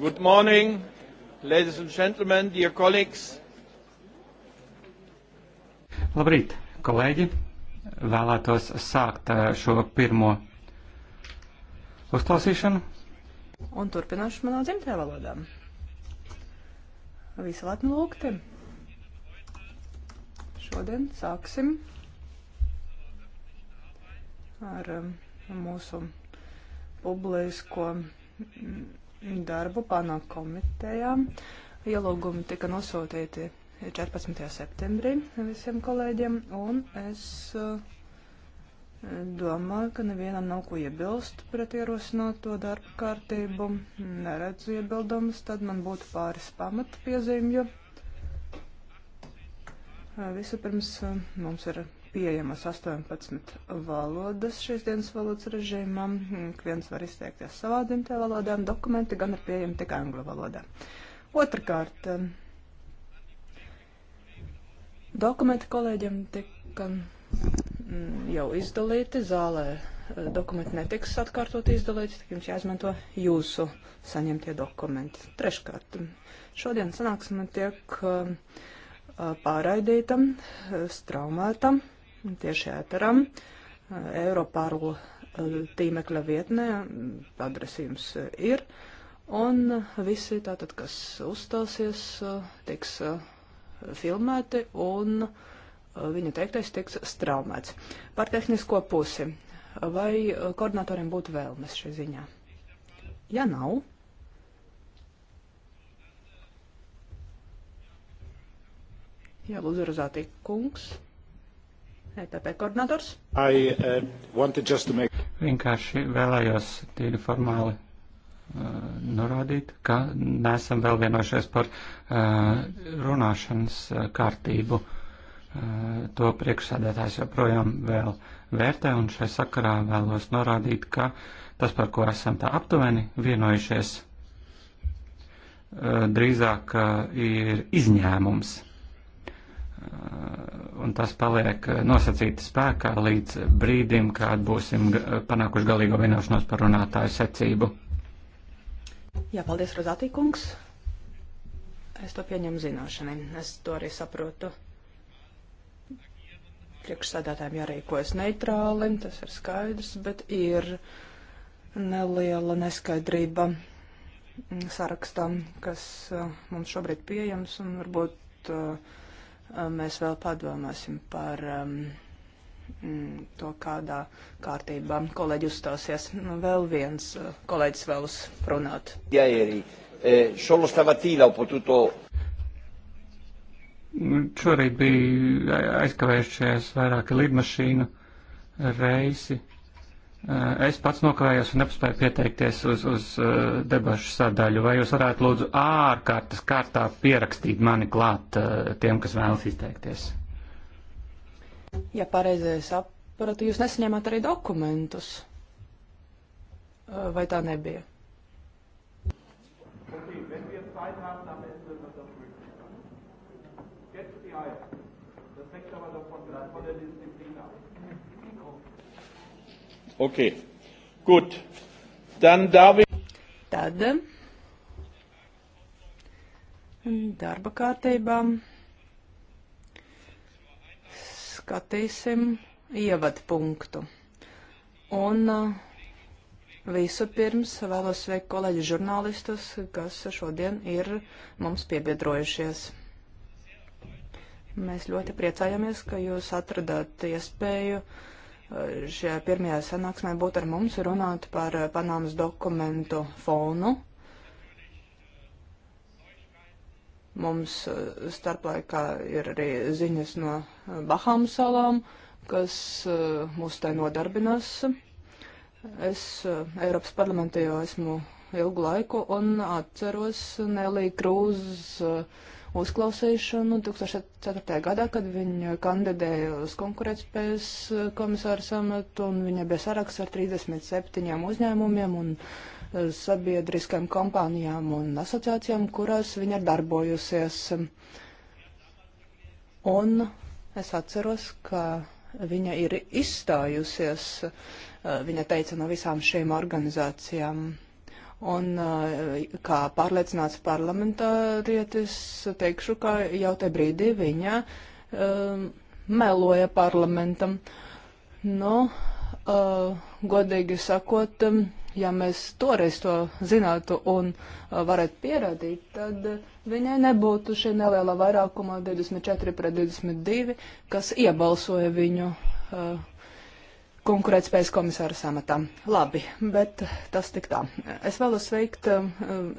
Good morning, ladies and gentlemen, dear colleagues. Labrīt, kolēģi! Vēlētos sākt eh, šo pirmo uzklausīšanu. Un turpināšu manā dzimtajā valodā. Visi latni lūgti. Šodien sāksim ar eh, mūsu publisko mm, darbu panāk komitejām. Ielūgumi tika nosūtīti 14. septembrī visiem kolēģiem, un es eh, domāju, ka nevienam nav ko iebilst pret ierosināto darbu kārtību. Neredzu iebildumus, tad man būtu pāris pamata piezīmju. Eh, Vispirms eh, mums ir pieejamas 18 valodas šīs dienas valodas režīmā. Ik viens var izteikties savā dzimtajā valodā, un dokumenti gan ir pieejami tikai angļu valodā. Otrakārt, um, dokumenti kolēģiem tika mm, jau izdalīti zālē. Uh, dokumenti netiks atkārtot izdalīti, tad jums jāizmanto jūsu saņemtie dokumenti. Treškārt, um, šodien sanāksme tiek. Um, uh, pārraidītam, uh, straumētam tieši ēteram eh, Eiroparlu eh, tīmekļa vietnē, mm, adresījums eh, ir, un visi tātad, kas uzstāsies, tiks filmēti un viņa teiktais tiks straumēts. Par tehnisko pusi. Vai koordinatoriem būtu vēlmes šajā ziņā? Ja nav, Jā, Lūdzu, Rozātī kungs. ETP koordinators. I, uh, make... Vienkārši vēlējos tīri formāli uh, norādīt, ka nesam vēl vienojušies par uh, runāšanas uh, kārtību. Uh, to priekšsēdētājs joprojām vēl vērtē, un šai sakarā vēlos norādīt, ka tas, par ko esam tā aptuveni vienojušies, uh, drīzāk uh, ir izņēmums un tas paliek nosacīti spēkā līdz brīdim, kad būsim panākuši galīgo vienošanos par runātāju secību. Jā, paldies, Rozātī kungs. Es to pieņemu zināšanai. Es to arī saprotu. Priekšsēdētājiem jārīkojas neitrāli, tas ir skaidrs, bet ir neliela neskaidrība sarakstam, kas uh, mums šobrīd pieejams un varbūt uh, mēs vēl padomāsim par um, to, kādā kārtībā kolēģi uzstāsies. Nu, vēl viens kolēģis vēlas runāt. Ieri, solo stamattina ho potuto. Nu, šorīt bija aizkavējušies vairāki lidmašīnu reisi Eh, es pats nokavējos un nepaspēju pieteikties uz, uz eh, debašu sadaļu. Vai jūs varētu lūdzu ārkārtas kārtā pierakstīt mani klāt eh, tiem, kas vēlas izteikties? Ja pareizi sapratu, jūs nesaņēmāt arī dokumentus. Vai tā nebija? Jetzt die Eier. Das hängt aber davon ab, von der Liste. Okay. Gut. Dann darf ich. Tad darba kārtībā skatīsim ievadpunktu. Un uh, visu pirms vēlos sveikt kolēģi žurnālistus, kas šodien ir mums piebiedrojušies. Mēs ļoti priecājamies, ka jūs atradāt iespēju uh, Eh, šajā pirmajā sanāksmē būtu ar mums runāt par eh, Panāmas dokumentu fonu. Mums eh, starplaikā ir arī ziņas no Bahām salām, kas mūs te nodarbinās. Es Eiropas parlamentā jau esmu ilgu laiku un atceros Nelī Krūzes uzklausīšanu 2004. gadā, kad viņa kandidēja uz konkurētspējas eh, komisāru samatu, un viņa bija saraksts ar 37 uzņēmumiem un eh, sabiedriskajām kompānijām un asociācijām, kurās viņa ir darbojusies. Un es atceros, ka viņa ir izstājusies, eh, viņa teica, no visām šīm organizācijām. Un uh, kā pārliecināts parlamentārietis, teikšu, ka jau te brīdī viņa um, meloja parlamentam. Nu, uh, godīgi sakot, um, ja mēs toreiz to zinātu un uh, varētu pierādīt, tad viņai nebūtu šī nelielā vairākumā 24 pret 22, kas iebalsoja viņu uh, konkurētspējas komisāras amatam. Labi, bet tas tik tā. Es vēlos sveikt um,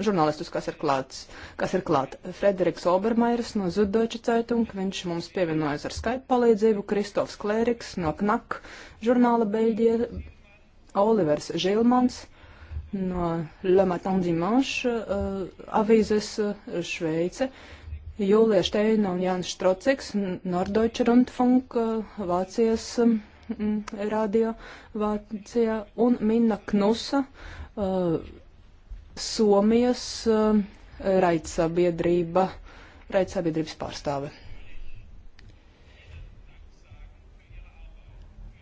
žurnālistus, kas ir klāts. Kas ir klāt? Frederiks Obermairs no Zudoča Caitung, viņš mums pievienojas ar Skype palīdzību, Kristofs Klēriks no KNAK žurnāla Beļģija, Olivers Žilmans no Le Matin Dimanche uh, avīzes uh, Šveice, Jūlija Šteina un Jānis Štrociks, Norddeutsche Rundfunk, uh, Vācijas. Um, Mm, radio Vācijā un Minna Knusa, uh, Somijas uh, raidsabiedrība, raidsabiedrības pārstāve.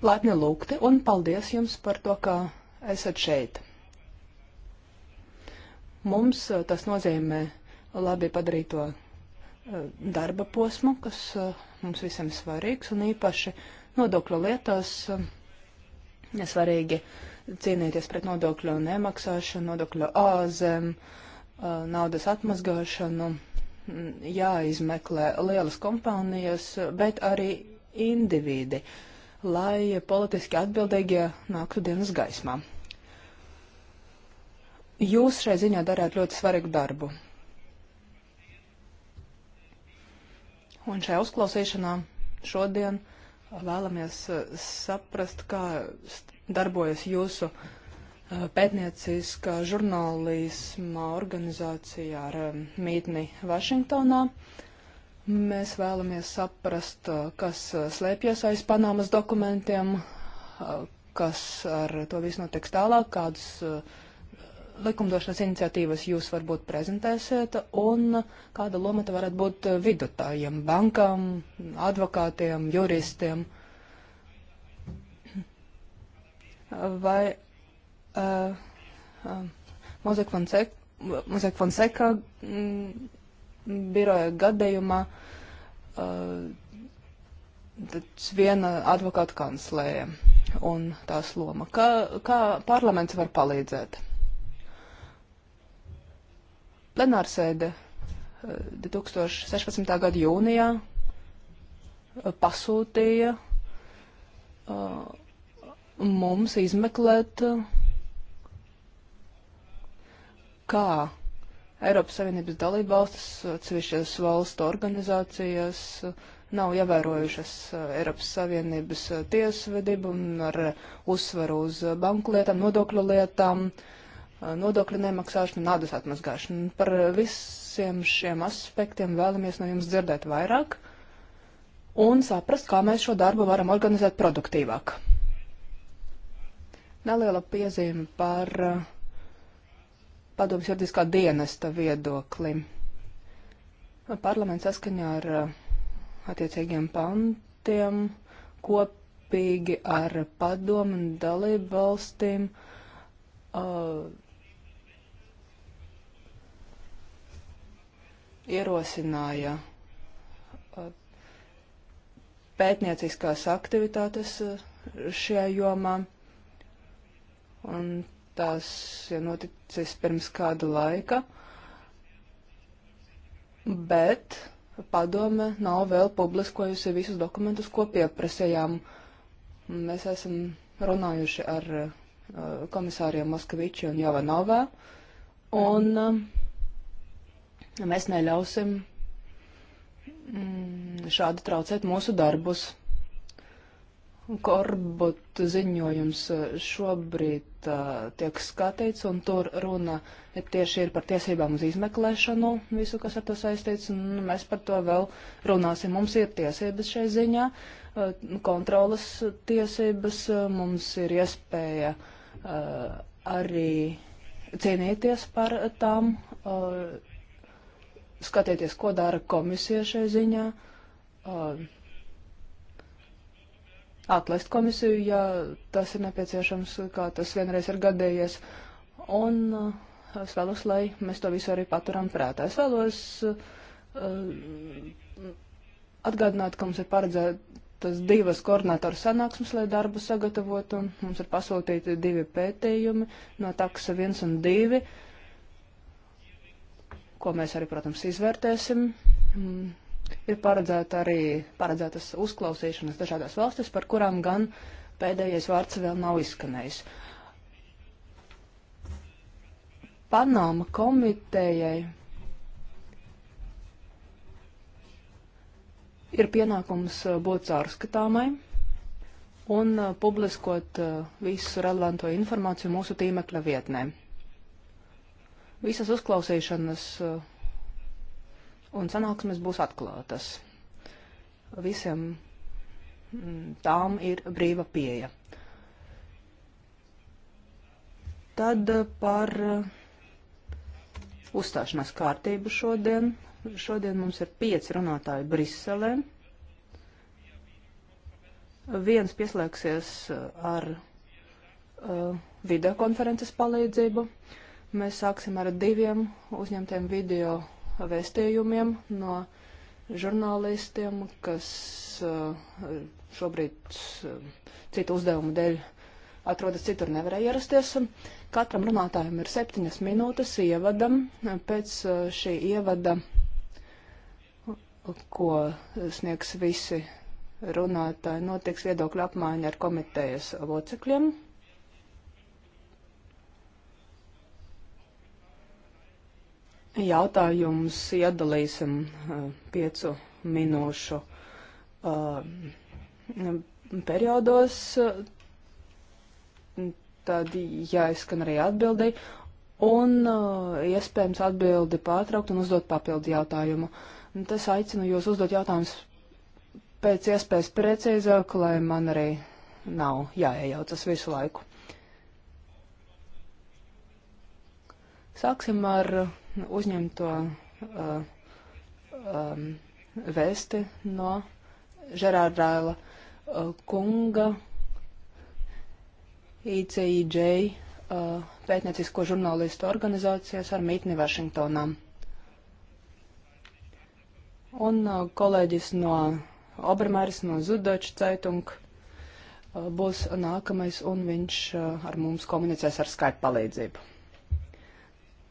Laipni lūgti un paldies jums par to, ka esat šeit. Mums uh, tas nozīmē labi padarīto uh, darba posmu, kas uh, mums visiem svarīgs un īpaši uh, Nodokļu lietās svarīgi cīnīties pret nodokļu nemaksāšanu, nodokļu āzēm, naudas atmazgāšanu, jāizmeklē lielas kompānijas, bet arī individi, lai politiski atbildīgie nāktu dienas gaismā. Jūs šai ziņā darāt ļoti svarīgu darbu. Un šajā uzklausīšanā šodien vēlamies eh, saprast, kā darbojas jūsu eh, pētnieciskā žurnālisma organizācija ar eh, mītni Vašingtonā. Mēs vēlamies saprast, kas slēpjas aiz Panamas dokumentiem, kas ar to visu notiks tālāk, kādus uh, likumdošanas iniciatīvas jūs varbūt prezentēsiet, un kāda loma te varētu būt vidutājiem, bankām, advokātiem, juristiem? Vai uh, uh, Mozek Fonseka, Mozek Fonseka m, biroja gadījumā uh, viena advokāta kanclēja un tās loma? Kā, kā parlaments var palīdzēt? Plenārsēde 2016. Eh, gada jūnijā eh, pasūtīja eh, mums izmeklēt, kā Eiropas Savienības dalībvalstis, atsevišķas valstu organizācijas nav ievērojušas Eiropas Savienības tiesvedību un ar uzsvaru uz banku lietām, nodokļu lietām, uh, nodokļu nemaksāšanu, naudas atmazgāšanu. Par visiem šiem aspektiem vēlamies no jums dzirdēt vairāk un saprast, kā mēs šo darbu varam organizēt produktīvāk. Neliela piezīme par eh, padomjas juridiskā dienesta viedokli. Parlaments saskaņā ar eh, attiecīgiem pantiem kopīgi ar padomu un dalību valstīm uh, ierosināja uh, pētnieciskās aktivitātes uh, šajā jomā, un tās ir ja noticis pirms kāda laika, bet padome nav vēl publiskojusi visus dokumentus, ko pieprasījām. Mēs esam runājuši ar uh, komisāriem Moskaviči un Javanovā, un mm. Mēs neļausim mm, šādi traucēt mūsu darbus. Korbut ziņojums eh, šobrīd uh, tiek skatīts, un tur runa tieši ir par tiesībām uz izmeklēšanu, visu, kas ar to saistīts, un mēs par to vēl runāsim. Mums ir tiesības šai ziņā, uh, kontrolas tiesības, uh, mums ir iespēja uh, arī cīnīties par tām. Uh, skatieties, ko dara komisija šai ziņā. Uh, atlaist komisiju, ja tas ir nepieciešams, kā tas vienreiz ir gadējies. Un uh, es vēlos, lai mēs to visu arī paturam prātā. Es vēlos uh, atgādināt, ka mums ir paredzētas divas koordinātoru sanāksmes, lai darbu sagatavotu. Mums ir pasūtīti divi pētījumi no taksa viens un divi. Uh, ko mēs arī, protams, izvērtēsim. Mm, ir paredzēta arī paredzētas uzklausīšanas dažādās valstis, par kurām gan pēdējais vārds vēl nav izskanējis. Panāma komitejai ir pienākums uh, būt caurskatāmai un uh, publiskot uh, visu relevanto informāciju mūsu tīmekļa vietnēm. Visas uzklausīšanas eh, un sanāksmes būs atklātas. Visiem mm, tām ir brīva pieeja. Tad eh, par eh, uzstāšanās kārtību šodien. Šodien mums ir pieci runātāji Briselē. Viens pieslēgsies ar uh, videokonferences palīdzību. Uh, Mēs sāksim ar diviem uzņemtiem video vēstījumiem no žurnālistiem, kas eh, šobrīd eh, citu uzdevumu dēļ atrodas citur, nevarēja ierasties. Katram runātājam ir septiņas minūtes ievadam. Pēc eh, šī ievada, ko sniegs visi runātāji, notiks viedokļu apmaiņa ar komitejas locekļiem. jautājumus iedalīsim eh, piecu minūšu eh, periodos. Tad jāizskan arī atbildēji un eh, iespējams atbildi pārtraukt un uzdot papildu jautājumu. Tas aicinu jūs uzdot jautājumus pēc iespējas precīzāk, lai man arī nav jāiejaucas visu laiku. Sāksim ar uh, uzņemto uh, um, vēsti no Žerārdaila uh, kunga ICIJ uh, pētniecisko žurnālistu organizācijas ar mītni Vašingtonā. Un uh, kolēģis no Obermērs no Zudoča Ceitung uh, būs nākamais, un viņš uh, ar mums komunicēs ar Skype palīdzību.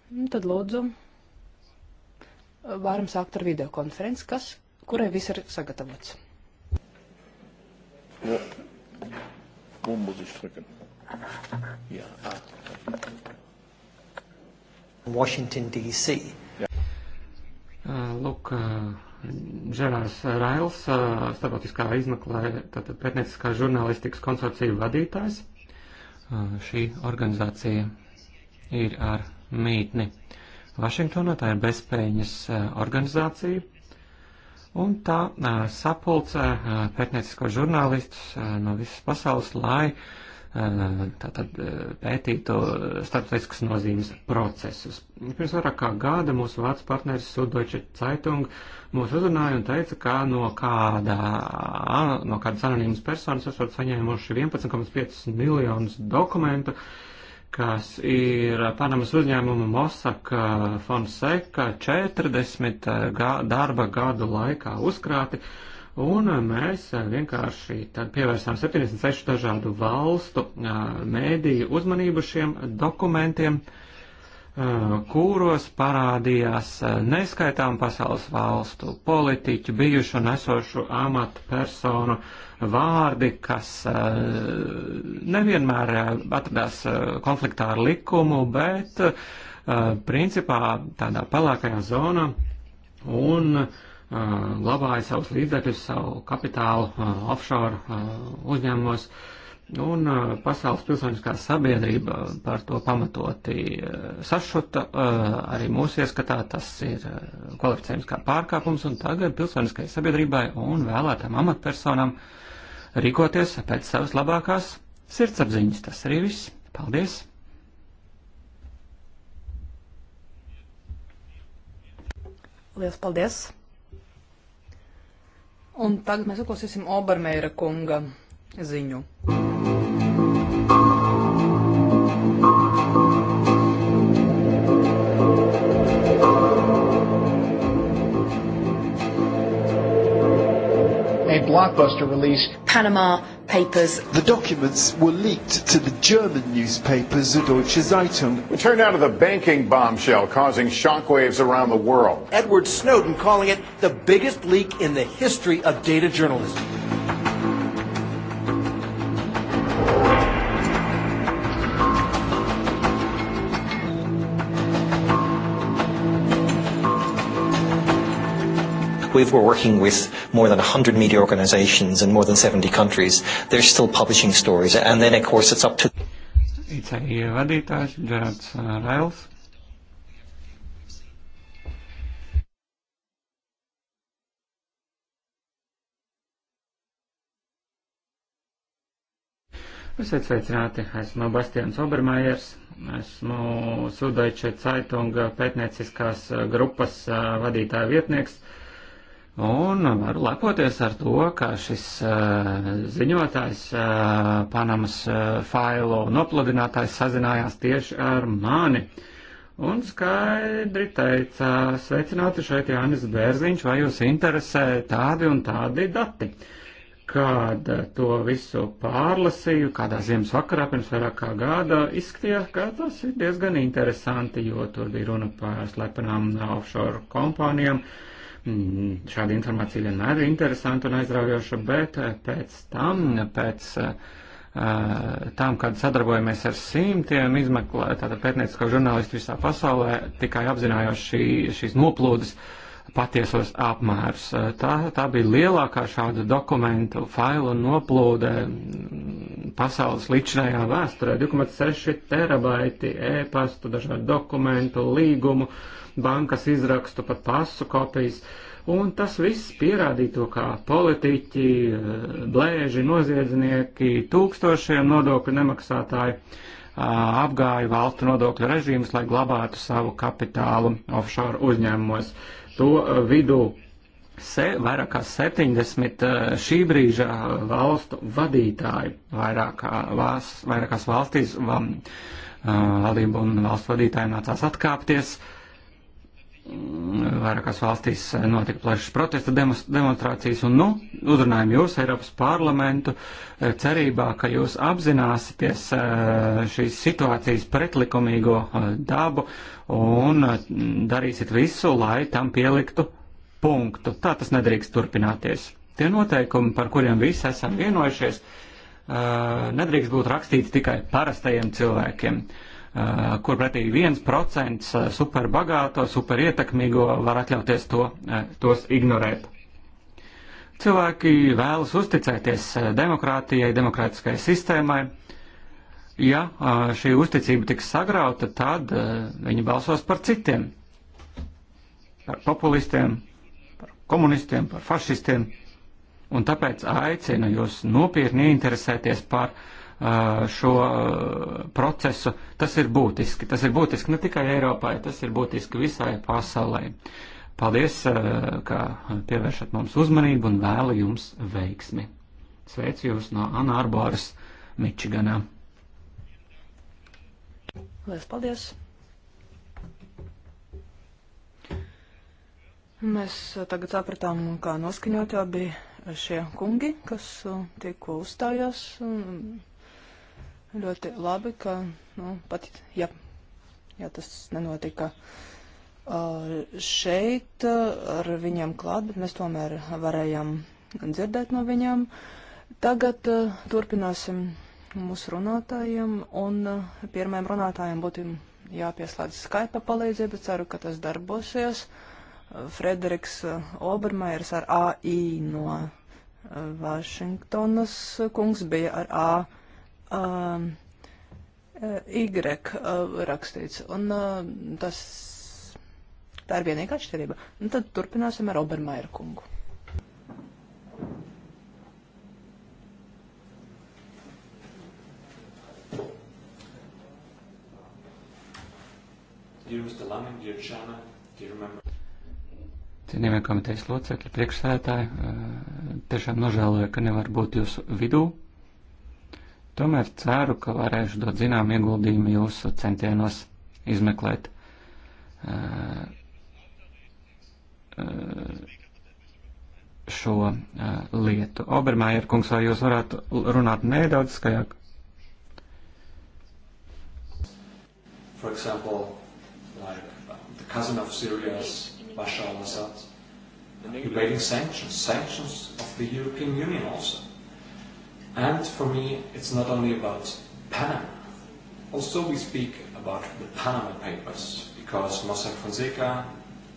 Nu, tad lūdzu varam sākt ar videokonferenci, kas, kurai viss ir sagatavots. Ja. Wo muss ich drücken? Ja. Washington, D.C. Ja. Lūk, Žerārs Rails, starptautiskā izmeklē, tātad pretnieciskā žurnālistikas konsorcija vadītājs. Šī organizācija ir ar mītni. Vašingtonā tā ir bezpējas e, organizācija, un tā e, sapulcē e, pētniecisko žurnālistus no visas pasaules, lai tātad pētītu starptautiskas nozīmes procesus. Pirms vairāk kā gada mūsu vārds partneris Sudoči Caitung mūs uzrunāja un teica, ka no, kādā, no kādas anonīmas personas esat saņēmuši 11,5 miljonus dokumentu, uh, kas ir Panamas uzņēmuma Mosaka Fonseca 40 eh, gā, darba gadu laikā uzkrāti, un eh, mēs eh, vienkārši pievērsām 76 dažādu valstu mēdīju uzmanību šiem dokumentiem. Uh, Eh, kuros parādījās eh, neskaitām pasaules valstu politiķu, bijušu un esošu amatu personu vārdi, kas eh, nevienmēr atradās konfliktā ar likumu, bet principā tādā pelēkajā zonā un glabāja savus līdzekļus, savu kapitālu offshore uzņēmumos. Un uh, pasaules pilsoniskā sabiedrība par to pamatoti uh, sašuta. Uh, arī mūsu ieskatā tas ir kvalificējums kā pārkāpums, un tagad pilsoniskajai sabiedrībai un vēlētām amatpersonām rīkoties pēc savas labākās sirdsapziņas. Tas arī viss. Paldies! Lielas paldies! Un tagad mēs uzklausīsim Obermeira kunga ziņu. Mm. blockbuster release. Panama Papers. The documents were leaked to the German newspaper Süddeutsche Zeitung. We turn now to the banking bombshell causing shockwaves around the world. Edward Snowden calling it the biggest leak in the history of data journalism. with. We're working with more than 100 media organizations in more than 70 countries. They're still publishing stories. And then, of course, it's up to. ICI e vadītājs Džerards uh, Rails. Esiet sveicināti, esmu Bastians Obermajers, esmu Sudaiče Caitunga pētnieciskās grupas uh, vadītāja vietnieks. Uh, Un varu lepoties ar to, ka šis uh, ziņotājs, uh, Panamas uh, eh, failo nopludinātājs, sazinājās tieši ar mani. Un skaidri teica, sveicināti šeit Jānis Bērziņš, vai jūs interesē tādi un tādi dati. Kad to visu pārlasīju, kādā ziemas vakarā pirms vairāk kā gada, izskatījās, ka tas ir diezgan interesanti, jo tur bija runa par slepenām offshore kompānijām. Uh, Mm, šāda informācija vienmēr ir interesanta un aizraujoša, bet eh, pēc tam, pēc eh, eh, tam, kad sadarbojamies ar simtiem izmeklēt, tātad pētniecisko žurnālistu visā pasaulē, tikai apzinājos šī, šīs noplūdes patiesos apmērus. Tā, tā bija lielākā šāda dokumentu failu noplūde mm, pasaules līdšanējā vēsturē - 2,6 terabaiti e-pastu, dažādu dokumentu, līgumu. Uh, bankas izrakstu, pat pasu kopijas. Un tas viss pierādīto, kā politiķi, eh, blēži, noziedznieki, tūkstošiem nodokļu nemaksātāju eh, apgāja valstu nodokļu režīmus, lai glabātu savu kapitālu offshore uzņēmumos. To eh, vidū se, vairāk kā 70 šī brīža valstu vadītāji vairākā vās, vairākās valstīs um, valdību un valstu vadītājiem nācās atkāpties. Uh, Mm, vairākās valstīs eh, notika plašas protesta demonstrācijas, un nu uzrunājam jūs, Eiropas parlamentu, eh, cerībā, ka jūs apzināsieties eh, šīs situācijas pretlikumīgo dabu un darīsiet visu, lai tam pieliktu punktu. Tā tas nedrīkst turpināties. Tie noteikumi, par kuriem visi esam vienojušies, nedrīkst būt rakstīti tikai parastajiem cilvēkiem. Uh, Eh, kur pretī 1% eh, superbagāto, superietekmīgo var atļauties to, eh, tos ignorēt. Cilvēki vēlas uzticēties demokrātijai, demokrātiskai sistēmai. Ja šī uzticība tiks sagrauta, tad viņi balsos par citiem, par populistiem, par komunistiem, par fašistiem. Un tāpēc aicinu jūs nopietni interesēties par uh, šo procesu, tas ir būtiski. Tas ir būtiski ne tikai Eiropai, tas ir būtiski visai pasaulē. Paldies, ka pievēršat mums uzmanību un vēlu jums veiksmi. Sveicu jūs no Anārboras, Mičiganā. Lielas paldies! Mēs tagad sapratām, kā noskaņot jau bija šie kungi, kas tikko uzstājās. Un Ļoti labi, ka nu, pat ja, ja tas nenotika uh, šeit uh, ar viņiem klāt, bet mēs tomēr varējām dzirdēt no viņiem. Tagad uh, turpināsim mūsu runātājiem, un pirmajam runātājiem būtu jāpieslēdz Skype palīdzība, ceru, ka tas darbosies. Frederiks Obermairs ar AI no Vašingtonas kungs bija ar AI um, e, Y uh, rakstīts, un uh, tas tā ir vienīgā atšķirība. Un tad turpināsim ar Obermaira kungu. Cienījamie komitejas locekļi, priekšsēdētāji, uh, tiešām nožēloju, ka nevar būt jūsu vidū Tomēr ceru, ka varēšu dot zinām ieguldījumu jūsu centienos izmeklēt uh, uh, šo uh, lietu. Obermaier kungs, vai jūs varētu runāt nedaudz skaļāk? For example, like um, the cousin of Syria's Bashar al-Assad debating sanctions, sanctions of the European Union also And for me, it's not only about Panama. Also, we speak about the Panama Papers because Mossack Fonseca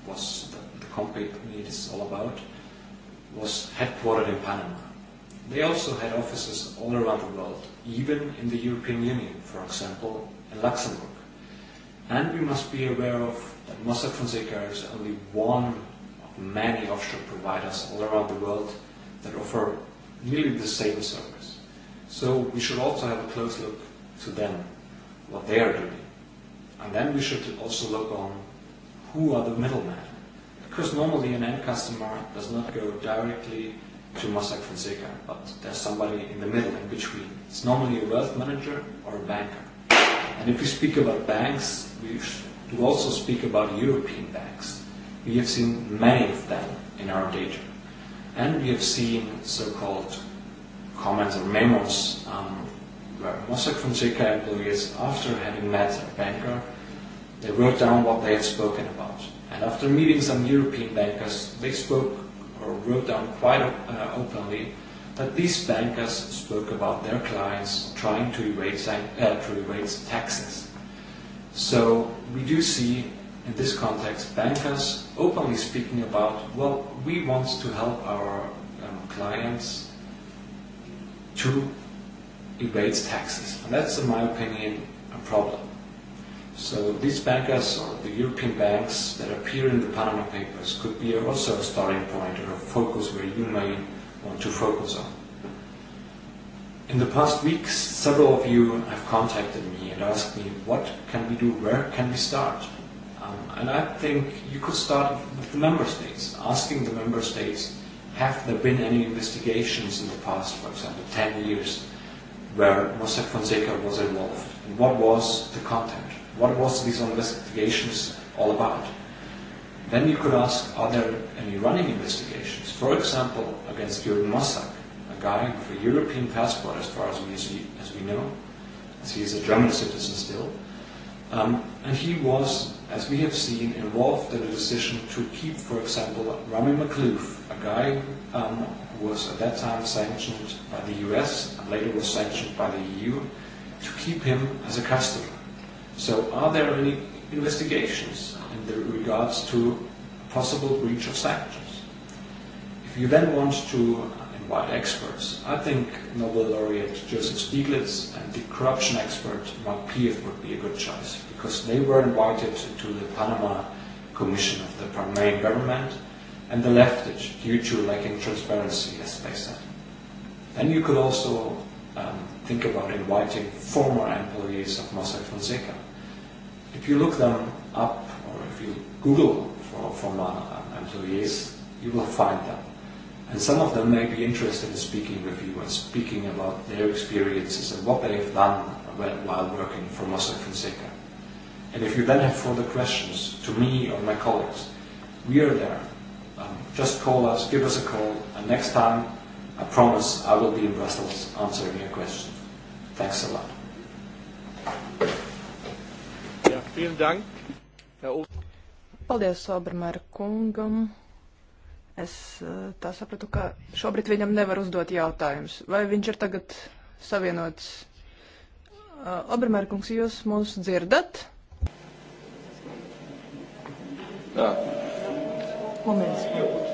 was the, the company it is all about, was headquartered in Panama. They also had offices all around the world, even in the European Union, for example, in Luxembourg. And we must be aware of that Mossack Fonseca is only one of many offshore providers all around the world that offer nearly the same service. So we should also have a close look to them, what they are doing. And then we should also look on who are the middlemen. Because normally an end customer does not go directly to Mossack Fonseca, but there's somebody in the middle, in between. It's normally a wealth manager or a banker. And if we speak about banks, we do also speak about European banks. We have seen many of them in our data. And we have seen so-called comments or memos um, where Mossack Fonseca employees, after having met a banker, they wrote down what they had spoken about. And after meeting some European bankers, they spoke or wrote down quite uh, openly that these bankers spoke about their clients trying to evade, uh, to evade taxes. So we do see in this context bankers openly speaking about, well, we want to help our um, clients to evades taxes. And that's, in my opinion, a problem. So these bankers or the European banks that appear in the Panama Papers could be also a starting point or a focus where you may want to focus on. In the past weeks, several of you have contacted me and asked me, what can we do? Where can we start? Um, and I think you could start with the member states, asking the member states have there been any investigations in the past, for example, 10 years, where Mossack Fonseca was involved? And what was the content? What was these investigations all about? Then you could ask, are there any running investigations? For example, against Jürgen Mossack, a guy with a European passport, as far as we, as we know, as he is a German citizen still. Um, and he was as we have seen, involved in the decision to keep, for example, Rami McLuth, a guy um, who was at that time sanctioned by the US and later was sanctioned by the EU, to keep him as a customer. So are there any investigations in the regards to possible breach of sanctions? If you then want to invite experts, I think Nobel laureate Joseph Stiglitz and the corruption expert Mark Pief would be a good choice because they were invited to the Panama Commission of the Panamanian government and they left it due to lacking transparency, as they said. And you could also um, think about inviting former employees of Mossack Fonseca. If you look them up or if you Google for former um, employees, you will find them. And some of them may be interested in speaking with you and speaking about their experiences and what they have done while working for Mossack Fonseca. And if you then have further questions to me or my colleagues, we are there. Um, just call us, give us a call, and next time, I promise I will be in Brussels answering your question. Thanks a lot. Ja, vielen Dank, Herr Ol Paldies Obermēra kungam. Es eh, tā sapratu, ka šobrīd viņam nevar uzdot jautājumus. Vai viņš ir tagad savienots? Eh, Obermēra kungs, jūs mūs dzirdat? Ah. Moments. Moments.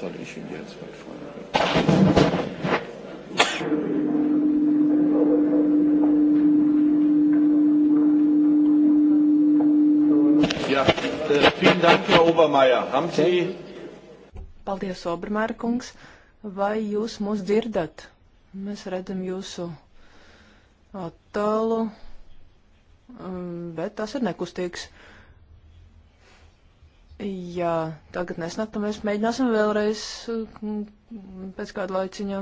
soll ich ihn jetzt mit Obermaier, haben Sie? Paldies, Obermaier kungs. Vai jūs mūs dzirdat? Mēs redzam jūsu attēlu, mm, bet tas ir nekustīgs. Jā, tagad nesnāk, tad mēs mēģināsim vēlreiz mm, pēc kāda laiciņa.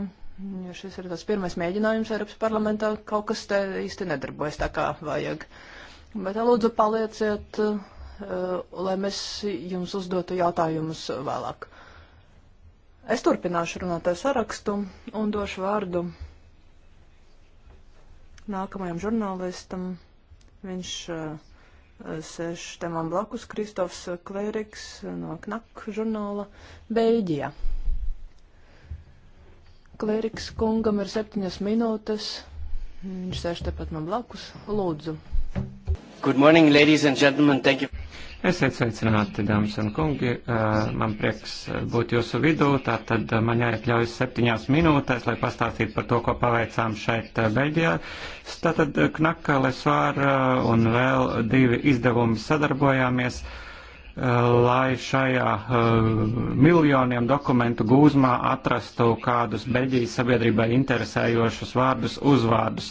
Jo šis ir tas pirmais mēģinājums Eiropas parlamentā, kaut kas te īsti nedarbojas tā kā vajag. Bet lūdzu palieciet. Uh, Eh, lai mēs jums uzdotu jautājumus vēlāk. Es turpināšu runāt ar sarakstu un došu vārdu nākamajam žurnālistam. Viņš eh, sēž te man blakus, Kristofs Klēriks no Knak žurnāla Beļģijā. Klēriks kungam ir septiņas minūtes. Viņš sēž tepat man blakus. Lūdzu. Good morning, ladies and gentlemen. Thank you. Esiet sveicināti, dāmas un kungi. Uh, man prieks uh, būt jūsu vidū. Tātad uh, man jāiekļaujas septiņās minūtēs, lai pastāstītu par to, ko paveicām šeit Beļģijā. Tātad Knaka, Lesvāra un vēl divi izdevumi sadarbojāmies. Uh, lai šajā eh, miljoniem dokumentu gūzmā atrastu kādus Beļģijas sabiedrībai interesējošus vārdus, uzvārdus.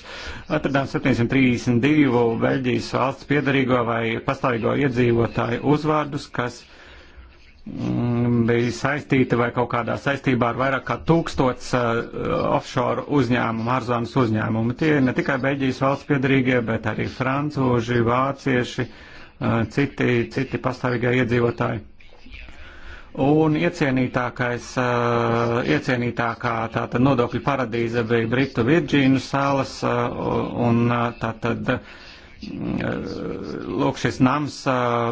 Atradām 732 Beļģijas valsts piedarīgo vai pastāvīgo iedzīvotāju uzvārdus, kas mm, bija saistīti vai kaut kādā saistībā ar vairāk kā tūkstots eh, offshore uzņēmumu, ārzonas uzņēmumu. Tie ir ne tikai Beļģijas valsts piedarīgie, bet arī francūži, vācieši. Uh, Eh, citi, citi pastāvīgie iedzīvotāji. Un iecienītākais, eh, iecienītākā tātad nodokļu paradīze bija Britu Virģīnu salas, eh, un tātad, lūk, šis nams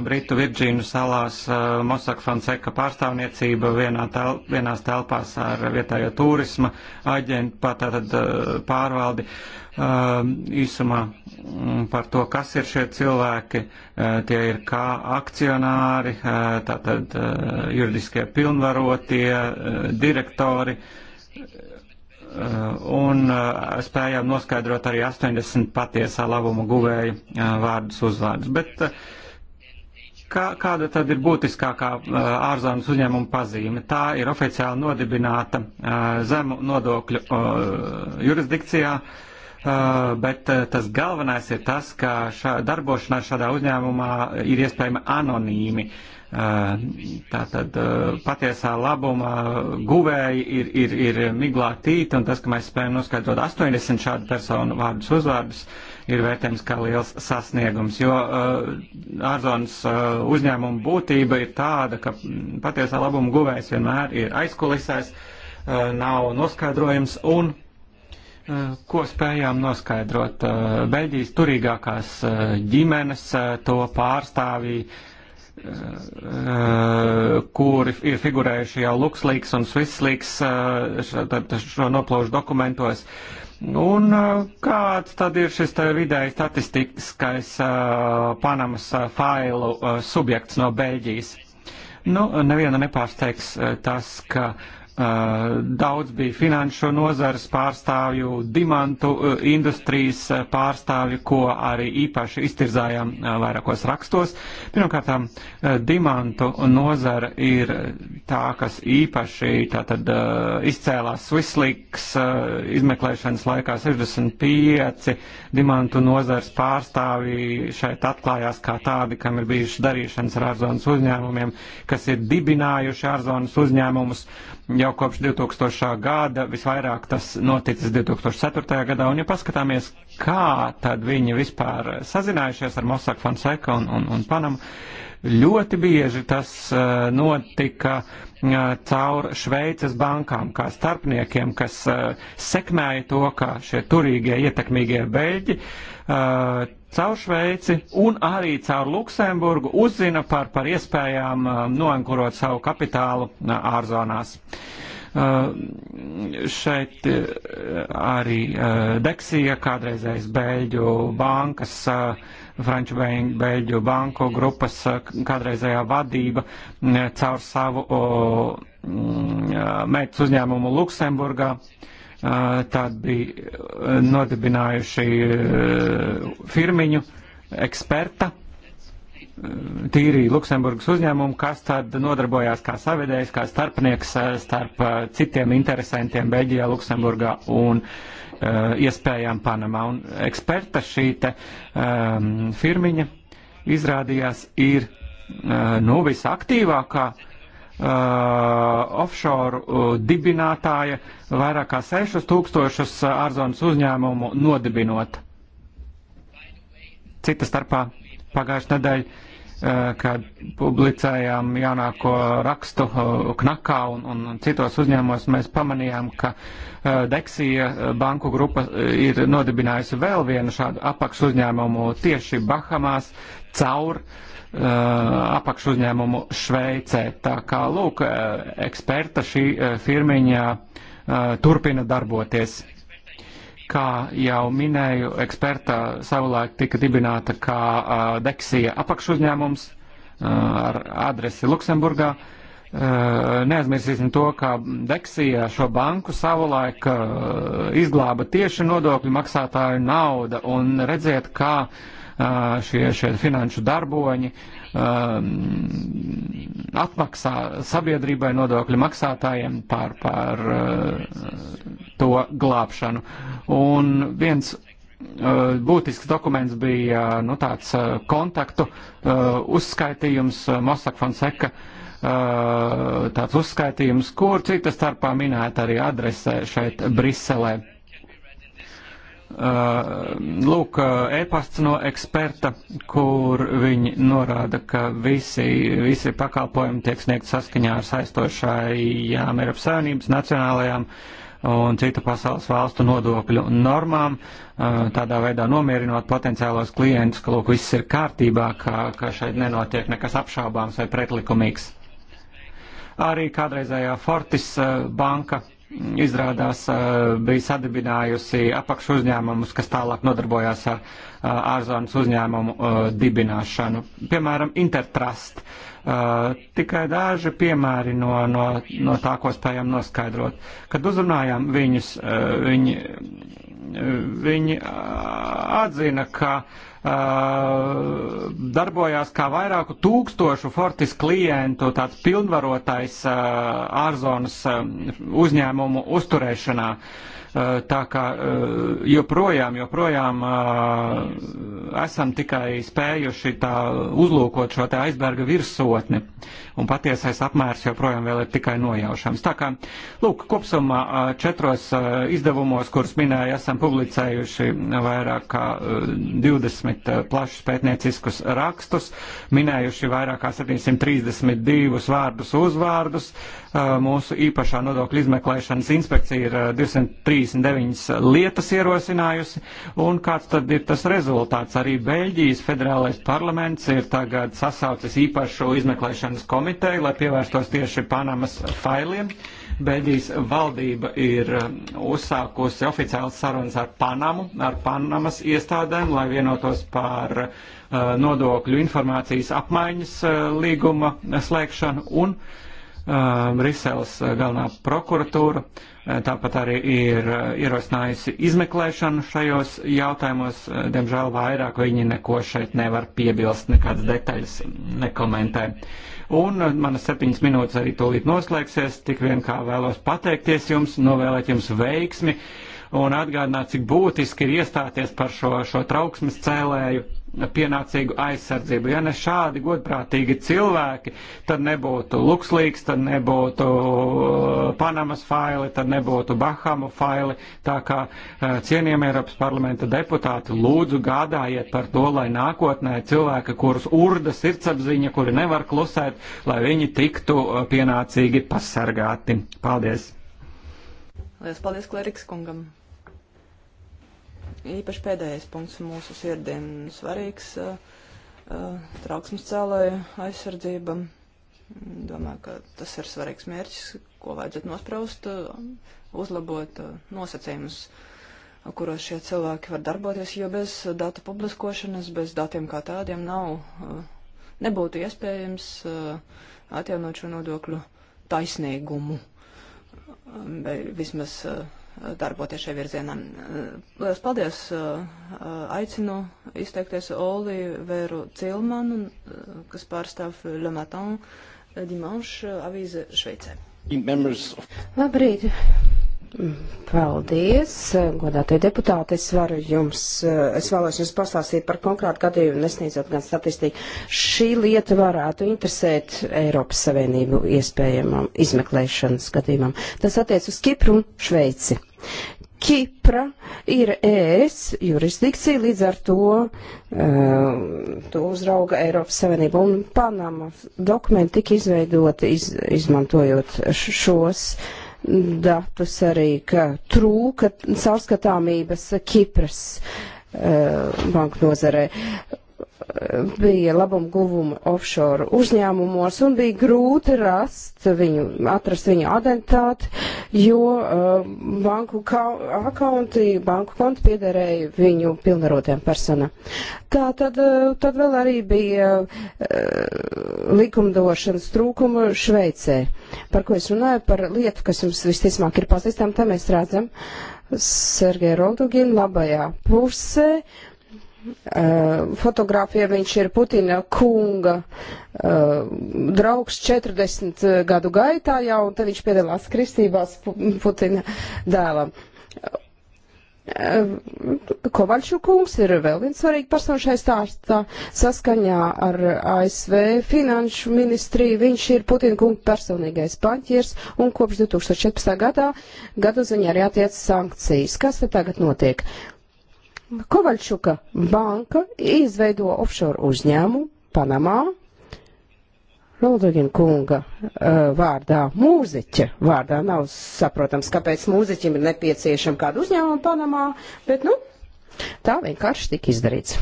Britu Virģīnu salās Mosaka Fonseka pārstāvniecība vienā tel, vienās telpās ar vietējo turisma aģentu, tātad pārvaldi īsumā Mm, par to, kas ir šie cilvēki. Eh, tie ir kā akcionāri, eh, tātad eh, juridiskie pilnvarotie, direktori. Un spējām noskaidrot arī 80 patiesā labuma guvēja vārdus uzvārdus. Bet kā, kāda tad ir būtiskākā ārzonas uzņēmuma pazīme? Tā ir oficiāli nodibināta zemu nodokļu jurisdikcijā Eh, bet eh, tas galvenais ir tas, ka šā, darbošanās šādā uzņēmumā ir iespējama anonīmi. Eh, tātad patiesā labuma guvēji ir, ir, ir miglātīti, un tas, ka mēs spējam noskaidrot 80 šādu personu vārdus uzvārdus, ir vērtējums kā liels sasniegums, jo ārzonas uzņēmuma būtība ir tāda, ka mm, patiesā labuma guvējs vienmēr ir aizkulisēs, nav noskaidrojums un Eh, ko spējām noskaidrot. Eh, Beļģijas turīgākās eh, ģimenes to pārstāvī, kuri ir figurējuši jau Luxlīks un Swisslīks šo noplaužu dokumentos. Un kāds tad ir šis vidēji statistiskais Panamas failu subjekts no Beļģijas? Nu, neviena nepārsteigs tas, ka uh, Uh, daudz bija finanšu nozares pārstāvju, dimantu uh, industrijas uh, pārstāvju, ko arī īpaši iztirzājām vairākos rakstos. Pirmkārt, dimantu nozara ir tā, kas īpaši tātad, izcēlās Swisslīks izmeklēšanas laikā 65 dimantu nozares pārstāvji šeit atklājās kā tādi, kam ir bijuši darīšanas ar ārzonas uzņēmumiem, kas ir dibinājuši ārzonas uzņēmumus jau kopš 2000. gada, visvairāk tas noticis 2004. gadā, un ja paskatāmies, kā tad viņi vispār sazinājušies ar Mossack Fonseca un, un, un Panamu, Ļoti bieži tas eh, notika eh, caur Šveices bankām, kā starpniekiem, kas eh, sekmēja to, kā šie turīgie, ietekmīgie beļģi caur Šveici un arī caur Luksemburgu uzzina par, par iespējām noenkurot savu kapitālu ārzonās. Uh, šeit arī uh, Deksija, kādreizējais Beļģu bankas uh, Franču Beļģu banku grupas eh, kādreizējā vadība mm, eh, caur savu mm, eh, meitas uzņēmumu Luksemburgā. Tad bija nodibinājuši firmiņu eksperta, tīri Luksemburgas uzņēmumu, kas tad nodarbojās kā savedējs, kā starpnieks starp citiem interesantiem Beļģijā, Luksemburgā un uh, Eh, iespējām Panamā. Un eksperta šī te um, firmiņa izrādījās ir uh, nu visaktīvākā uh, offshore uh, dibinātāja, vairāk kā 6000 ārzonas uzņēmumu nodibinot. Cita starpā pagājušajā nedēļā Eh, kad publicējām jaunāko rakstu eh, Knakā un, un citos uzņēmumos, mēs pamanījām, ka eh, Deksija banku grupa ir nodibinājusi vēl vienu šādu apakšu uzņēmumu tieši Bahamās caur uh, apakšu uzņēmumu Šveicē. Tā kā, lūk, eksperta šī firmiņa uh, turpina darboties. Kā jau minēju, eksperta savulaik tika dibināta kā uh, Deksija apakšuzņēmums uh, ar adresi Luksemburgā. Uh, neaizmirsīsim to, ka Deksija šo banku savulaik uh, izglāba tieši nodokļu maksātāju nauda un redziet, kā uh, šie, šie finanšu darboņi atmaksā sabiedrībai nodokļu maksātājiem par, par to glābšanu. Un viens būtisks dokuments bija nu, tāds kontaktu uzskaitījums Mossack Fonseca tāds uzskaitījums, kur cita starpā minēta arī adrese šeit Briselē. Uh, lūk, uh, e-pasts no eksperta, kur viņi norāda, ka visi, visi pakalpojumi tiek sniegt saskaņā ar saistošajām Eiropas Savienības nacionālajām un citu pasaules valstu nodokļu normām, uh, tādā veidā nomierinot potenciālos klientus, ka lūk, viss ir kārtībā, ka, ka šeit nenotiek nekas apšaubāms vai pretlikumīgs. Arī kādreizējā Fortis banka izrādās bija sadibinājusi apakšu uzņēmumus, kas tālāk nodarbojās ar ārzonas uzņēmumu dibināšanu. Piemēram, Intertrust. Tikai daži piemēri no, no, no tā, ko spējam noskaidrot. Kad uzrunājām viņus, viņi, viņi atzina, ka uh, darbojās kā vairāku tūkstošu Fortis klientu tāds pilnvarotais uh, ārzonas uh, uzņēmumu uzturēšanā. Uh, Eh, tā kā eh, joprojām, joprojām eh, esam tikai spējuši tā uzlūkot šo te aizberga virsotni, un patiesais apmērs joprojām vēl ir tikai nojaušams. Tā kā, lūk, kopsumā četros izdevumos, kurus minēju, esam publicējuši vairāk kā 20 plašus pētnieciskus rakstus, minējuši vairāk kā 732 vārdus uzvārdus, Mūsu īpašā nodokļa izmeklēšanas inspekcija ir 239 lietas ierosinājusi, un kāds tad ir tas rezultāts? Arī Beļģijas federālais parlaments ir tagad sasaucis īpašu izmeklēšanas komiteju, lai pievērstos tieši Panamas failiem. Beļģijas valdība ir uzsākusi oficiāls sarunas ar Panamu, ar Panamas iestādēm, lai vienotos par uh, nodokļu informācijas apmaiņas uh, līguma slēgšanu un uh, Briseles um, uh, galvenā prokuratūra, uh, tāpat arī ir uh, ierosinājusi izmeklēšanu šajos jautājumos. Diemžēl vairāk viņi neko šeit nevar piebilst, nekādas detaļas nekomentē. Un manas septiņas minūtes arī tūlīt noslēgsies, tik vien kā vēlos pateikties jums, novēlēt jums veiksmi un atgādināt, cik būtiski ir iestāties par šo, šo trauksmes cēlēju pienācīgu aizsardzību. Ja ne šādi godprātīgi cilvēki, tad nebūtu Luxlīks, tad nebūtu uh, Panamas faili, tad nebūtu Bahamu faili. Tā kā uh, cienījamie Eiropas parlamenta deputāti, lūdzu gādājiet par to, lai nākotnē cilvēki, kurus urda sirdsapziņa, kuri nevar klusēt, lai viņi tiktu uh, pienācīgi pasargāti. Paldies! Lielas paldies Kleriks kungam! īpaši pēdējais punkts mūsu sirdīm svarīgs uh, uh, trauksmes cēlēju aizsardzība. Domāju, ka tas ir svarīgs mērķis, ko vajadzētu nospraust, uh, uzlabot nosacījumus, kuros šie cilvēki var darboties, jo bez datu publiskošanas, bez datiem kā tādiem nav, nebūtu iespējams atjaunot šo nodokļu taisnīgumu. Vai vismaz uh, darboties šajā virzienā. Lielas paldies! Aicinu izteikties Oli Vēru Cilmanu, kas pārstāv Le Matin Dimanche avīze Šveicē. Labrīt! Paldies, godātie deputāti. Es, varu jums, es vēlos jums pastāstīt par konkrētu gadījumu, nesniedzot gan statistiku. Šī lieta varētu interesēt Eiropas Savienību iespējamam izmeklēšanas gadījumam. Tas attiec uz Kipru un Šveici. Kipra ir ES jurisdikcija, līdz ar to, uh, to uzrauga Eiropas Savienība. Un Panama dokumenti tika izveidoti, iz, izmantojot šos. Uh, datus arī, ka trūka caurskatāmības Kipras uh, eh, banku nozarē bija labuma guvuma offshore uzņēmumos un bija grūti rast viņu, atrast viņu adentāti, jo uh, banku konti, banku konti piederēja viņu pilnvarotiem persona. Tā tad, uh, tad vēl arī bija uh, likumdošanas trūkuma Šveicē, par ko es runāju, par lietu, kas jums visticamāk ir pazīstama, tā mēs redzam Sergeja Roldugina labajā pusē Eh, fotografiem viņš ir Putina kunga uh, draugs 40 eh, gadu gaitā jau, un tad viņš piedalās kristībās Putina dēlam. Kovaļšu kungs ir vēl viens svarīgi personīgi šai stāstā. Saskaņā ar ASV finanšu ministriju viņš ir Putina kunga personīgais paņķiers un kopš 2014. gadā gadu ziņā arī attiec sankcijas. Kas te tagad notiek? Kovaļčuka banka izveido offshore uzņēmumu Panamā, Roldogina kunga uh, vārdā, mūziķa vārdā. Nav saprotams, kāpēc mūziķim ir nepieciešama kāda uzņēmuma Panamā, bet, nu, tā vienkārši tika izdarīts.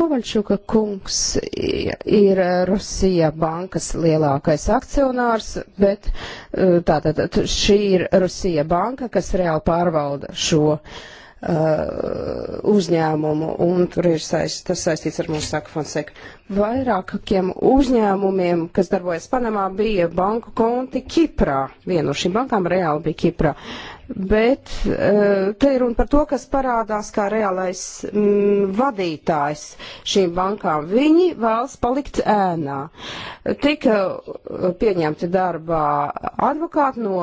Kovaļčuka kungs ir eh, Rusija bankas lielākais akcionārs, bet eh, tātad šī ir Rusija banka, kas reāli pārvalda šo uh, uzņēmumu, un tur ir saist, tas saistīts ar mūsu saka Fonseca. Vairākiem uzņēmumiem, kas darbojas Panamā, bija banku konti Kiprā. Viena no šīm bankām reāli bija Kiprā. Uh, bet eh, te ir runa par to, kas parādās kā reālais m, mm, vadītājs šīm bankām. Viņi vēlas palikt ēnā. Tika eh, pieņemti darbā advokāti no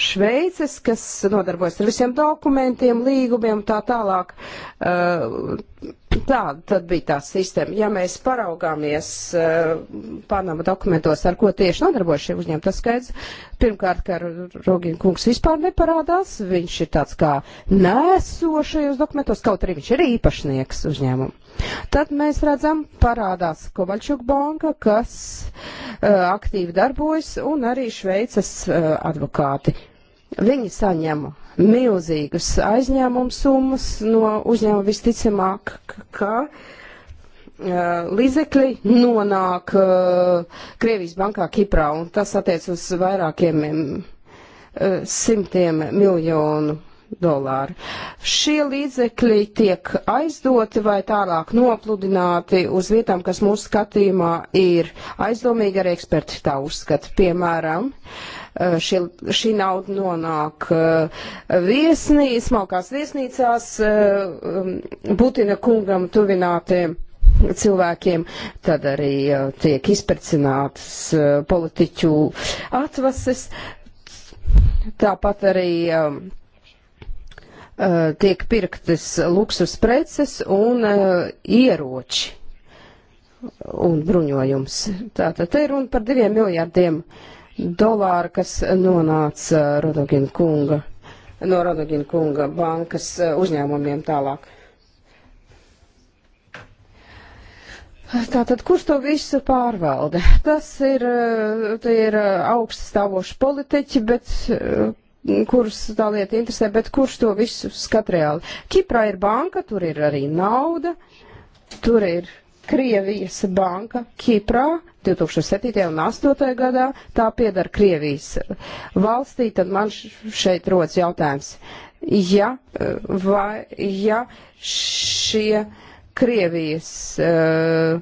Šveices, kas nodarbojas ar visiem dokumentiem, līgumiem un tā tālāk. Uh, Tāda tad bija tā sistēma. Ja mēs paraugāmies uh, Panama dokumentos, ar ko tieši nodarbojas šie uzņēmumi, tas skaidrs. Pirmkārt, ka Rogina kungs vispār neparādās, viņš ir tāds kā nēsošajos dokumentos, kaut arī viņš ir īpašnieks uzņēmumu. Tad mēs redzam, parādās Kovaļčuk banka, kas uh, aktīvi darbojas, un arī Šveicas uh, eh, advokāti Viņi saņem milzīgas aizņēmumu summas no uzņēmuma visticamāk, ka uh, līdzekļi nonāk uh, Krievijas bankā Kiprā, un tas attiec uz vairākiem uh, simtiem miljonu dolāru. Šie līdzekļi tiek aizdoti vai tālāk nopludināti uz vietām, kas mūsu skatījumā ir aizdomīgi, arī eksperti tā uzskata. Piemēram, uh, Eh, šie, šī nauda nonāk eh, viesnī, smalkās viesnīcās, eh, um, Putina kungam tuvinātiem cilvēkiem, tad arī tiek izpercinātas politiķu atvases, tāpat arī tiek pirktas luksus preces un ieroči un bruņojums. Tātad te ir runa par diviem miljardiem uh, dolāra, kas nonāca Rodogina kunga, no Rodogina kunga bankas eh, uzņēmumiem tālāk. Tātad, kurš to visu pārvalda? Tas ir, eh, ir eh, augsts stāvoši politiķi, bet kurus tā lieta interesē, bet kurš to visu skat reāli. Kiprā ir banka, tur ir arī nauda, tur ir Krievijas banka Kiprā 2007. un 2008. gadā, tā piedara Krievijas valstī, tad man šeit rodas jautājums, ja, vai, ja šie Krievijas uh,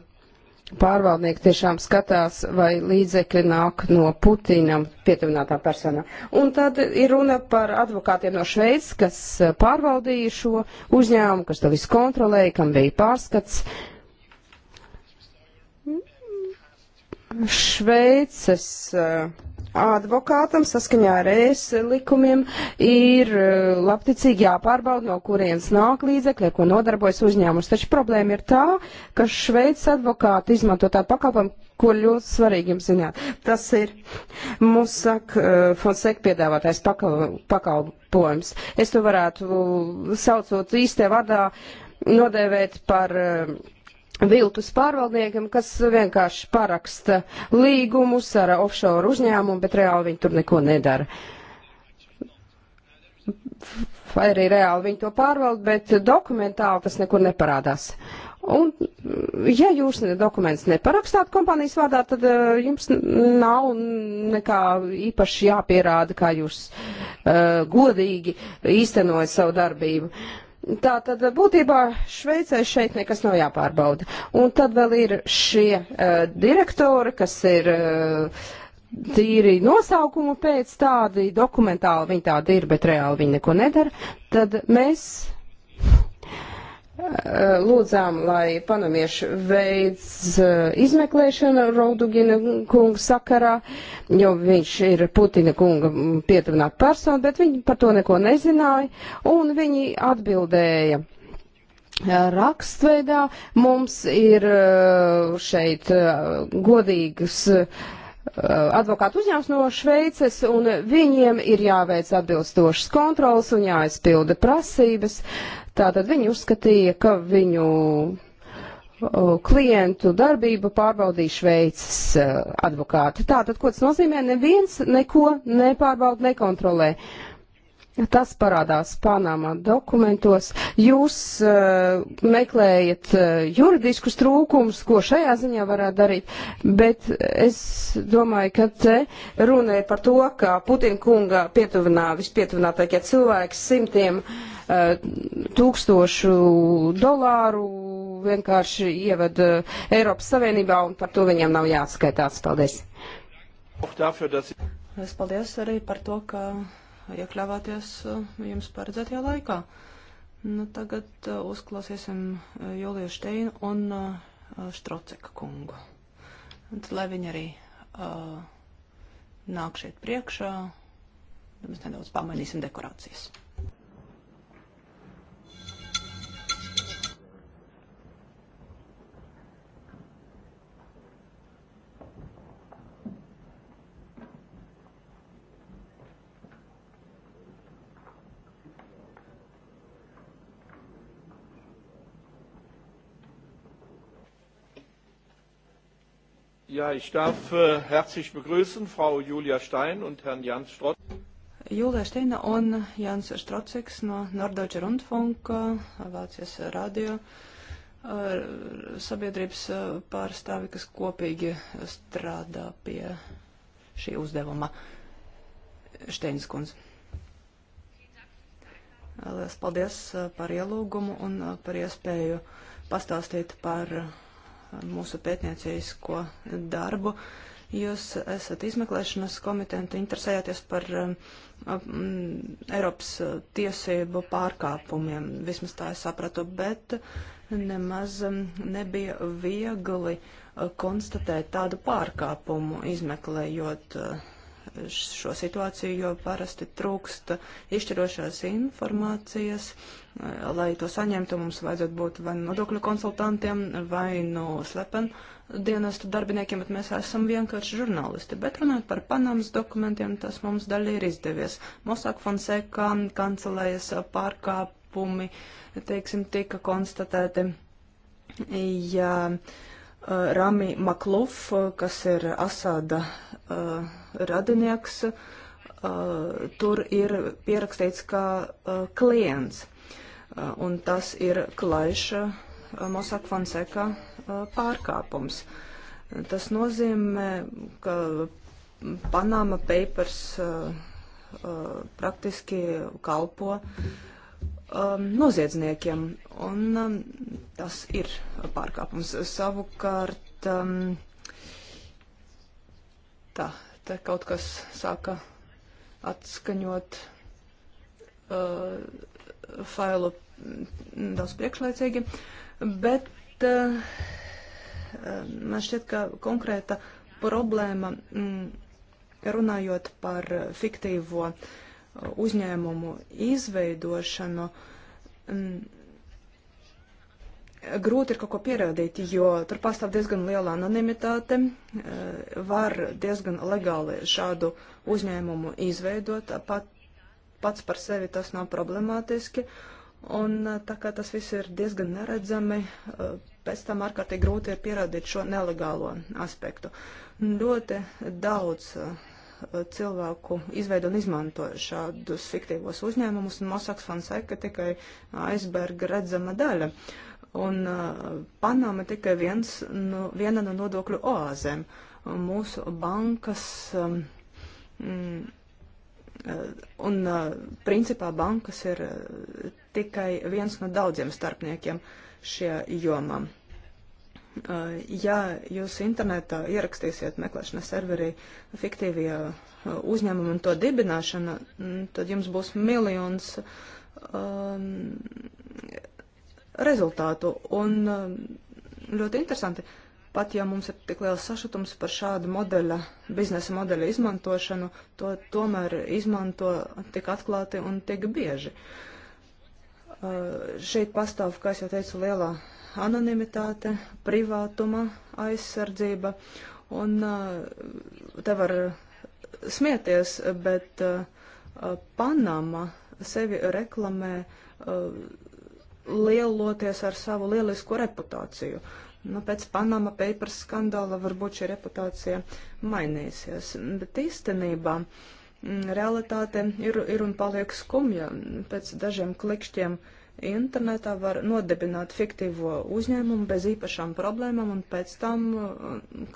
pārvaldnieki tiešām skatās, vai līdzekļi nāk no Putinam pietuvinātā personā. Un tad ir runa par advokātiem no Šveices, kas eh, pārvaldīja šo uzņēmumu, kas to visu kontrolēja, kam bija pārskats. Uh, Šveices advokātam saskaņā ar ES likumiem ir labticīgi jāpārbauda, no kurienes nāk līdzekļi, ar ko nodarbojas uzņēmums. Taču problēma ir tā, ka Šveices advokāti izmanto tādu pakalpojumu, ko ļoti svarīgi jums zināt. Tas ir mūsu saka Fonseka piedāvātais pakalpojums. Es to varētu saucot īstē vadā nodēvēt par uh, viltus pārvaldniekam, kas vienkārši paraksta līgumus ar offshore uzņēmumu, bet reāli viņi tur neko nedara. Vai arī reāli viņi to pārvalda, bet dokumentāli tas nekur neparādās. Un, ja jūs dokumentus neparakstāt kompānijas vārdā, tad uh, jums nav nekā īpaši jāpierāda, kā jūs uh, godīgi īstenojat savu darbību. Uh, Tā tad būtībā Šveicē šeit nekas nav jāpārbauda. Un tad vēl ir šie uh, direktori, kas ir uh, tīri nosaukumu pēc tādi, dokumentāli viņi tādi ir, bet reāli viņi neko nedara. Tad mēs Eh, lūdzām, lai panamieši veids eh, izmeklēšanu Raudugina kunga sakarā, jo viņš ir Putina kunga mm, pietuvināta persona, bet viņi par to neko nezināja, un viņi atbildēja. Eh, rakstveidā mums ir šeit godīgas uh, Uh, advokātu uzņēmums no Šveices, un viņiem ir jāveic atbilstošas kontrolas un jāizpilda prasības. Tātad viņi uzskatīja, ka viņu uh, klientu darbību pārbaudīja Šveices uh, advokāti. Tātad, ko tas nozīmē? Neviens neko nepārbauda, nekontrolē. Uh, Tas parādās Panama dokumentos. Jūs uh, meklējat uh, juridiskus trūkumus, ko šajā ziņā varētu darīt, bet es domāju, ka te runa ir par to, ka Putina kunga pietuvinā, vispietuvinātākie cilvēki simtiem uh, tūkstošu dolāru vienkārši ievada Eiropas Savienībā un par to viņiem nav jāatskaitās. Paldies! Es paldies arī par to, ka iekļāvāties eh, jums paredzētajā laikā. Nu, tagad eh, uzklausīsim eh, Juliju Šteinu un Štroceka kungu. Un tad, lai viņi arī uh, nāk šeit priekšā, mēs nedaudz pamainīsim dekorācijas. Ja, ich darf äh, herzlich begrüßen Frau Julia Stein und Herrn Jans Strotz. Jūlija Steina un Jānis Štrociks no Nordaģa Rundfunka, äh, Vācijas radio äh, sabiedrības äh, pārstāvi, kas kopīgi strādā pie šī uzdevuma. Šteinis kundz. Lielas paldies par ielūgumu un par iespēju pastāstīt par mūsu pētniecīsko darbu. Jūs esat izmeklēšanas komitenta interesējāties par um, mm, Eiropas uh, tiesību pārkāpumiem, vismaz tā es sapratu, bet nemaz um, nebija viegli uh, konstatēt tādu pārkāpumu, izmeklējot uh, šo situāciju, jo parasti trūkst izšķirošās informācijas. Lai to saņemtu, mums vajadzētu būt vai nu nodokļu konsultantiem, vai no nu slepenu dienestu darbiniekiem, bet mēs esam vienkārši žurnālisti. Bet runājot par Panamas dokumentiem, tas mums daļai ir izdevies. Mosāk Fonseca kancelējas pārkāpumi, teiksim, tika konstatēti. Ja, uh, Eh, Rami Makluf, eh, kas ir Asāda uh, eh, radinieks, uh, tur ir pierakstīts kā uh, klients. Uh, un tas ir klaiša uh, Mosak Fonseka uh, pārkāpums. Tas nozīmē, ka Panama Papers uh, uh, praktiski kalpo uh, um, noziedzniekiem, un um, tas ir pārkāpums. Savukārt, um, tā, te kaut kas sāka atskaņot uh, failu daudz priekšlaicīgi, bet uh, man šķiet, ka konkrēta problēma, mm, runājot par fiktīvo uh, uzņēmumu izveidošanu, mm, grūti ir kaut ko pierādīt, jo tur pastāv diezgan liela anonimitāte. Eh, var diezgan legāli šādu uzņēmumu izveidot, pat, pats par sevi tas nav problemātiski. Un tā kā tas viss ir diezgan neredzami, pēc tam ārkārtīgi grūti ir pierādīt šo nelegālo aspektu. Ļoti daudz cilvēku izveidu un izmantoja šādus fiktīvos uzņēmumus, un Mosaks Fonseca tikai aizberga redzama daļa. Un uh, Panama tikai viens, nu, viena no nodokļu oāzēm. Mūsu bankas. Um, mm, uh, Un, uh, principā, bankas ir tikai viens no daudziem starpniekiem šajā jomā ja jūs internetā ierakstīsiet meklēšanas serverī fiktīvie uzņēmumi un to dibināšana, tad jums būs miljons um, rezultātu. Un um, ļoti interesanti, pat ja mums ir tik liels sašutums par šādu modeļa, biznesa modeļa izmantošanu, to tomēr izmanto tik atklāti un tik bieži. Uh, šeit pastāv, kā es jau teicu, lielā anonimitāte, privātuma aizsardzība. Un uh, te var smieties, bet uh, Panama sevi reklamē uh, lieloties ar savu lielisko reputāciju. Nu, pēc Panama Papers skandāla varbūt šī reputācija mainīsies, bet īstenībā mm, realitāte ir, ir un paliek skumja pēc dažiem klikšķiem. Uh, internetā var nodibināt fiktīvo uzņēmumu bez īpašām problēmām un pēc tam uh,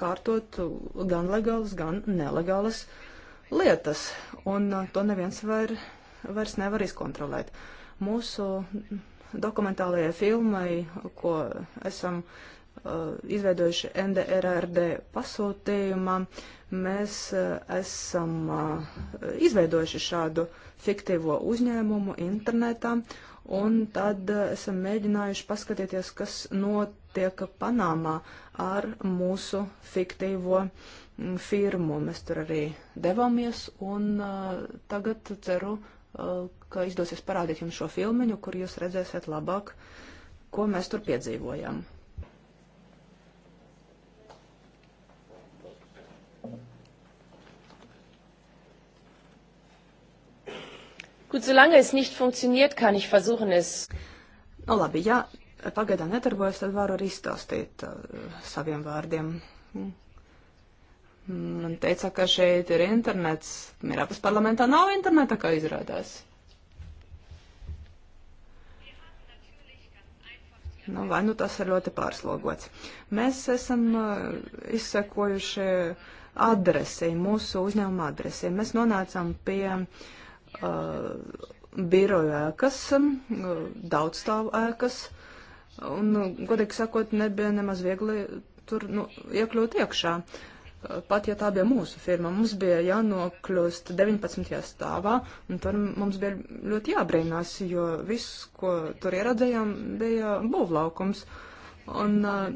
kārtot gan legālas, gan nelegālas lietas. Un uh, to neviens var, vairs nevar izkontrolēt. Mūsu dokumentālajai filmai, ko esam uh, izveidojuši NDRRD pasūtījumā, mēs uh, esam uh, izveidojuši šādu fiktīvo uzņēmumu internetā un tad eh, esam mēģinājuši paskatīties, kas notiek Panamā ar mūsu fiktīvo mm, firmu. Mēs tur arī devāmies, un uh, tagad ceru, uh, ka izdosies parādīt jums šo filmiņu, kur jūs redzēsiet labāk, ko mēs tur piedzīvojam. Gut, solange es nicht funktioniert, kann ich versuchen es. Nu, labi, ja pagaidām nedarbojas, tad varu arī izstāstīt uh, saviem vārdiem. Man teica, ka šeit ir internets. Mirapas parlamentā nav interneta, kā izrādās. Nu, vai nu tas ir ļoti pārslogots. Mēs esam uh, izsekojuši adresi, mūsu uzņēmuma adresi. Mēs nonācām pie uh, Uh, biroju ēkas, um, daudzstāvu ēkas, un, nu, godīgi sakot, nebija nemaz viegli tur nu, iekļūt iekšā. Uh, pat ja tā bija mūsu firma, mums bija jānokļūst 19. stāvā, un tur mums bija ļoti jābrīnās, jo viss, ko tur ieradzējām, bija būvlaukums. Un uh,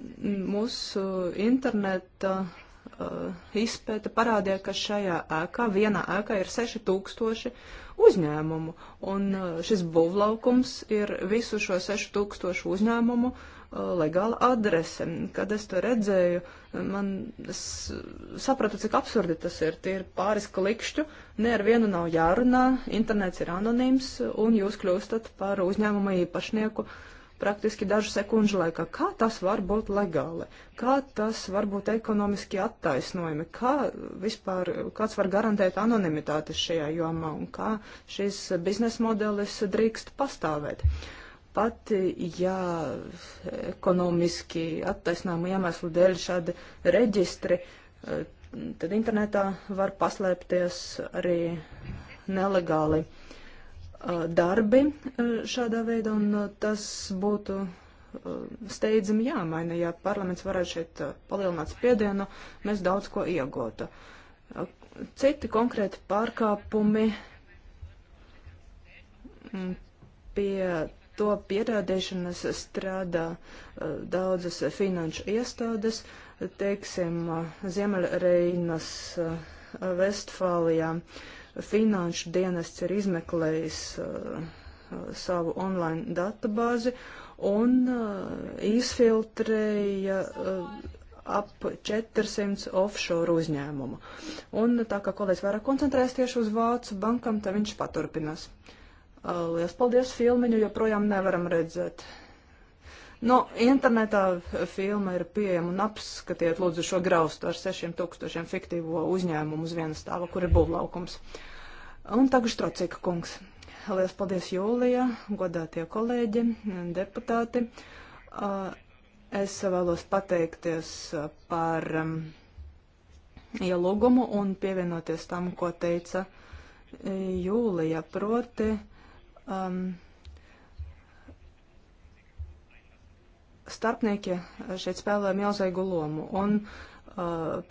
mūsu interneta uh, Uh, izpēta parādīja, ka šajā ēkā, vienā ēkā ir 6000 uzņēmumu, un uh, šis būvlaukums ir visu šo 6000 uzņēmumu uh, legāla adrese. Kad es to redzēju, man sapratu, cik absurdi tas ir. Tie ir pāris klikšķu, ne ar vienu nav jārunā, internets ir anonīms, un jūs kļūstat par uzņēmuma īpašnieku. Uh, praktiski dažu sekundžu laikā. Kā tas var būt legāli? Kā tas var būt ekonomiski attaisnojami? Kā vispār, kāds var garantēt anonimitāti šajā jomā un kā šis biznesa modelis drīkst pastāvēt? Pat, ja ekonomiski attaisnāmu iemeslu dēļ šādi reģistri, eh, tad internetā var paslēpties arī nelegāli uh, Uh, darbi uh, šādā veidā, un uh, tas būtu steidzami jāmaina. Ja parlaments varētu šeit palielināt spiedienu, mēs daudz ko iegūtu. Citi konkrēti pārkāpumi mm, pie to pierādīšanas strādā daudzas finanšu iestādes, teiksim, Ziemeļreinas Vestfālijā. Uh, finanšu dienests ir izmeklējis uh, uh, savu online databāzi un uh, izfiltrēja ap 400 offshore uzņēmumu. Un tā kā kolēģis vairāk koncentrējas tieši uz Vācu bankam, tad viņš paturpinās. Lielas paldies, filmiņu joprojām nevaram redzēt. Nu, internetā filma ir pieejama un apskatiet lūdzu šo graustu ar 6000 fiktīvo uzņēmumu uz viena stāva, kur ir būvlaukums. Un tagad Štrocika kungs. Lielas paldies Jūlija, godātie kolēģi, deputāti. Es vēlos pateikties par ielūgumu un pievienoties tam, ko teica e, Jūlija, proti. Um, starpnieki šeit spēlē milzīgu lomu un uh,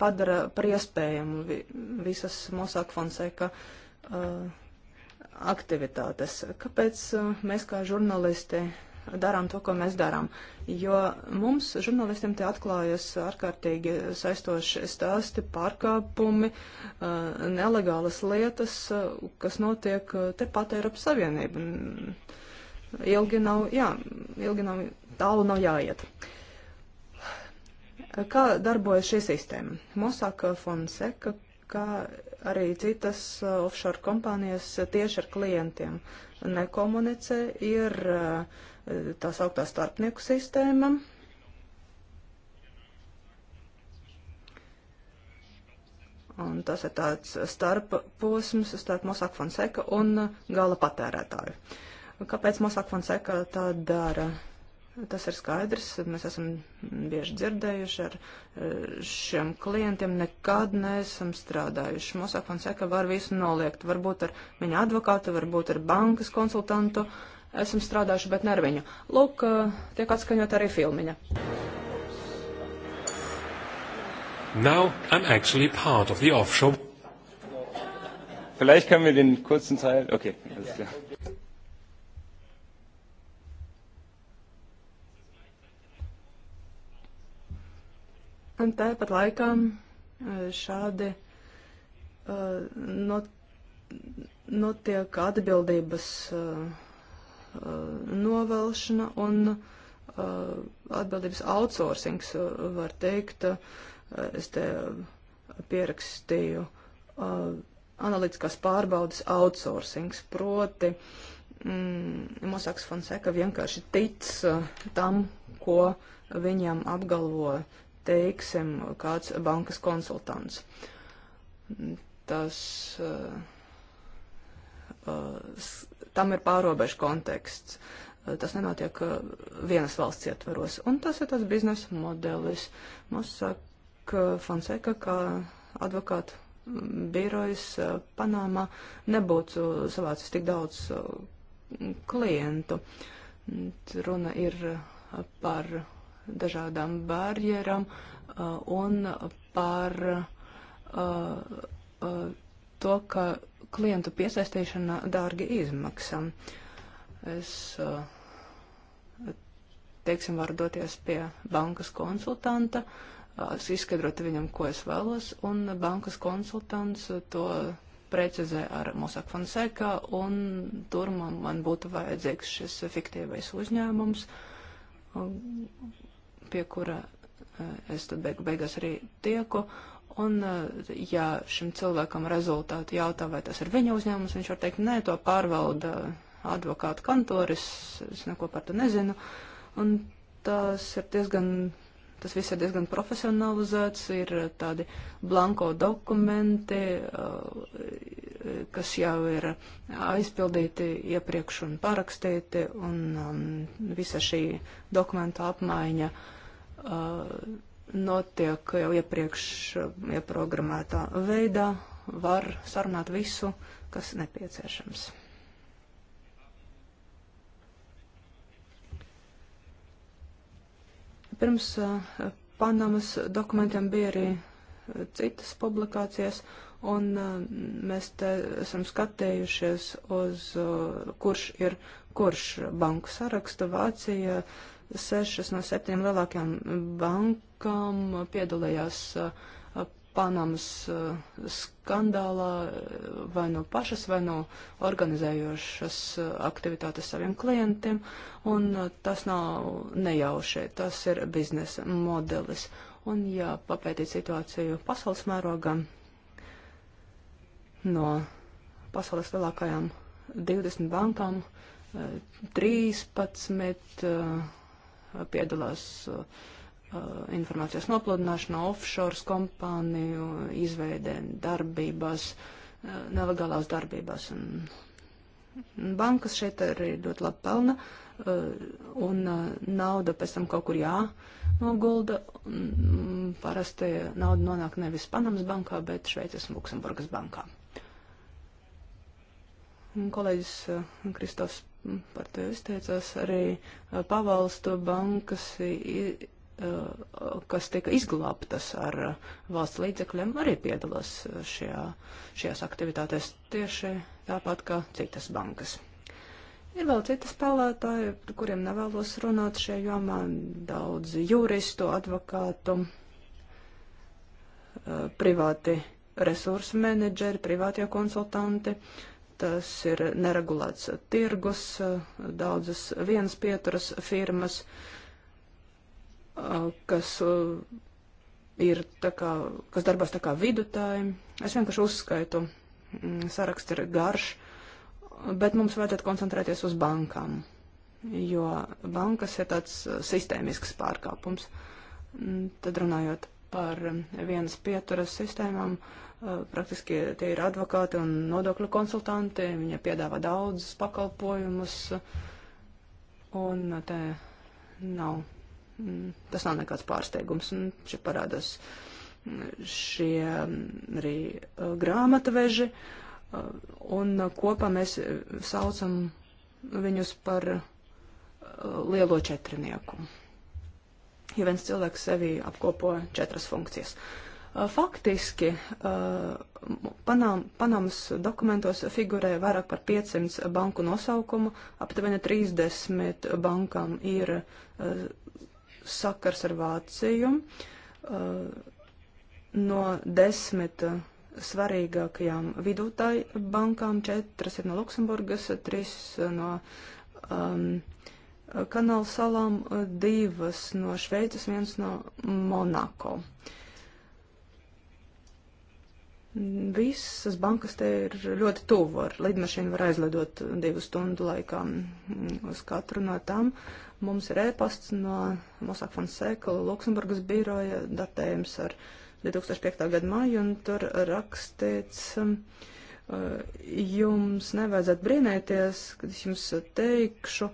padara par iespējamu vi visas Mosāk Fonseka uh, aktivitātes. Kāpēc uh, mēs kā žurnalisti darām to, ko mēs darām? Jo mums, žurnalistiem, te atklājas ārkārtīgi saistoši stāsti, pārkāpumi, uh, nelegālas lietas, uh, kas notiek uh, tepat Eiropas Savienība. Un, ilgi nav, jā, ilgi nav, tālu nav jāiet. Kā darbojas šī sistēma? Mosāk Fonseca, kā arī citas uh, offshore kompānijas tieši ar klientiem nekomunicē, ir uh, tā sauktā starpnieku sistēma, Un tas ir tāds starp posms starp Mosāk Fonseka un uh, gala patērētāju. Kāpēc Mosak Fonseka tā dara? Tas ir skaidrs, mēs esam bieži dzirdējuši ar eh, šiem klientiem, nekad neesam strādājuši. Mosak Fonseka var visu noliegt, varbūt ar viņa advokātu, varbūt ar bankas konsultantu esam strādājuši, bet ne ar viņu. Lūk, eh, tiek atskaņot arī filmiņa. Now I'm actually part of the offshore. Vielleicht können wir den kurzen Teil. Okay, alles klar. Yeah. Un tāpat laikā eh, šādi eh, not, notiek atbildības eh, novelšana un atbildības outsourcings, var teikt. Es te pierakstīju analītiskās pārbaudas outsourcings, proti mm, Mosaks Fonseka vienkārši tic tam, ko viņam apgalvo teiksim, kāds bankas konsultants. Tas, uh, uh, tam ir pārobežu konteksts. Eh, tas nenotiek vienas valsts ietvaros. Un tas ir tas biznesa modelis. Mums saka Fonseka, ka advokātu mm, birojas Panāmā nebūtu savācis tik daudz klientu. Runa ir par dažādām barjeram uh, un par uh, uh, to, ka klientu piesaistīšana dārgi izmaksā. Es, teiksim, varu doties pie bankas konsultanta, izskaidrot viņam, ko es vēlos, un bankas konsultants to precizē ar Mossack Fonseca, un tur man, man būtu vajadzīgs šis fiktīvais uzņēmums, pie kura eh, es tad beigu beigās arī tieku. Un, eh, ja šim cilvēkam rezultāti jautā, vai tas ir viņa uzņēmums, viņš var teikt, nē, to pārvalda advokātu kantoris, es neko par to nezinu. Un tas ir diezgan, tas viss ir diezgan profesionalizēts, ir tādi blanko dokumenti, eh, kas jau ir aizpildīti iepriekš un parakstīti, un um, visa šī dokumenta apmaiņa uh, notiek jau iepriekš uh, ieprogrammētā veidā, var sarunāt visu, kas nepieciešams. Pirms uh, Panamas dokumentiem bija arī uh, citas publikācijas. Uh, un uh, mēs te esam skatējušies uz, uh, kurš ir kurš banku sarakstu. Vācija sešas no septiņiem lielākajām bankām piedalījās uh, Panamas skandālā vai no nu pašas, vai no nu organizējošas aktivitātes saviem klientiem, un tas nav nejauši, tas ir biznesa modelis. Un, ja papētīt situāciju pasaules mērogā, no pasaules lielākajām 20 bankām 13 eh, eh, piedalās eh, informācijas nopludināšanā, offshore kompāniju izveidē, darbībās, nelegālās darbībās. Un bankas šeit arī ļoti labi pelna, un nauda pēc tam kaut kur jānogulda. Mm, parasti nauda nonāk nevis Panamas bankā, bet Šveices un Luksemburgas bankā. Kolēģis eh, Kristofs par to izteicās arī eh, pavalstu bankas, eh, kas tika izglābtas ar valsts līdzekļiem, arī piedalās šajā, šajās aktivitātēs tieši tāpat kā citas bankas. Ir vēl citas spēlētāji, par kuriem nevēlos runāt šajā jomā, daudz juristu, advokātu, privāti resursu menedžeri, privātie konsultanti. Uh, Tas ir neregulēts tirgus, daudzas vienas pieturas firmas, kas ir tā kā, kas darbās tā kā vidutāji. Es vienkārši uzskaitu, mm, saraksts ir garš, bet mums vajadzētu koncentrēties uz bankām, jo bankas ir tāds sistēmisks pārkāpums. Tad runājot par vienas pieturas sistēmām, uh, Praktiski tie ir advokāti un nodokļu konsultanti, viņa piedāvā daudzus pakalpojumus, un te nav, mm, tas nav nekāds pārsteigums, un šeit parādās mm, šie mm, arī grāmatveži, un kopā mēs saucam viņus par lielo četrinieku. Ja viens cilvēks sevi apkopo četras funkcijas. Uh, Faktiski Panām, Panamas dokumentos figurē vairāk par 500 banku nosaukumu, aptuveni 30 bankām ir sakars ar Vāciju. No desmit svarīgākajām vidutāju bankām četras ir no Luksemburgas, trīs no um, Kanāla salām, divas no Šveicas, viens no Monako. Uh, Visas bankas te ir ļoti tuvu. Ar lidmašīnu var aizlidot divu stundu laikā mm, uz katru no tām. Mums ir ēpasts no Mosāk Fonseka Luksemburgas biroja datējums ar 2005. gada māju, un tur rakstīts, mm, uh, jums nevajadzētu brīnēties, kad es jums teikšu,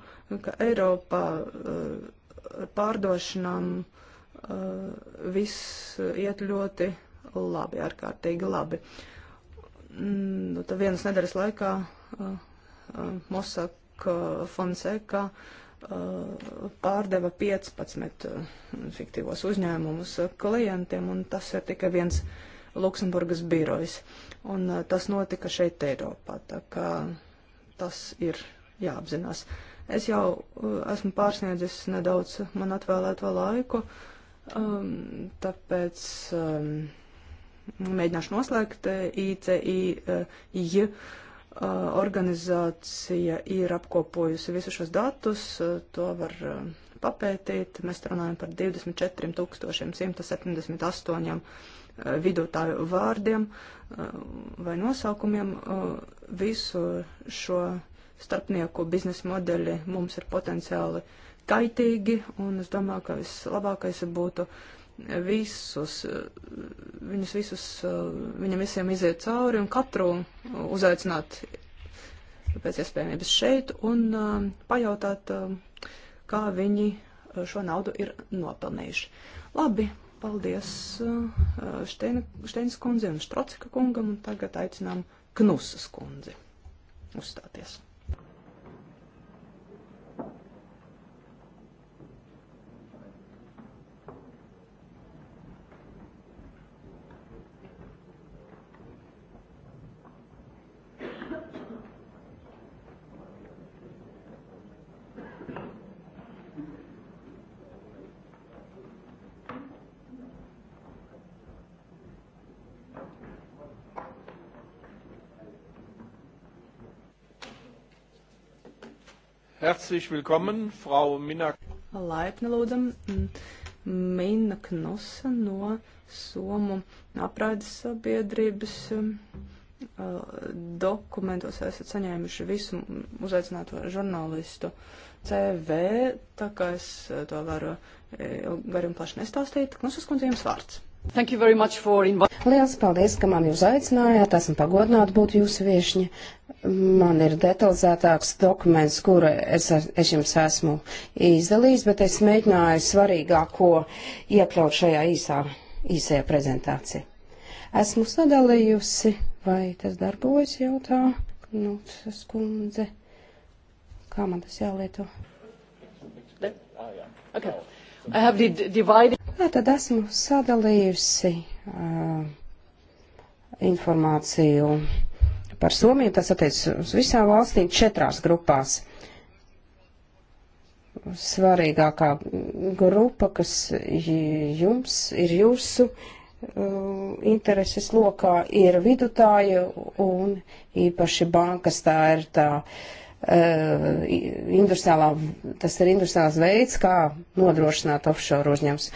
ka Eiropā uh, pārdošanām uh, viss iet ļoti labi, ārkārtīgi labi. Mm, nu, tad vienas nedēļas laikā uh, uh, Mosak uh, Fonseca uh, pārdeva 15 uh, fiktīvos uzņēmumus uh, klientiem, un tas ir tikai viens Luksemburgas birojs. Un uh, tas notika šeit Eiropā, tā kā tas ir jāapzinās. Es jau uh, esmu pārsniedzis nedaudz man atvēlēto laiku. Uh, Um, tāpēc um, mēģināšu noslēgt. ICI eh, eh, eh, organizācija ir apkopojusi visus šos datus, to var papētīt. Mēs runājam par 24178 vidutāju vārdiem vai nosaukumiem. Visu šo starpnieku biznesa modeļi mums ir potenciāli kaitīgi, un es domāju, ka vislabākais būtu uh, visus, viņus visus, viņam visiem iziet cauri un katru uzaicināt pēc iespējamības šeit un um, pajautāt, um, kā viņi uh, šo naudu ir nopelnījuši. Labi, paldies uh, Šteina, Šteinas kundzi un Štrocika kungam un tagad aicinām Knusas kundzi uzstāties. Herzlich willkommen, Frau Minna. Laipni lūdzam, Minna Knusa no Somu apraides sabiedrības dokumentos esat saņēmuši visu uzaicināto žurnālistu CV, tā kā es to varu e, gari un plaši nestāstīt. Knusas kundze jums vārds. For... Liels paldies, ka man jūs aicinājāt. Esmu pagodināta būt jūsu viešņa. Man ir detalizētāks dokuments, kuru es, es jums esmu izdalījis, bet es mēģināju svarīgāko iekļaut šajā īsā, īsajā prezentācijā. Esmu sadalījusi, vai tas darbojas jautā, nu, skundze, kā man tas jālieto? De? Ah, jā. Okay. Jā, tad esmu sadalījusi uh, informāciju par Somiju, tas attiecas uz visām valstīm četrās grupās. Svarīgākā grupa, kas jums ir jūsu intereses lokā ir vidutāji un īpaši bankas tā ir tā Uh, industriālā, tas ir industriāls veids, kā nodrošināt offshore uzņēmums.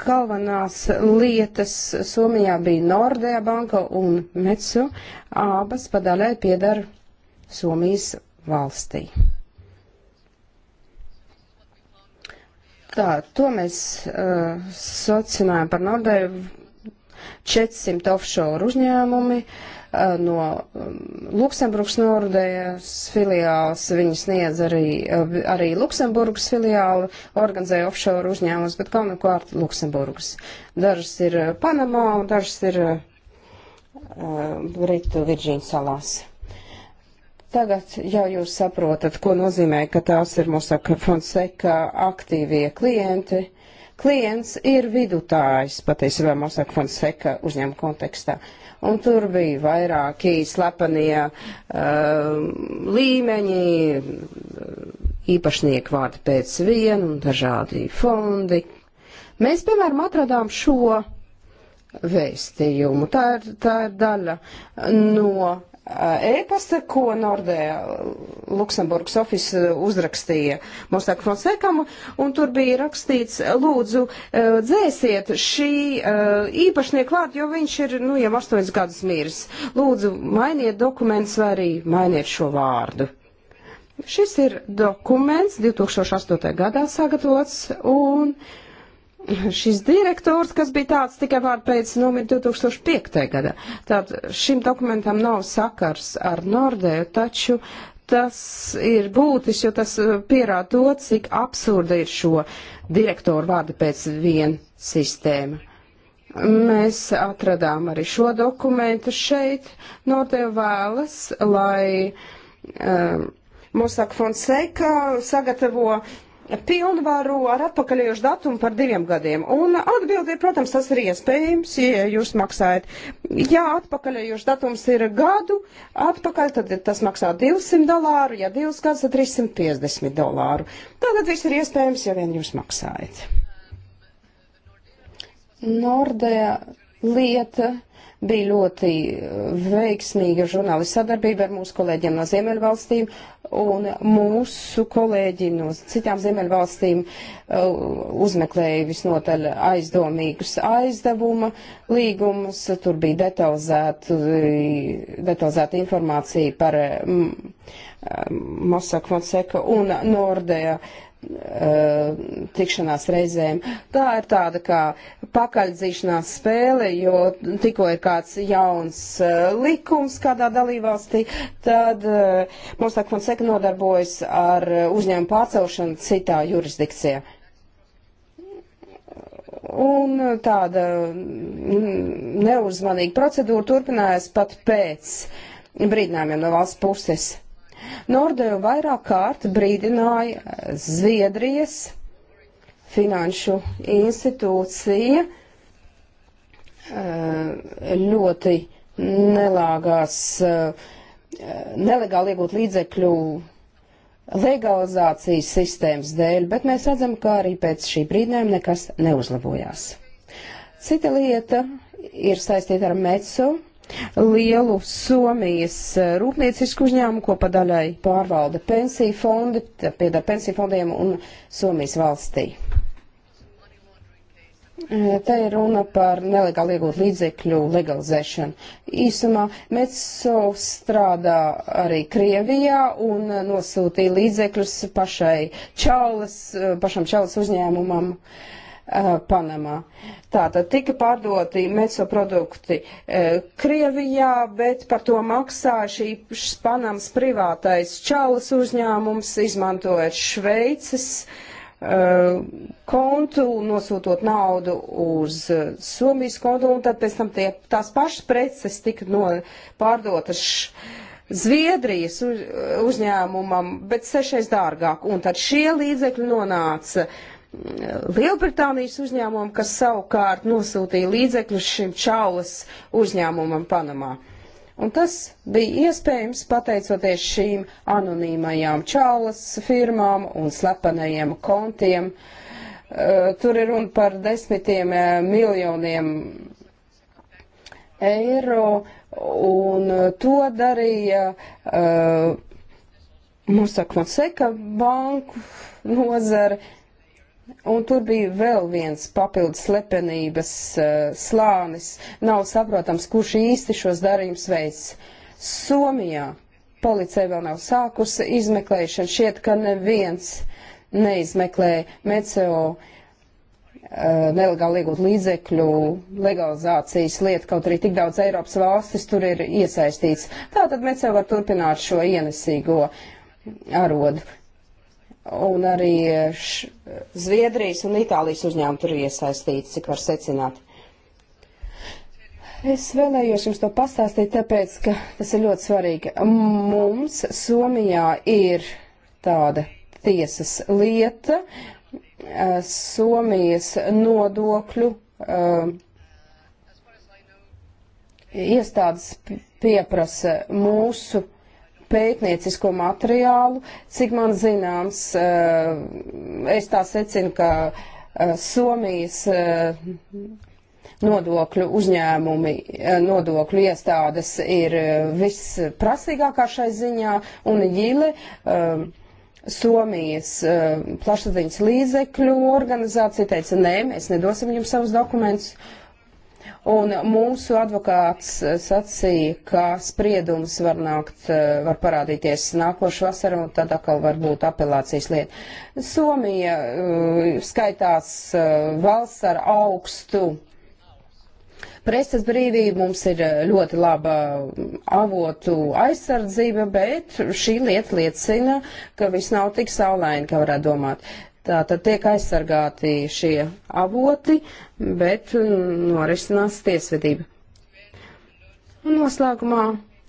Galvenās lietas Somijā bija Nordea banka un Metsu, abas padaļai piedara Somijas valstī. Tā, to mēs uh, socinājām par Nordeju 400 offshore uzņēmumi. Uh, Uh, no um, Luksemburgas norudējas filiāls, viņi sniedz arī, uh, arī Luksemburgas filiāli, organizēja offshore uzņēmumus, bet galvenokārt Luksemburgas. Dažas ir uh, Panamā un dažas ir uh, Britu Virģīnu salās. Tagad jau jūs saprotat, ko nozīmē, ka tās ir mūsu Fonseca aktīvie klienti. Klients ir vidutājs, patiesībā Mosaka Fonseca uzņēmuma kontekstā. Uh, un tur bija vairāki slepenie uh, līmeņi, īpašnieku vārdi pēc vienu un dažādi fondi. Mēs, piemēram, atradām šo vēstījumu. Tā ir, tā ir daļa no e-pasta, ko Nordēja Luksemburgas ofis uzrakstīja Mostaku Fonsekam, un tur bija rakstīts, lūdzu, dzēsiet šī īpašnieku klāt, jo viņš ir, nu, jau astoņas gadus miris. Lūdzu, mainiet dokumentus vai arī mainiet šo vārdu. Šis ir dokuments 2008. gadā sagatavots, un šis direktors, kas bija tāds tikai vārdu pēc nomira 2005. gada. Tad šim dokumentam nav sakars ar Nordēju, taču tas ir būtis, jo tas eh, pierāda to, cik absurda ir šo direktoru vārdu pēc vien sistēma. Mēs atradām arī šo dokumentu šeit. Nordēju vēlas, lai um, eh, Mosaka Fonseca sagatavo uh, pilnvaru ar atpakaļējušu datumu par diviem gadiem. Un atbildi ir, protams, tas ir iespējams, ja jūs maksājat. Ja atpakaļējušu datums ir gadu atpakaļ, tad tas maksā 200 dolāru, ja divus gadus, tad 350 dolāru. Tātad viss ir iespējams, ja vien jūs maksājat. Nordea lieta bija ļoti uh, veiksmīga žurnālista sadarbība ar mūsu kolēģiem no Ziemeļvalstīm, un mūsu kolēģi no citām Ziemeļvalstīm uh, uzmeklēja visnotaļ aizdomīgus aizdevuma līgumus, tur bija detalizēta, uh, detalizēta informācija par mm, Mossack Fonseca un Nordea. Uh, Uh, tikšanās reizēm. Tā ir tāda kā pakaļdzīšanās spēle, jo tikko ir kāds jauns uh, likums kādā dalībvalstī, tad uh, Mostak Fonseka nodarbojas ar uh, uzņēmumu pārcelšanu citā jurisdikcijā. Un tāda mm, neuzmanīga procedūra turpinājās pat pēc brīdinājumiem no valsts puses. Nordeja vairāk kārt brīdināja eh, Zviedrijas finanšu institūcija eh, ļoti nelāgās, eh, nelegāli iegūt līdzekļu legalizācijas sistēmas dēļ, bet mēs redzam, ka arī pēc šī brīdinājuma nekas neuzlabojās. Cita lieta ir saistīta ar MECU lielu Somijas eh, rūpniecisku uzņēmumu, ko padaļai pārvalda pensiju fondi, piedara pensiju fondiem un Somijas valstī. Eh, te ir runa par nelegāli iegūt līdzekļu legalizēšanu. Īsumā Metso strādā arī Krievijā un eh, nosūtīja līdzekļus pašai Čaulas, pašam Čaulas uzņēmumam. Uh, Uh, Panamā. Tātad tika pārdoti meco produkti e, uh, Krievijā, bet par to maksāja šī Panamas privātais čalas uzņēmums, izmantojot Šveices e, kontu, nosūtot naudu uz Somijas kontu, un tad pēc tam tie, tās pašas preces tika no, pārdotas. Š, Zviedrijas uzņēmumam, bet sešais dārgāk, un tad šie līdzekļi nonāca uh, Lielbritānijas uzņēmumu, kas savukārt nosūtīja līdzekļus šim čaulas uzņēmumam Panamā. Un tas bija iespējams pateicoties šīm anonīmajām čaulas firmām un slepenajiem kontiem. Eh, tur ir runa par desmitiem eh, miljoniem eiro, un to darīja uh, eh, Mosaka Fonseca banku nozare, Un tur bija vēl viens papildus slepenības uh, slānis. Nav saprotams, kurš īsti šos darījums veids. Somijā policija vēl nav sākusi izmeklēšanu. Šķiet, ka neviens neizmeklē Meceo uh, eh, nelegāli iegūt līdzekļu legalizācijas lietu, kaut arī tik daudz Eiropas valstis tur ir iesaistīts. Tātad Meceo var turpināt šo ienesīgo arodu un arī š, Zviedrijas un Itālijas uzņēmumi tur iesaistīti, cik var secināt. Es vēlējos jums to pastāstīt, tāpēc, ka tas ir ļoti svarīgi. Mums Somijā ir tāda tiesas lieta, eh, Somijas nodokļu eh, iestādes pieprasa mūsu pētniecisko materiālu. Cik man zināms, eh, es tā secinu, ka eh, Somijas eh, nodokļu uzņēmumi, nodokļu iestādes ir visprasīgākā šai ziņā un ģile. Somijas plašsaziņas līdzekļu organizācija teica, nē, mēs nedosim viņam savus dokumentus. Uh, Un mūsu advokāts eh, sacīja, ka spriedums var nākt, eh, var parādīties nākošu vasaru, un tad atkal var būt apelācijas lieta. Somija uh, skaitās uh, valsts ar augstu. Preses brīvība mums ir ļoti laba mm, avotu aizsardzība, bet šī lieta liecina, ka viss nav tik saulaini, kā varētu domāt. Tātad tiek aizsargāti šie avoti, bet mm, norisinās tiesvedība. Un noslēgumā,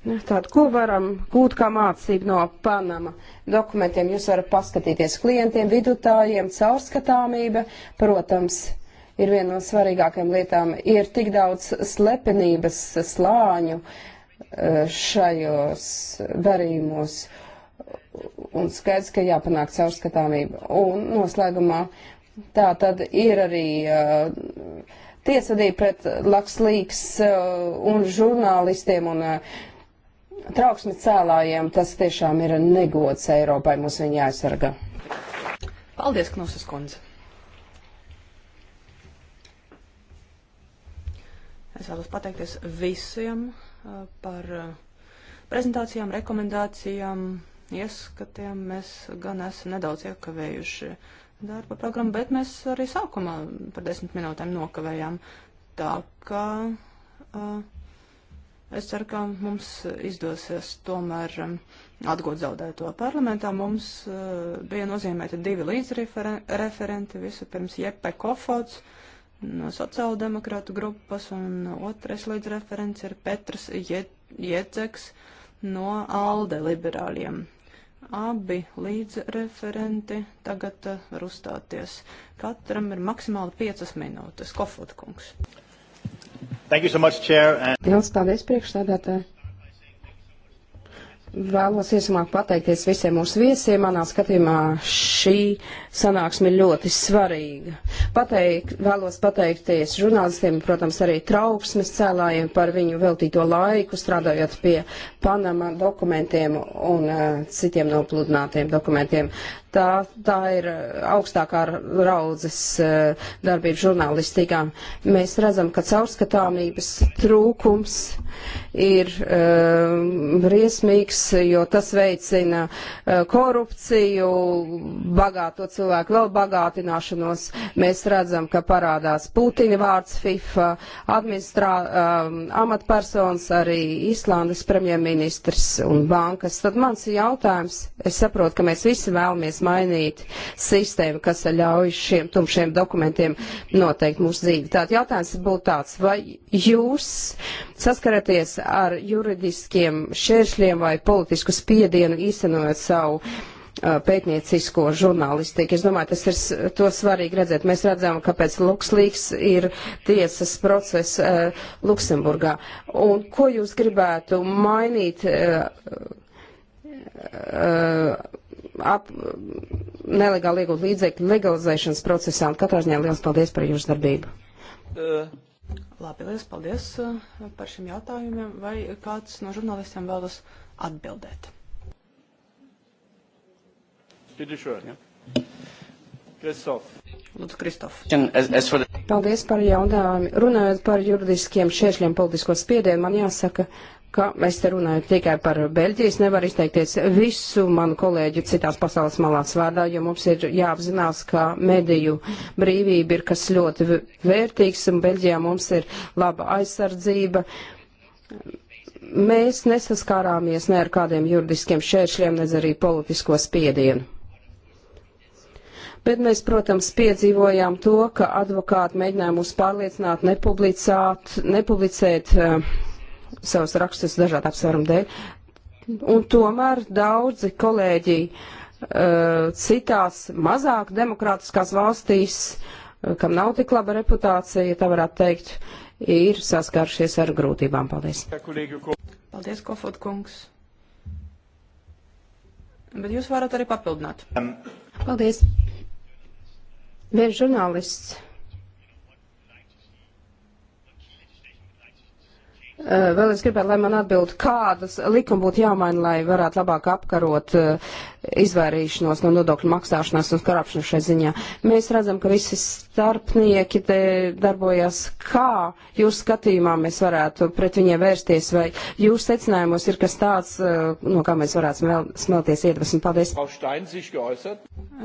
nu, tātad, ko varam gūt kā mācību no Panama dokumentiem, jūs varat paskatīties klientiem, vidutājiem, caurskatāmība, protams, ir viena no svarīgākajām lietām, ir tik daudz slepenības slāņu eh, šajos darījumos un skaidrs, ka jāpanāk caurskatāmība. Un noslēgumā tā tad ir arī uh, tiesvedība pret lakslīgs uh, un žurnālistiem un uh, trauksmi cēlājiem. Tas tiešām ir negods Eiropai, mums viņa jāaizsarga. Paldies, Knūsas kundze. Es vēlos pateikties visiem uh, par uh, prezentācijām, rekomendācijām, ieskatiem mēs gan esam nedaudz iekavējuši darba programmu, bet mēs arī sākumā par desmit minūtēm nokavējām. Tā kā uh, es ceru, ka mums izdosies tomēr um, atgūt zaudēto parlamentā. Mums uh, bija nozīmēti divi līdzreferenti, visu pirms Jeppe Kofots no sociāldemokrātu grupas, un otrais līdzreferents ir Petrs Jedzeks no ALDE liberāļiem. Abi līdzreferenti tagad eh, var uzstāties. Katram ir maksimāli piecas minūtes. Kofot kungs. Thank you so much, Chair. And... Liels paldies priekšstādātāji. Vēlos iesmāk pateikties visiem mūsu viesiem. Manā skatījumā šī sanāksme ir ļoti svarīga. Pateik, vēlos pateikties žurnālistiem, protams, arī trauksmes cēlājiem par viņu veltīto laiku, strādājot pie Panama dokumentiem un uh, citiem nopludinātiem dokumentiem. Tā, tā ir eh, augstākā raudzes eh, darbība žurnālistikā. Mēs redzam, ka caurskatāmības trūkums ir um, briesmīgs, jo tas veicina korupciju, bagāto cilvēku vēl bagātināšanos. Mēs redzam, ka parādās Putina vārds FIFA, administrā, um, amatpersonas, arī Islandes premjerministrs un bankas. Tad mans jautājums, es saprotu, ka mēs visi vēlamies nepieciešams mainīt sistēmu, kas ļauj šiem tumšiem dokumentiem noteikt mūsu dzīvi. Tātad jautājums būtu tāds, vai jūs saskaraties ar juridiskiem šēršļiem vai politisku spiedienu īstenojot savu uh, pētniecisko žurnālistiku. Es domāju, tas ir to svarīgi redzēt. Mēs redzam, ka pēc Luxlīks ir tiesas process uh, Luksemburgā. Un ko jūs gribētu mainīt? Uh, uh, ap, nelegāli iegūt līdzekļu legalizēšanas procesā. Un katrā ziņā liels paldies par jūsu darbību. Uh. Labi, liels paldies uh, par šiem jautājumiem. Vai kāds no žurnālistiem vēlas atbildēt? Ja? Kristof. Lūdzu, Kristof. Paldies par jautājumu. Runājot par juridiskiem šķēršļiem politisko spiedienu, man jāsaka, ka es te runāju tikai par Beļģijas, nevar izteikties visu manu kolēģu citās pasaules malās vārdā, jo mums ir jāapzinās, ka mediju brīvība ir kas ļoti vērtīgs, un Beļģijā mums ir laba aizsardzība. Mēs nesaskārāmies ne ar kādiem juridiskiem šēršļiem, ne arī politisko spiedienu. Bet mēs, protams, piedzīvojām to, ka advokāti mēģināja mūs pārliecināt, nepublicēt, nepublicēt uh, savus rakstus dažādu apsvērumu dēļ. Un tomēr daudzi kolēģi eh, citās mazāk demokrātiskās valstīs, eh, kam nav tik laba reputācija, tā varētu teikt, ir saskāršies ar grūtībām. Paldies. Paldies, Kofot kungs. Bet jūs varat arī papildināt. Um. Paldies. Viens žurnālists Vēl es gribētu, lai man atbild, kādas likuma būtu jāmaina, lai varētu labāk apkarot izvairīšanos no nodokļu maksāšanās un karāpšanas šai ziņā. Mēs redzam, ka visi starpnieki te darbojas. Kā jūs skatījumā mēs varētu pret viņiem vērsties, vai jūs secinājumos ir kas tāds, no kā mēs varētu smel smelties iedvesmu? Paldies.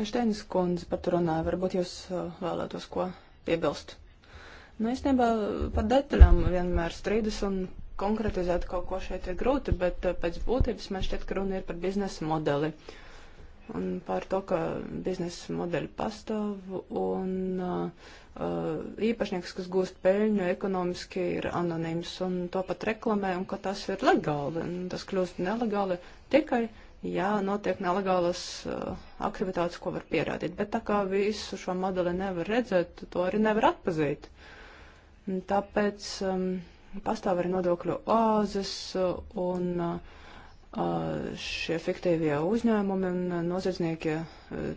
Steinis kundze pat runāja, varbūt jūs vēlētos ko piebilst. Nu, īstenībā par detaļām vienmēr strīdas un konkretizēt kaut ko šeit ir grūti, bet eh, pēc būtības man šķiet, ka runa ir par biznesa modeli. Un par to, ka biznesa modeļi pastāv un uh, īpašnieks, kas gūst peļņu, ekonomiski ir anonīms un to pat reklamē, un ka tas ir legāli. Tas kļūst nelegāli tikai, ja notiek nelegālas uh, aktivitātes, ko var pierādīt. Bet tā kā visu šo modeli nevar redzēt, to arī nevar atpazīt. Tāpēc um, pastāv arī nodokļu oāzes un uh, šie fiktīvie uzņēmumi un uh, noziedznieki uh,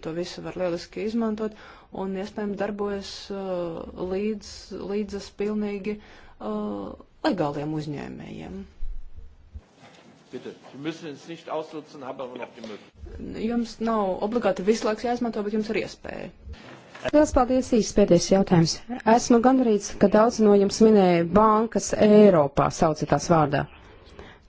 to visu var lieliski izmantot un iespējams darbojas uh, līdz, līdzas pilnīgi uh, legāliem uzņēmējiem. Jums nav obligāti visu laiku jāizmanto, bet jums ir iespēja. Lielas paldies, īsts pēdējais jautājums. Esmu gandrīz, ka daudz no jums minēja bankas Eiropā, saucitās vārdā.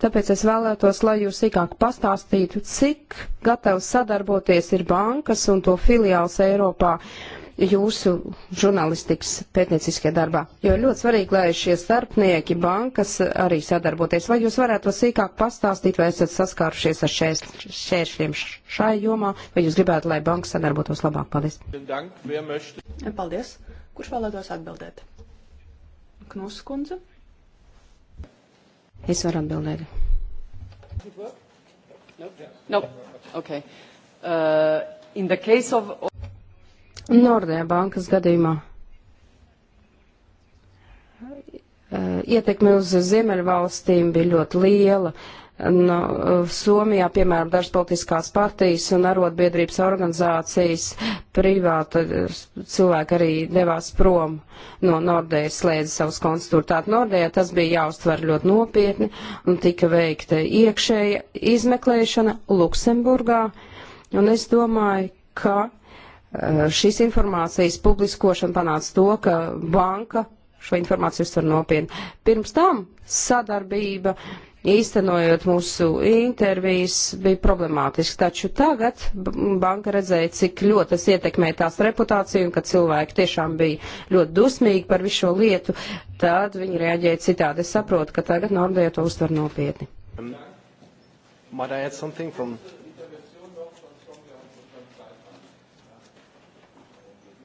Tāpēc es vēlētos, lai jūs sīkāk pastāstītu, cik gatavs sadarboties ir bankas un to filiāls Eiropā. Uh, jūsu žurnālistikas pētnieciskajā darbā? Jo ir ļoti svarīgi, lai šie starpnieki bankas arī sadarboties. Vai jūs varētu to sīkāk pastāstīt, vai esat saskārušies ar šēršļiem šai jomā, vai jūs gribētu, lai banka sadarbotos labāk? Paldies. Paldies. Kurš vēlētos atbildēt? Knus kundze? Es varu atbildēt. Nope. Nope. Okay. Uh, in the case of Nordea bankas gadījumā e, ietekme uz Ziemeļvalstīm bija ļoti liela. No, e, Somijā, piemēram, dažas politiskās partijas un arotbiedrības organizācijas privāta e, cilvēki arī devās prom no Nordējas, slēdza savus konstitūru. Tātad Nordējā tas bija jāuztver ļoti nopietni un tika veikta iekšēja izmeklēšana Luksemburgā. Un es domāju, ka Eh, šīs informācijas publiskošana panāca to, ka banka šo informāciju uztver nopietni. Pirms tam sadarbība, īstenojot mūsu intervijas, bija problemātiski, taču tagad banka redzēja, cik ļoti tas ietekmē tās reputāciju un ka cilvēki tiešām bija ļoti dusmīgi par visu šo lietu, tad viņi reaģēja citādi. Es saprotu, ka tagad Nordeja to uztver nopietni. Um, might I add something from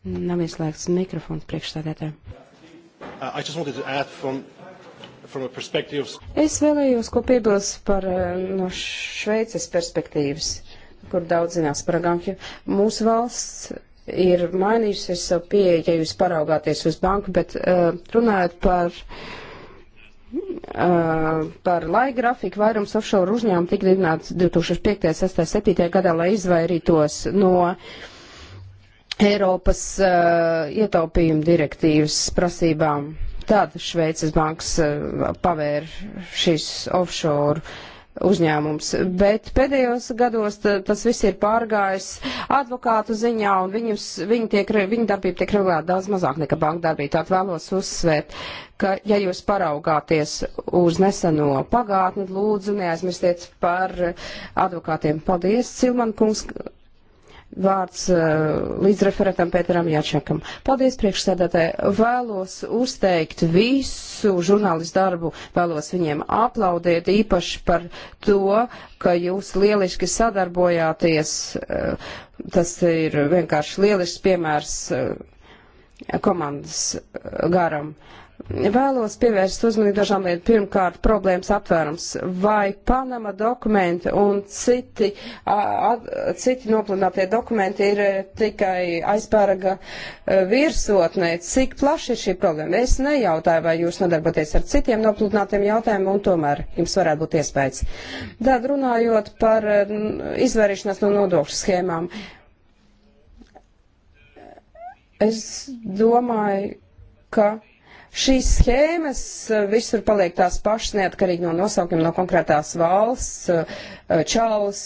Nav ieslēgts mikrofons priekšstādētājiem. Uh, from, from perspective... Es vēlējos ko piebilst par uh, no Šveices perspektīvas, kur daudz zinās par Agankju. Mūsu valsts ir mainījusies savu pieeju, ja jūs paraugāties uz banku, bet uh, runājot par, uh, par laika grafiku, vairums offshore uzņēmumu tika dibināts 2005, 2006, 2007 gadā, lai izvairītos no uh, Eiropas uh, ietaupījuma direktīvas prasībām. Tad Šveices banks uh, eh, pavēra šīs offshore uzņēmums, bet pēdējos gados tas viss ir pārgājis advokātu ziņā un viņus, viņi tiek, viņa darbība tiek regulēta daudz mazāk nekā banka darbība. Tātad vēlos uzsvērt, ka ja jūs paraugāties uz neseno pagātni, lūdzu neaizmirstiet par advokātiem. Paldies, Cilman kungs! vārds eh, līdzreferentam Pēteram Jāčakam. Paldies priekšsēdētāji. Vēlos uzteikt visu žurnālistu darbu, vēlos viņiem aplaudēt īpaši par to, ka jūs lieliski sadarbojāties. Eh, tas ir vienkārši lielisks piemērs eh, komandas garam. Uh, Vēlos pievērst uzmanību dažām lietām. Pirmkārt, problēmas aptvērums. Vai Panama dokumenti un citi, a, a, citi nopludinātie dokumenti ir e, tikai aizpēraga e, virsotnē? Cik plaši ir šī problēma? Es nejautāju, vai jūs nodarboties ar citiem nopludinātiem jautājumiem, un tomēr jums varētu būt iespējas. Tad runājot par e, izvairīšanās no nodokļu schēmām. Es domāju, ka Šīs schēmas eh, visur paliek tās pašas, neatkarīgi no nosaukuma, no konkrētās valsts, eh, čāls,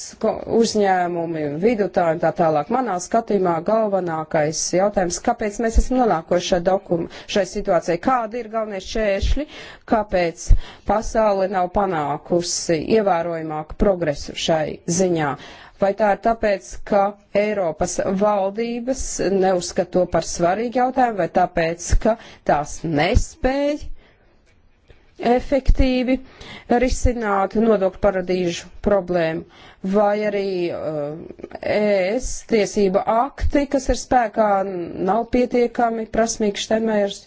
uzņēmumi, vidutāji un tā tālāk. Manā skatījumā galvenākais jautājums, kāpēc mēs esam nonākuši šai, dokum, šai situācijai, kādi ir galvenie šķēršļi, kāpēc pasaule nav panākusi ievērojamāku progresu šai ziņā. Vai tā ir tāpēc, ka Eiropas valdības neuzskata to par svarīgu jautājumu, vai tāpēc, ka tās nespēja efektīvi risināt nodokļu paradīžu problēmu, vai arī uh, ES tiesība akti, kas ir spēkā, nav pietiekami prasmīgi štemērs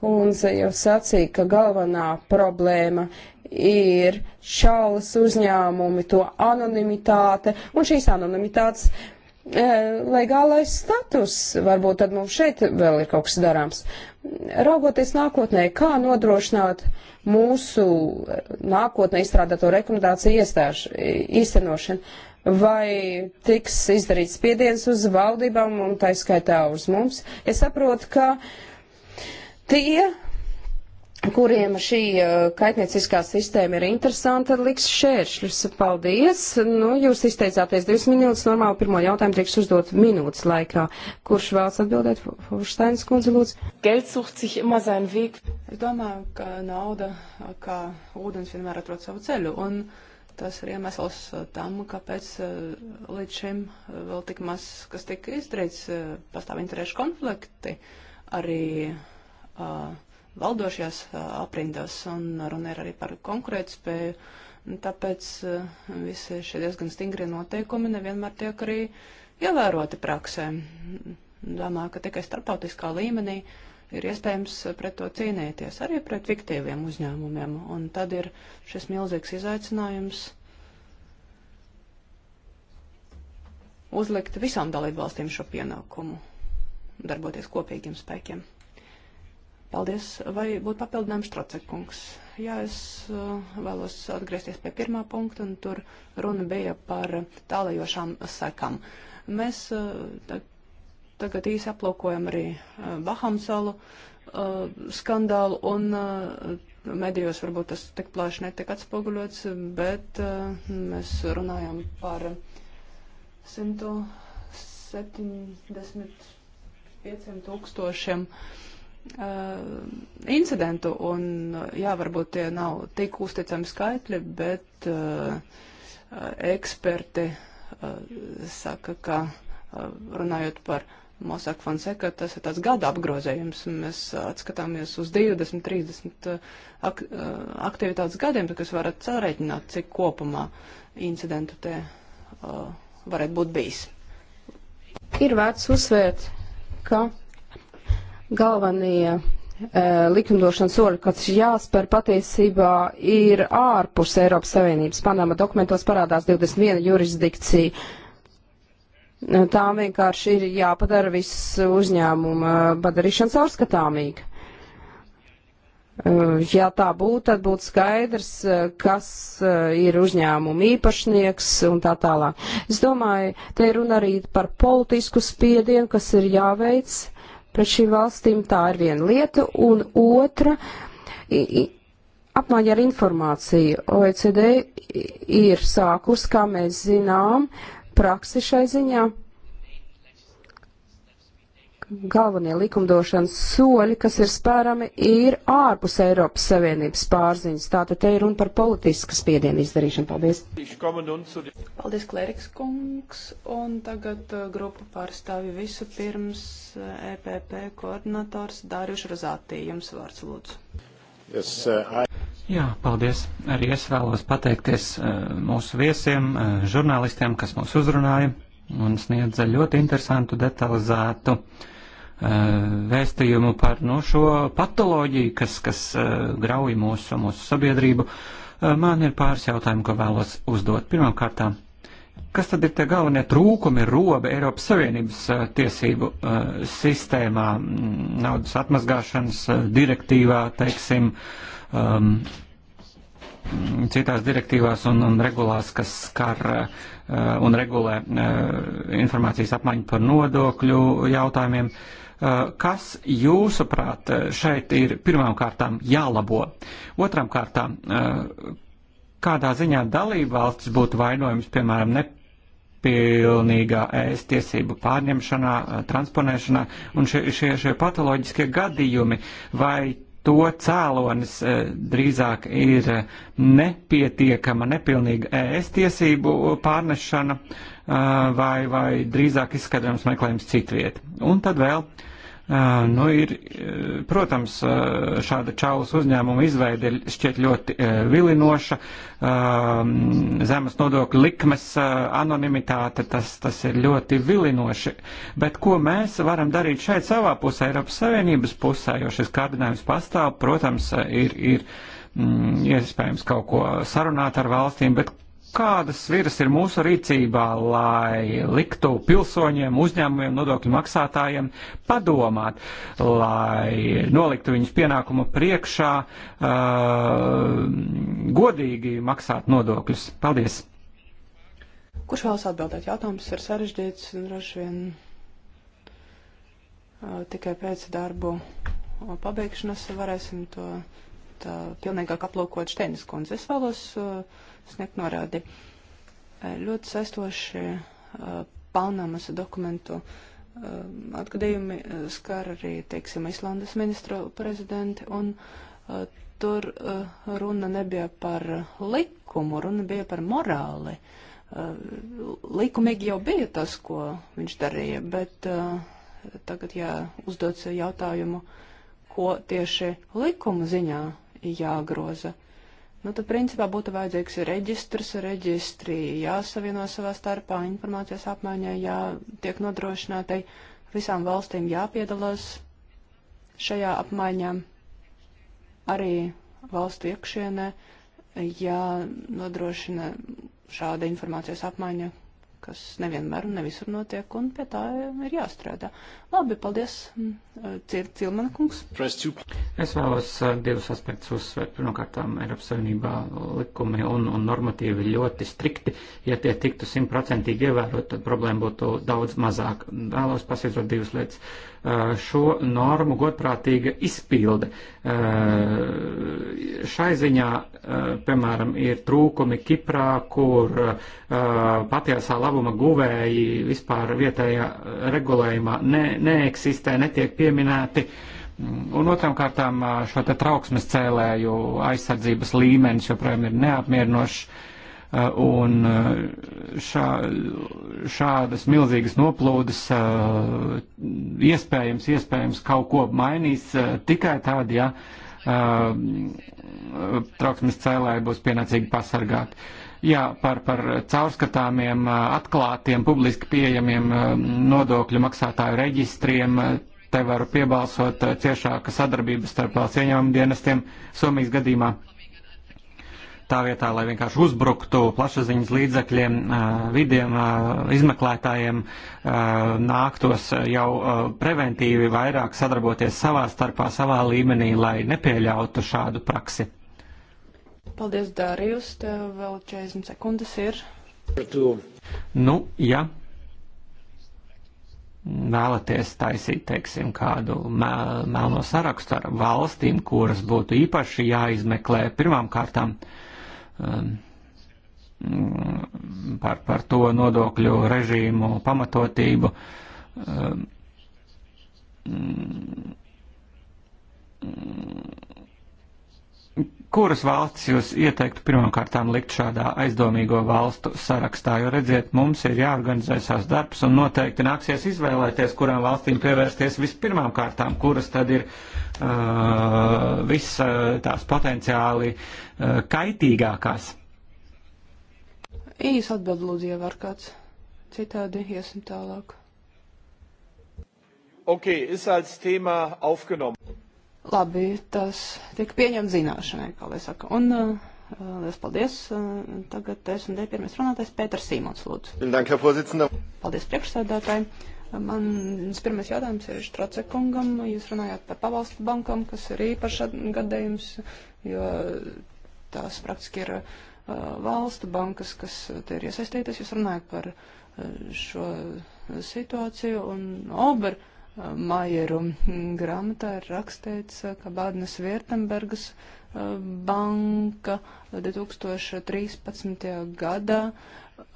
kundze jau sacīja, ka galvenā problēma ir šaulas uzņēmumi, to anonimitāte un šīs anonimitātes e, legālais status. Varbūt tad mums šeit vēl ir kaut kas darāms. Raugoties nākotnē, kā nodrošināt mūsu nākotnē izstrādāto rekomendāciju iestāžu īstenošanu? Vai tiks izdarīts spiediens uz valdībām un tā skaitā uz mums? Es saprotu, ka uh, Tie, kuriem šī uh, kaitnieciskā sistēma ir interesanta, liks šēršļus. Paldies! Nu, jūs izteicāties divas minūtes, normāli pirmo jautājumu tieks uzdot minūtes laikā. Kurš vēlas atbildēt? Forštainas kundze, lūdzu. Geld sucht sich immer sein weg. Es domāju, ka nauda, kā ūdens vienmēr atrod savu ceļu, un tas ir iemesls uh, tam, kāpēc uh, līdz šim vēl tik maz, kas tika izdarīts, pastāv interešu konflikti. Arī uh, valdošajās aprindās, un runa ir arī par konkurētspēju. Tāpēc visi šie diezgan stingri noteikumi nevienmēr tiek arī ievēroti praksē. Domāju, ka tikai starptautiskā līmenī ir iespējams pret to cīnīties, arī pret fiktīviem uzņēmumiem. Un tad ir šis milzīgs izaicinājums uzlikt visām dalībvalstīm šo pienākumu, darboties kopīgiem spēkiem. Paldies. Vai būtu papildinājums Trocekungs? Jā, es uh, vēlos atgriezties pie pirmā punkta, un tur runa bija par tālajošām sekām. Mēs uh, tagad īsi aplūkojam arī uh, Bahamsalu skandālu, un medijos varbūt tas tik plaši netiek atspoguļots, bet mēs runājam par 175 tūkstošiem. 000 Uh, incidentu, un uh, jā, varbūt tie nav tik uzticami skaitļi, bet uh, uh, eksperti uh, saka, ka uh, runājot par Mossack Fonseca, tas ir tāds gada apgrozējums, un mēs atskatāmies uz 20, 30 ak aktivitātes gadiem, kas varat sārēķināt, cik kopumā incidentu te uh, varētu būt bijis. Ir vērts uzsvērt, ka galvenie eh, likumdošanas soļi, kas jāspēr patiesībā ir ārpus Eiropas Savienības. Panama dokumentos parādās 21 jurisdikcija. Eh, tām vienkārši ir jāpadara viss uzņēmuma eh, padarīšana caurskatāmīga. Ja tā būtu, tad būtu skaidrs, kas ir uzņēmuma īpašnieks un tā tālāk. Es domāju, te ir runa arī par politisku spiedienu, kas ir jāveic pret šīm valstīm, tā ir viena lieta, un otra, apmaiņa ar informāciju. OECD ir sākus, kā mēs zinām, praksi šai ziņā galvenie likumdošanas soļi, kas ir spērami, ir ārpus Eiropas Savienības pārziņas. Tātad te ir runa par politisku spiedienu izdarīšanu. Paldies. Paldies, Kleriks kungs. Un tagad uh, grupu pārstāvi visu pirms uh, EPP koordinators Dārjuš Razātī. Jums vārds lūdzu. Yes, uh, I... Jā, paldies. Arī es vēlos pateikties uh, mūsu viesiem, uh, žurnālistiem, kas mūs uzrunāja un sniedza ļoti interesantu, detalizētu uh, Eh, vēstījumu par no nu, šo patoloģiju, kas, kas eh, grauj mūsu, mūsu sabiedrību. Eh, man ir pāris jautājumu, ko vēlos uzdot. Pirmkārt, kas tad ir tie galvenie trūkumi, robe Eiropas Savienības tiesību sistēmā, mm, naudas atmazgāšanas direktīvā, teiksim, um, citās direktīvās un, un regulās, kas skar uh, un regulē uh, informācijas apmaiņu par nodokļu jautājumiem. Uh, Eh, kas jūsuprāt eh, šeit ir pirmām kārtām jālabo? Otram kārtām, eh, kādā ziņā dalība valsts būtu vainojums, piemēram, ne pilnīgā ēst tiesību pārņemšanā, transponēšanā un šie, šie, šie patoloģiskie gadījumi, vai to cēlonis drīzāk ir nepietiekama, nepilnīga ēst tiesību pārnešana vai, vai drīzāk izskatāms meklējums citviet. Un tad vēl uh, Nu, ir, protams, šāda čaulas uzņēmuma izveide šķiet ļoti vilinoša, zemes nodokļu likmes anonimitāte, tas, tas ir ļoti vilinoši. Bet ko mēs varam darīt šeit savā pusē, Eiropas Savienības pusē, jo šis kārdinājums pastāv, protams, ir, ir iespējams kaut ko sarunāt ar valstīm, bet kādas viras ir mūsu rīcībā, lai liktu pilsoņiem, uzņēmumiem, nodokļu maksātājiem padomāt, lai noliktu viņus pienākuma priekšā uh, godīgi maksāt nodokļus? Paldies! Kurš vēlas atbildēt? Jautājums ir sarežģīts un droši vien uh, tikai pēc darbu pabeigšanas varēsim to tā pilnīgāk aplūkot Šteinis kundze. Es vēlos uh, sniegt norādi. Ļoti saistoši Panamas dokumentu atgadījumi skar arī, teiksim, Islandes ministru prezidenti, un tur runa nebija par likumu, runa bija par morāli. Likumīgi jau bija tas, ko viņš darīja, bet tagad, ja uzdod sev jautājumu, ko tieši likuma ziņā jāgroza, Nu, tad, principā, būtu vajadzīgs reģistrs, reģistrī jāsavieno savā starpā, informācijas apmaiņai jātiek nodrošinātai, visām valstīm jāpiedalās šajā apmaiņā, arī valstu iekšienē jānodrošina šāda informācijas apmaiņa, kas nevienmēr un nevisur notiek, un pie tā ir jāstrādā. Labi, paldies, mm, eh, Cilmana kungs. Es vēlos eh, divus aspektus uzsvērt. Pirmkārt, Eiropas Savienībā likumi un, un normatīvi ļoti strikti. Ja tie tiktu simtprocentīgi ievērot, tad problēma būtu daudz mazāk. Vēlos pasvītrot divas lietas. Uh, šo normu godprātīga izpilde. Uh, šai ziņā, uh, piemēram, ir trūkumi Kiprā, kur patiesā labuma guvēji vispār vietējā regulējumā ne, neeksistē, netiek pieminēti. Un otram kārtām šo te trauksmes cēlēju aizsardzības līmenis joprojām ir neapmierinošs Eh, un eh, šā, šādas milzīgas noplūdes eh, iespējams, iespējams kaut ko mainīs tikai tādi, ja trauksmes cēlāji būs pienācīgi pasargāti. Jā, par, par caurskatāmiem, atklātiem, publiski pieejamiem nodokļu maksātāju reģistriem. Te varu piebalsot ciešāka sadarbības starp valsts ieņēmuma dienestiem Somijas gadījumā. Uh, tā vietā, lai vienkārši uzbruktu plašsaziņas līdzakļiem, vidiem, izmeklētājiem, nāktos jau preventīvi vairāk sadarboties savā starpā, savā līmenī, lai nepieļautu šādu praksi. Paldies, Dārijus, tev vēl 40 sekundes ir. Nu, ja vēlaties taisīt, teiksim, kādu melno sarakstu ar valstīm, kuras būtu īpaši jāizmeklē pirmām kārtām. Uh, Um, par, par to nodokļu režīmu pamatotību. Um, kuras valstis jūs ieteiktu pirmkārtām likt šādā aizdomīgo valstu sarakstā? Jo redziet, mums ir jāorganizē savs darbs un noteikti nāksies izvēlēties, kurām valstīm pievērsties vispirmām kārtām, kuras tad ir uh, Uh, visas uh, tās potenciāli uh, kaitīgākās? Īs atbild lūdzu, ja var kāds. Citādi iesim tālāk. Ok, ist als Thema aufgenommen. Labi, tas tika pieņemts zināšanai, kā lai saka. Un uh, liels paldies. Uh, tagad es un D pirmais runātais Pēters Sīmons, lūdzu. Dank, Paldies priekšsēdētāji. Mans pirmais jautājums ir Štrocekungam. Jūs runājāt par pabalstu bankām, kas ir īpašs gadījums, jo tās praktiski ir uh, valstu bankas, kas te ir iesaistītas. Jūs runājat par uh, šo situāciju un Ober uh, Maieru grāmatā ir rakstīts, uh, ka Bādnes Viertembergas uh, banka 2013. gadā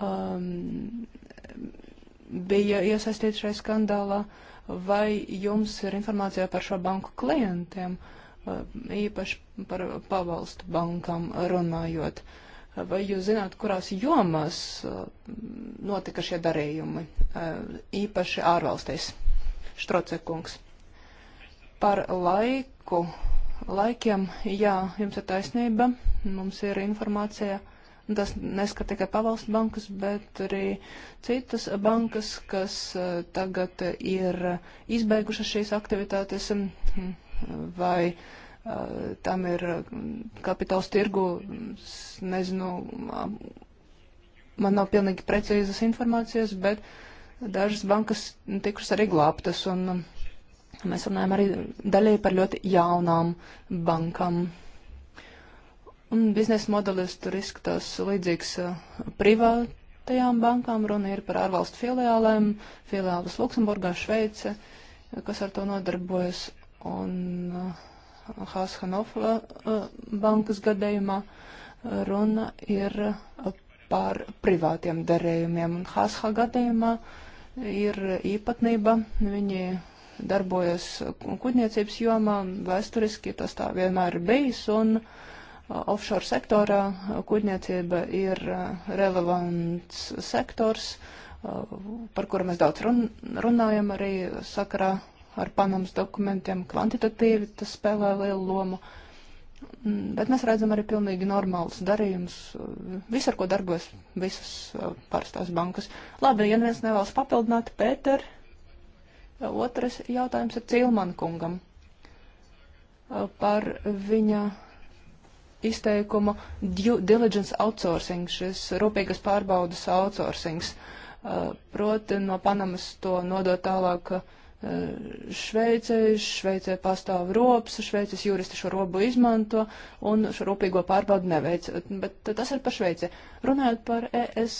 um, bija iesaistīti šajā skandālā, vai jums ir informācija par šo banku klientiem, īpaši par pavalstu bankām runājot? Vai jūs zināt, kurās jomās notika šie darījumi, īpaši ārvalstīs? Štrocekungs. Par laiku, laikiem, jā, jums ir taisnība, mums ir informācija. Uh, Tas neskar tikai pavalstu bankas, bet arī citas bankas, kas eh, tagad ir eh, izbeigušas šīs aktivitātes mm, hm, vai eh, tam ir hm, kapitāls tirgu, hm, nezinu, man nav pilnīgi precīzas informācijas, bet dažas bankas tikušas arī glābtas, un mēs runājam arī daļai par ļoti jaunām bankām. Un biznesa modelis tur izskatās līdzīgs uh, privātajām bankām. Runa ir par ārvalstu filiālēm, filiālas Luksemburgā, Šveice, kas ar to nodarbojas. Un Hās uh, Hanofla uh, bankas gadījumā runa ir par privātiem darījumiem. Un Hāsha gadījumā ir īpatnība. Viņi darbojas kuģniecības jomā, vēsturiski tas tā vienmēr ir bijis, un Offshore sektorā kuģniecība ir uh, relevants sektors, uh, par kuru mēs daudz run runājam arī sakarā ar Panamas dokumentiem. Kvantitatīvi tas spēlē lielu lomu. Mm, bet mēs redzam arī pilnīgi normālus darījumus, visu, ar ko darbojas visas uh, parastās bankas. Labi, ja neviens nevēlas papildināt, Pēter, otrais jautājums ir Cilman kungam par viņa izteikumu due diligence outsourcing, šis rūpīgas pārbaudas outsourcings. Uh, proti no Panamas to nodot tālāk uh, Šveicē, Šveicē pastāv rops, Šveices juristi šo robu izmanto un šo rūpīgo pārbaudu neveic. Bet tas ir par Šveici. Runājot par ES,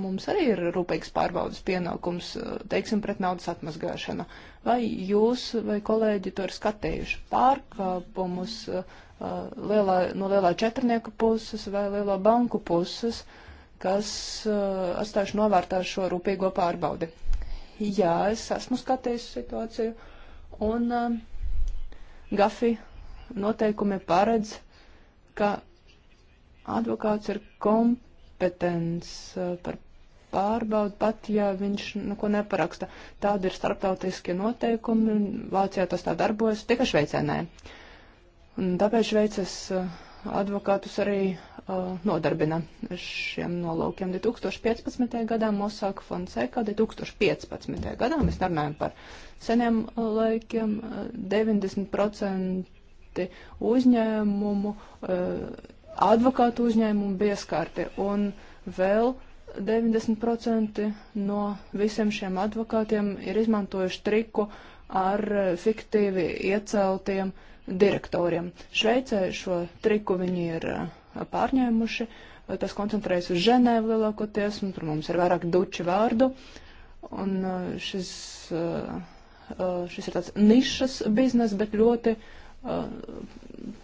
mums arī ir rūpīgas pārbaudas pienākums, uh, teiksim, pret naudas atmazgāšanu. Vai jūs vai kolēģi to ir skatējuši pārkāpumus? Uh, Uh, lielā, no lielā četrnieka puses vai lielo banku puses, kas uh, atstājuši novērtā šo rūpīgo pārbaudi. Jā, es esmu skatījis situāciju, un um, GAFI noteikumi paredz, ka advokāts ir kompetents uh, par pārbaudu, pat ja viņš neko neparaksta. Tāda ir starptautiskie noteikumi, Vācijā tas tā darbojas, tikai Šveicē nē. Uh, Un tāpēc Šveices eh, advokātus arī uh, nodarbina šiem nolūkiem. 2015. gadā Mosaka Fonseca, 2015. gadā mēs runājam par seniem eh, laikiem, 90% uzņēmumu, uh, advokātu uzņēmumu bija skārti. Un vēl 90% no visiem šiem advokātiem ir izmantojuši triku ar fiktīvi ieceltiem uh, direktoriem. Šveicē šo triku viņi ir eh, pārņēmuši, tas koncentrējas uz Ženēvu lielākoties, un tur mums ir vairāk duči vārdu, un eh, šis, eh, šis ir tāds nišas biznes, bet ļoti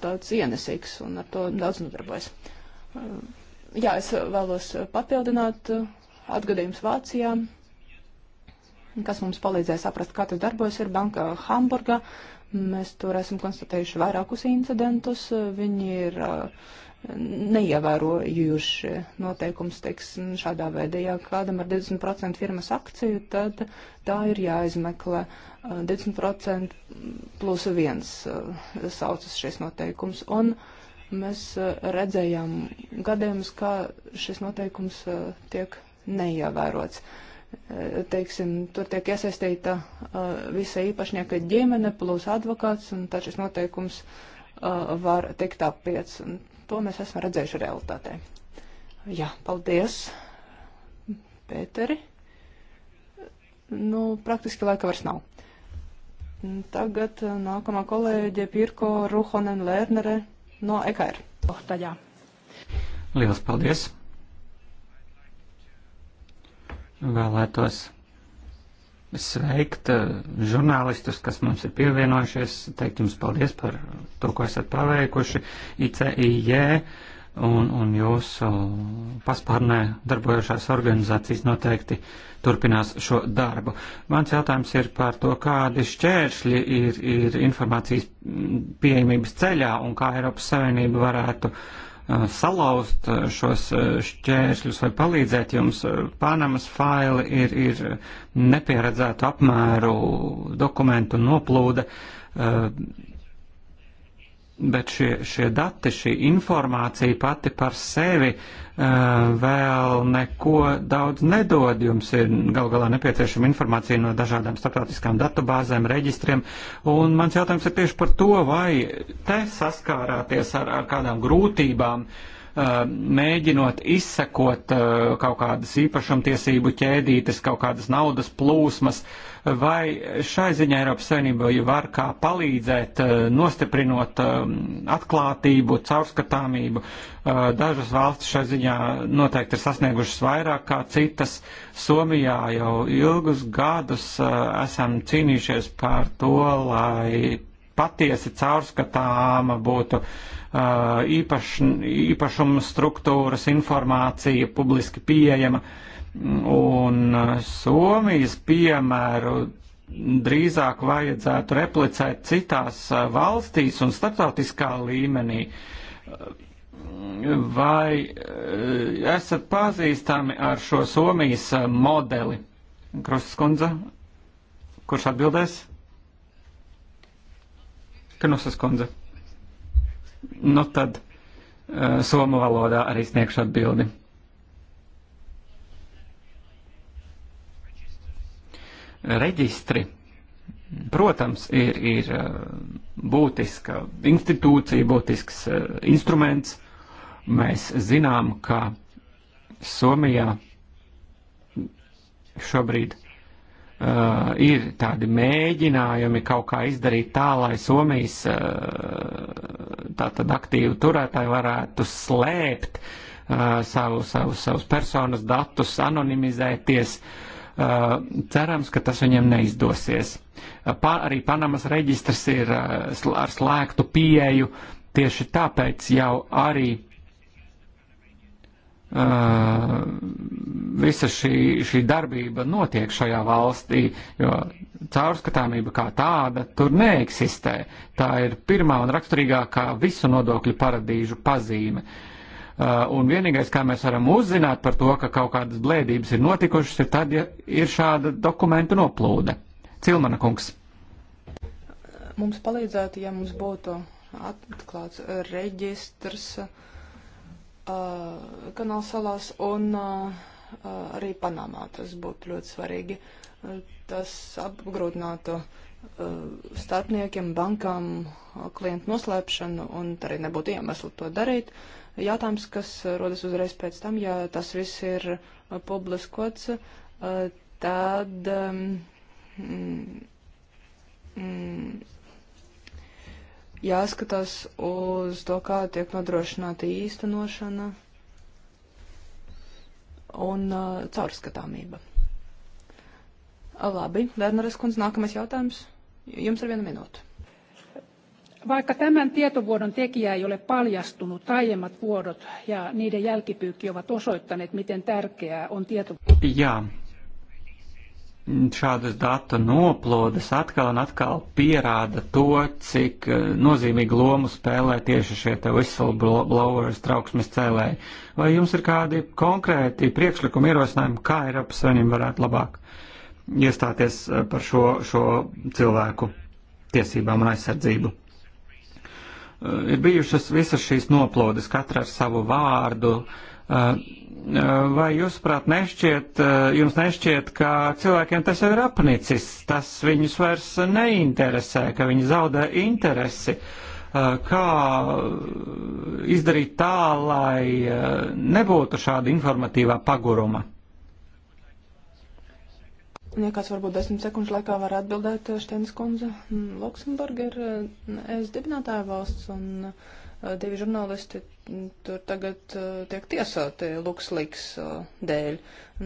tāds ienesīgs, un ar to daudz nodarbojas. Jā, es vēlos papildināt atgadījums Vācijā, kas mums palīdzēja saprast, kā tas darbojas, ir banka Hamburgā. Uh, Mēs tur esam konstatējuši vairākus incidentus. Viņi ir eh, neievērojuši noteikums, teiksim, šādā veidā. Ja kādam ir 20% firmas akciju, tad tā ir jāizmeklē 20% eh, plus viens eh, saucas šis noteikums. Un mēs redzējām gadījumus, kā šis noteikums tiek neievērots. Uh, teiksim, tur tiek iesaistīta visa īpašnieka ģimene plus advokāts, un tad šis noteikums var tikt apiets. Un to mēs esam redzējuši realitātē. Jā, paldies, Pēteri. Nu, praktiski laika vairs nav. Tagad nākamā kolēģe Pirko Ruhonen Lērnere no EKR. Oh, Liels paldies! Vēlētos sveikt eh, žurnālistus, kas mums ir pievienojušies, teikt jums paldies par to, ko esat paveikuši ICIJ un, un jūsu paspārnē darbojošās organizācijas noteikti turpinās šo darbu. Mans jautājums ir par to, kādi šķēršļi ir, ir informācijas pieejamības ceļā un kā Eiropas Savienība varētu uh, salauzt šos šķēršļus vai palīdzēt jums. Panamas faili ir, ir nepieredzētu apmēru dokumentu noplūde. Uh, Bet šie, šie dati, šī informācija pati par sevi uh, vēl neko daudz nedod. Jums ir gal galā nepieciešama informācija no dažādām starptautiskām datubāzēm, reģistriem. Un mans jautājums ir tieši par to, vai te saskārāties ar, ar kādām grūtībām uh, mēģinot izsekot eh, kaut kādas īpašumtiesību ķēdītes, kaut kādas naudas plūsmas, uh, Vai šai ziņā Eiropas Savienība var kā palīdzēt, eh, nostiprinot eh, atklātību, caurskatāmību? Eh, dažas valstis šai ziņā noteikti ir sasniegušas vairāk kā citas. Somijā jau ilgus gadus esam cīnījušies par to, lai patiesi caurskatāma būtu īpaš, īpašuma struktūras, informācija publiski pieejama. Uh, Un eh, Somijas piemēru drīzāk vajadzētu replicēt citās eh, valstīs un starptautiskā līmenī. Vai eh, esat pazīstami ar šo Somijas modeli? Krustaskundze, kurš atbildēs? Krustaskundze. Nu tad, somu valodā arī sniegšu atbildi. reģistri, protams, ir, ir eh, būtiska institūcija, būtisks eh, instruments. Mēs zinām, ka Somijā šobrīd uh, ir tādi mēģinājumi kaut kā izdarīt tā, lai Somijas uh, tātad aktīvu turētāji varētu slēpt uh, savu, savu, savus personas datus, anonimizēties. Uh, Eh, cerams, ka tas viņiem neizdosies. Pa, arī Panamas reģistrs ir eh, ar slēgtu pieeju, tieši tāpēc jau arī uh, visa šī, šī darbība notiek šajā valstī, jo caurskatāmība kā tāda tur neeksistē. Tā ir pirmā un raksturīgākā visu nodokļu paradīžu pazīme. Uh, Uh, un vienīgais, kā mēs varam uzzināt par to, ka kaut kādas blēdības ir notikušas, ir tad, ja ir šāda dokumentu noplūde. Cilmana kungs. Mums palīdzētu, ja mums būtu atklāts reģistrs uh, kanālsalās un uh, arī Panamā. Tas būtu ļoti svarīgi. Tas apgrūtinātu uh, starpniekiem, bankām klientu noslēpšanu un arī nebūtu iemesli to darīt. Uh, jautājums, kas uh, rodas uzreiz pēc tam, ja tas viss ir uh, publiskots, uh, tad um, mm, mm, jāskatās uz to, kā tiek nodrošināta īstenošana un caurskatāmība. Labi, Vērnares kundze, nākamais jautājums. Jums ir viena minūte. Vaikka tämän tietovuodon tekijä ei ole paljastunut, aiemmat vuodot ja niiden jälkipyykki ovat osoittaneet, miten tärkeää on tieto. Jā, šādas datu noplodes atkal un atkal pierāda to, cik eh, nozīmīgu lomu spēlē tieši šie te whistleblowers trauksmes cēlēji. Vai jums ir kādi konkrēti priekšlikumi ierosinājumi, kā Eiropas Savienība varētu labāk iestāties eh, par šo, šo cilvēku tiesībām un aizsardzību? Eh, ir bijušas visas šīs noplūdes, katra ar savu vārdu. Eh, eh, vai jūs, prāt, nešķiet, jums nešķiet, ka cilvēkiem tas jau ir apnicis, tas viņus vairs neinteresē, ka viņi zaudē interesi? Kā izdarīt tā, lai nebūtu šāda informatīvā paguruma? Ja kāds varbūt desmit sekundžu laikā var atbildēt, eh, Šteins kundze, mm, Luksemburga ir eh, es dibinātāja valsts un eh, divi žurnālisti mm, tur tagad tiek tiesāti Luxlīks dēļ.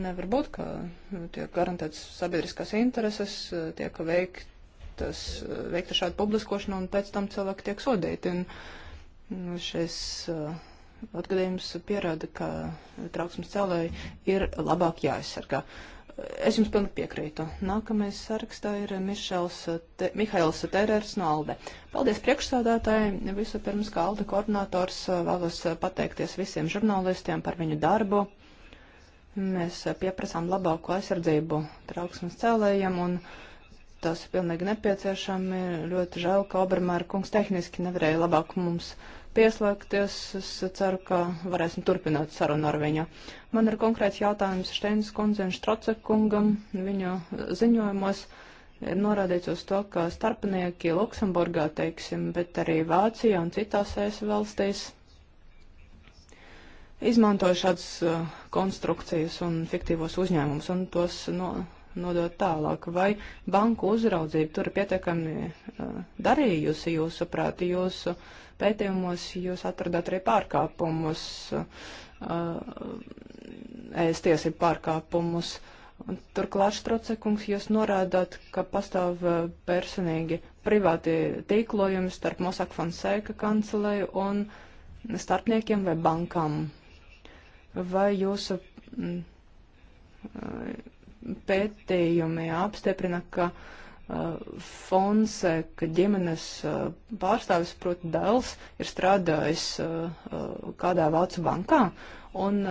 Nevar būt, ka mm, tiek garantēts sabiedriskās intereses, tiek veiktas, veikta šāda publiskošana un pēc tam cilvēki tiek sodīti. Un šis atgadījums pierāda, ka trauksmes cēlēji ir labāk jāaizsargā. Uh, Es jums pilnīgi piekrītu. Nākamais sarakstā ir Mišels, te, Mihails Terers no Alde. Paldies priekšsādātāji. Vispirms, kā Alde koordinators, vēlos pateikties visiem žurnālistiem par viņu darbu. Mēs pieprasām labāko aizsardzību trauksmes cēlējiem, un tas ir pilnīgi nepieciešami. Ļoti žēl, ka Obermēra kungs tehniski nevarēja labāk mums uh, pieslēgties. Es ceru, ka varēsim turpināt sarunu ar viņu. Man ir konkrēts jautājums Šteinas kundzei un Štrocekungam. Viņa ziņojumos ir norādīts uz to, ka starpnieki Luksemburgā, teiksim, bet arī Vācijā un citās ES valstīs izmanto šādas uh, konstrukcijas un fiktīvos uzņēmumus un tos no, nodot tālāk, vai banku uzraudzība tur ir pietiekami uh, darījusi, jūsuprāt, jūsu pētījumos jūs atradat arī pārkāpumus, uh, ēst tiesību pārkāpumus. Turklāt, Štrocekungs, jūs norādāt, ka pastāv uh, personīgi privāti tīklojumi starp Mosak Fonseca kancelēju un starpniekiem vai bankām. Vai jūsu mm, uh, pētījumi apstiprina, ka uh, Eh, Fonseka eh, ģimenes eh, pārstāvis, proti dēls, ir strādājis kādā vācu bankā, un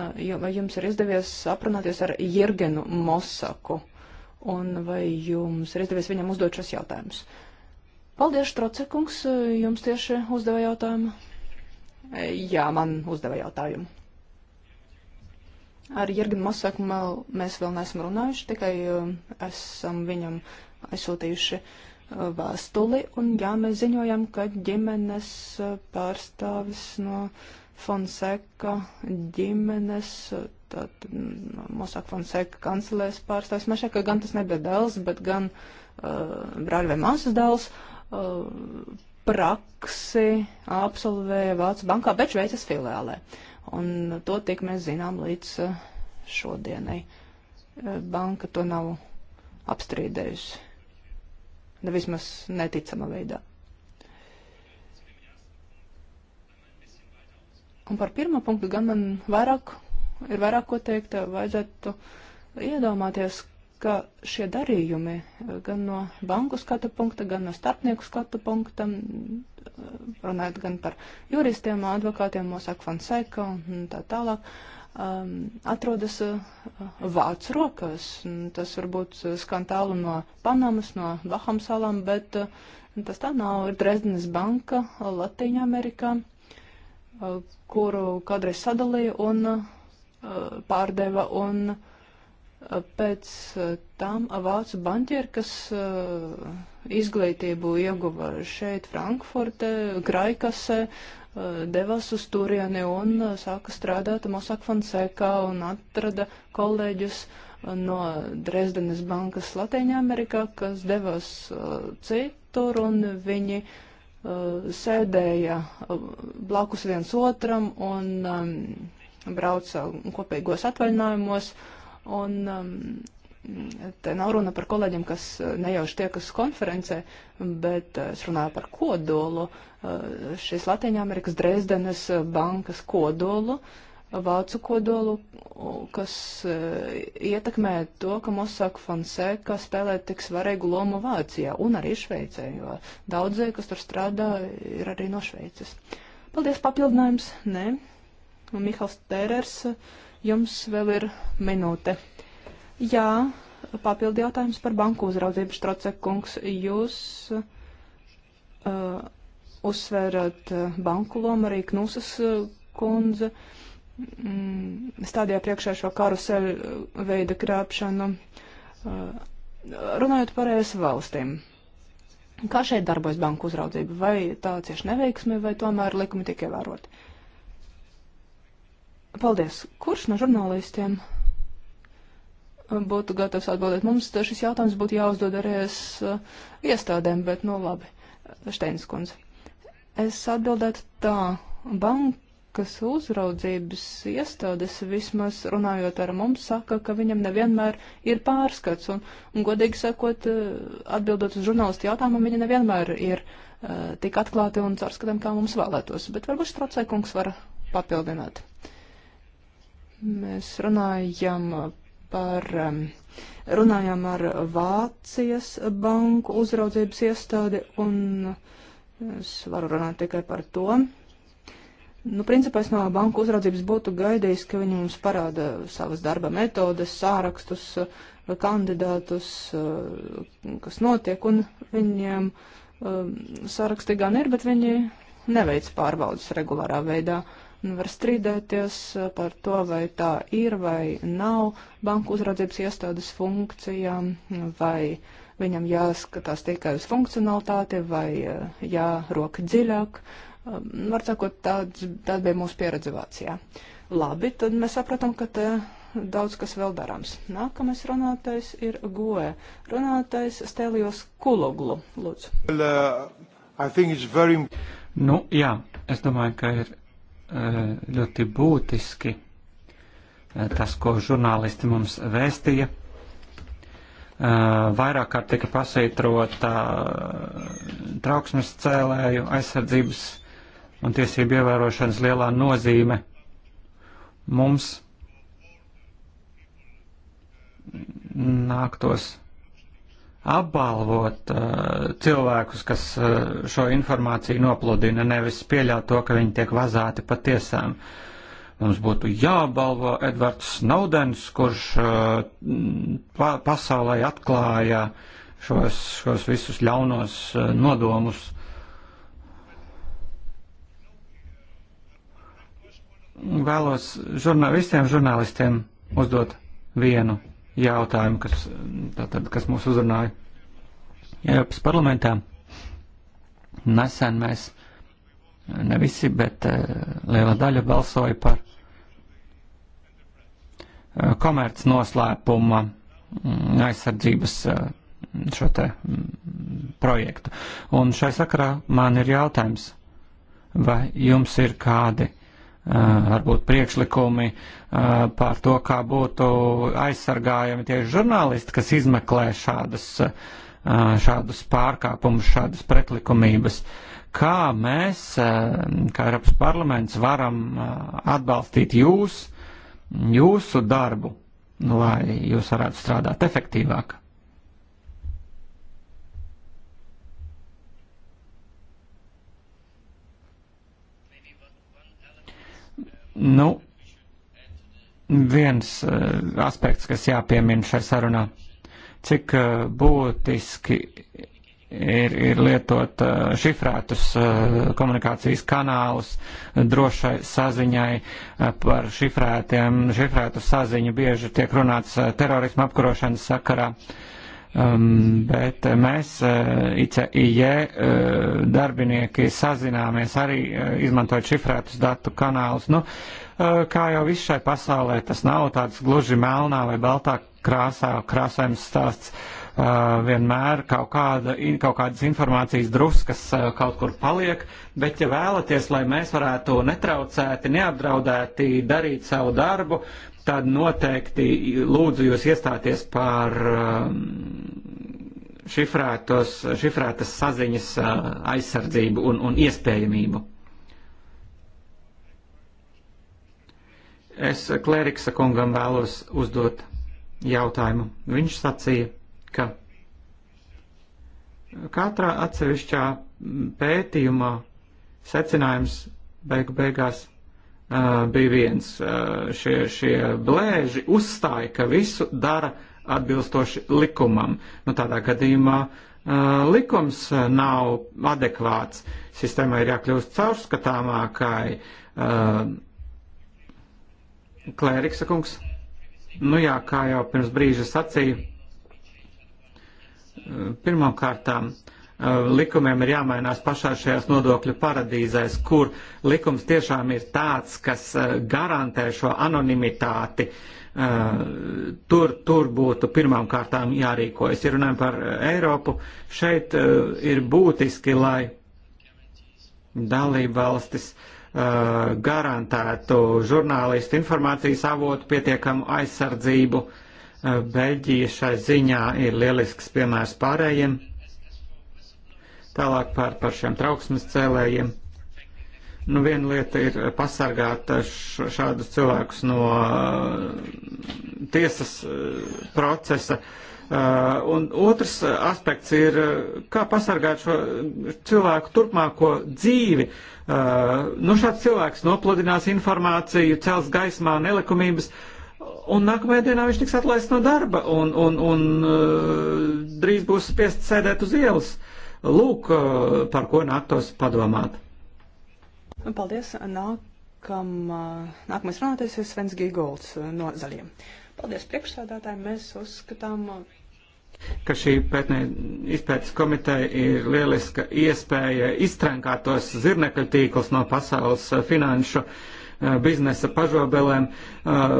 vai jums ir izdevies aprunāties ar Jirgenu Mosaku, un vai jums ir izdevies viņam uzdot šos jautājumus? Paldies, Trocekungs, jums tieši uzdeva jautājumu. Jā, man uzdeva jautājumu. Ar Jirgenu Mosaku mēs vēl neesam runājuši, tikai esam viņam uh, aizsūtījuši uh, vēstuli, un jā, mēs ziņojam, ka ģimenes uh, pārstāvis no Fonseka ģimenes, uh, tad mm, Mosak Fonseka kancelēs pārstāvis, mēs šeit, ka gan tas nebija dēls, bet gan uh, brāļi vai māsas dēls, uh, praksi absolvēja Vācu bankā, bet Šveices filiālē. Un to tik mēs zinām līdz uh, šodienai. Banka to nav apstrīdējusi vismaz neticama veidā. Un par pirmo punktu gan man vairāk, ir vairāk ko teikt, vajadzētu iedomāties, ka šie darījumi gan no banku skatu punkta, gan no starpnieku skatu punkta, runājot gan par juristiem, advokātiem, Mosak Fonseca un tā tālāk, uh, um, atrodas uh, vācu rokās. Tas varbūt skan tālu no Panamas, no Baham salām, bet uh, tas tā nav. Ir Dresdenes banka uh, Latīņa Amerikā, kuru kādreiz sadalīja un pārdeva un pēc tam vācu banķieri, kas uh, izglītību ieguva šeit, Frankfurte, Graikasē, Eh, devās uz turieni un eh, sāka strādāt Mosak Fonseca un atrada kolēģus eh, no Dresdenes bankas Latvijā Amerikā, kas devās citur un viņi sēdēja blakus viens otram un brauca kopīgos atvaļinājumos. Un, um, te nav runa par kolēģiem, kas eh, nejauši tiekas konferencē, bet eh, es runāju par kodolu, eh, šīs Latvijas-Amerikas Dresdenes bankas kodolu, vācu kodolu, kas ietekmē to, ka Mossack Fonseca spēlē tik svarīgu lomu Vācijā un arī Šveicē, jo daudzie, kas tur strādā, ir arī no Šveices. Paldies, papildinājums. Nē. Mihals Tērers, jums vēl ir minūte. Jā, papildi jautājums par banku uzraudzību, Štrocekungs. Jūs uh, uzsverat uh, banku lomu arī Knūsas uh, kundze. Mm, stādījā priekšā šo karuseļu uh, veida krāpšanu. Uh, runājot par ES valstīm, kā šeit darbojas banku uzraudzība? Vai tā cieši neveiksmi, vai tomēr likumi tiek ievēroti? Paldies. Kurš no žurnālistiem? būtu gatavs atbildēt. Mums šis jautājums būtu jāuzdod arī es uh, iestādēm, bet nu labi, Šteins kundze. Es atbildētu tā, bankas uzraudzības iestādes vismaz runājot ar mums saka, ka viņam nevienmēr ir pārskats, un, un godīgi sakot, eh, atbildot uz žurnālistu jautājumu, viņi nevienmēr ir uh, tik atklāti un cārskatām, kā mums vēlētos, bet varbūt Štrocē kungs var papildināt. Mēs runājam par um, runājām ar Vācijas banku uzraudzības iestādi, un es varu runāt tikai par to. Nu, principā es no banku uzraudzības būtu gaidījis, ka viņi mums parāda savas darba metodes, sārakstus, kandidātus, uh, kas notiek, un viņiem um, sāraksti gan ir, bet viņi neveic pārbaudas regulārā veidā. Uh, un nu, var strīdēties eh, par to, vai tā ir vai nav banku uzraudzības iestādes funkcija, mm, vai viņam jāskatās tikai uz funkcionalitāti, vai eh, jāroka dziļāk. Um, nu, var sakot, tāds, tāda bija mūsu pieredze Vācijā. Labi, tad mēs saprotam, ka te daudz kas vēl darāms. Nākamais runātais ir Goe. Runātais Stelijos Kuloglu, lūdzu. Well, uh, Nu, jā, es domāju, ka ir Eh, ļoti būtiski eh, tas, ko žurnālisti mums vēstīja. Eh, vairāk kārt tika pasvītrota trauksmes cēlēju aizsardzības un tiesību ievērošanas lielā nozīme mums nāktos apbalvot uh, cilvēkus, kas uh, šo informāciju nopludina, nevis pieļaut to, ka viņi tiek vazāti pa tiesām. Mums būtu jābalvo Edvards Snowdens, kurš uh, pa pasaulē atklāja šos, šos visus ļaunos uh, nodomus. Vēlos žurnālistiem, žurnālistiem uzdot vienu jautājumu, kas, tātad, kas mūs uzrunāja Eiropas parlamentā. Nesen mēs, ne visi, bet eh, liela daļa balsoja par eh, komerc noslēpuma mm, aizsardzības eh, šo te mm, projektu. Un šai sakarā man ir jautājums, vai jums ir kādi varbūt priekšlikumi par to, kā būtu aizsargājami tieši žurnālisti, kas izmeklē šādas, šādus pārkāpumus, šādas pretlikumības. Kā mēs, kā Eiropas parlaments, varam atbalstīt jūs, jūsu darbu, lai jūs varētu strādāt efektīvāk? Nu, viens eh, aspekts, kas jāpiemina šai sarunā, cik eh, būtiski ir, ir lietot eh, šifrētus komunikācijas kanālus drošai saziņai. Par šifrētiem, šifrētu saziņu bieži tiek runāts terorismu apkarošanas sakarā. Um, bet mēs, ICIE darbinieki, sazināmies arī izmantojot šifrētus datu kanālus. Nu, uh, Eh, kā jau viss šai pasaulē, tas nav tāds gluži melnā vai baltā krāsā, krāsājums stāsts. Eh, vienmēr kaut, kāda, kaut kādas informācijas druskas eh, kaut kur paliek, bet ja vēlaties, lai mēs varētu netraucēti, neapdraudēti darīt savu darbu, tad noteikti lūdzu jūs iestāties par šifrētos, šifrētas saziņas aizsardzību un, un iespējamību. Es Klēriksa kungam vēlos uzdot jautājumu. Viņš sacīja, ka katrā atsevišķā pētījumā secinājums beigu beigās uh, bija viens. Uh, šie, šie blēži uzstāja, ka visu dara atbilstoši likumam. Nu, tādā gadījumā uh, likums nav adekvāts. Sistēmai ir jākļūst caurskatāmākai. Uh, Klēriksa kungs, nu jā, kā jau pirms brīža sacīju, pirmām kārtām eh, likumiem ir jāmainās pašā šajās nodokļu paradīzēs, kur likums tiešām ir tāds, kas eh, garantē šo anonimitāti. Eh, tur, tur būtu pirmām kārtām jārīkojas. Ja runājam par Eiropu, šeit ir būtiski, lai dalība valstis uh, Uh, garantētu žurnālistu informācijas avotu pietiekamu aizsardzību. Uh, Beļģija šai ziņā ir lielisks piemērs pārējiem. Tālāk par, par šiem trauksmes cēlējiem. Nu, viena lieta ir pasargāt šādus cilvēkus no uh, tiesas procesa. Un otrs aspekts ir, kā pasargāt šo cilvēku turpmāko dzīvi. Uh, Uh, nu, šāds cilvēks nopludinās informāciju, cels gaismā nelikumības, un nākamajā dienā viņš tiks atlaists no darba un, un, un uh, drīz būs spiest sēdēt uz ielas. Lūk, uh, par ko nāktos padomāt. Paldies. Nākam, nākamais runātais ir Svens Gigolds no Zaļiem. Paldies priekšsādātājiem. Mēs uzskatām, ka šī pētnē izpētes komiteja ir lieliska iespēja iztrenkāt tos zirnekļu tīklus no pasaules uh, finanšu uh, Uh, biznesa pažobelēm, uh,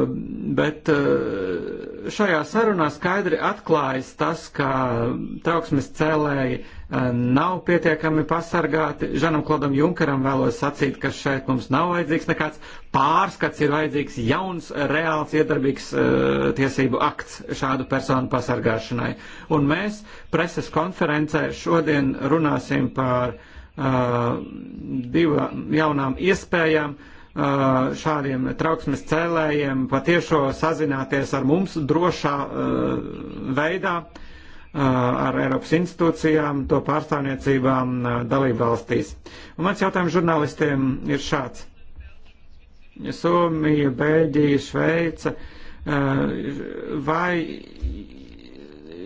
bet uh, šajā sarunā skaidri atklājas tas, ka trauksmes cēlēji nav pietiekami pasargāti. Žanam Klodam Junkaram vēlos sacīt, ka šeit mums nav vajadzīgs nekāds pārskats, ir vajadzīgs jauns, reāls, iedarbīgs uh, tiesību akts šādu personu pasargāšanai. Un mēs preses konferencē šodien runāsim par uh, divām jaunām iespējām šādiem trauksmes cēlējiem patiešo sazināties ar mums drošā veidā, ar Eiropas institūcijām, to pārstāvniecībām dalību valstīs. Un mans jautājums žurnālistiem ir šāds. Somija, Beļģija, Šveica, vai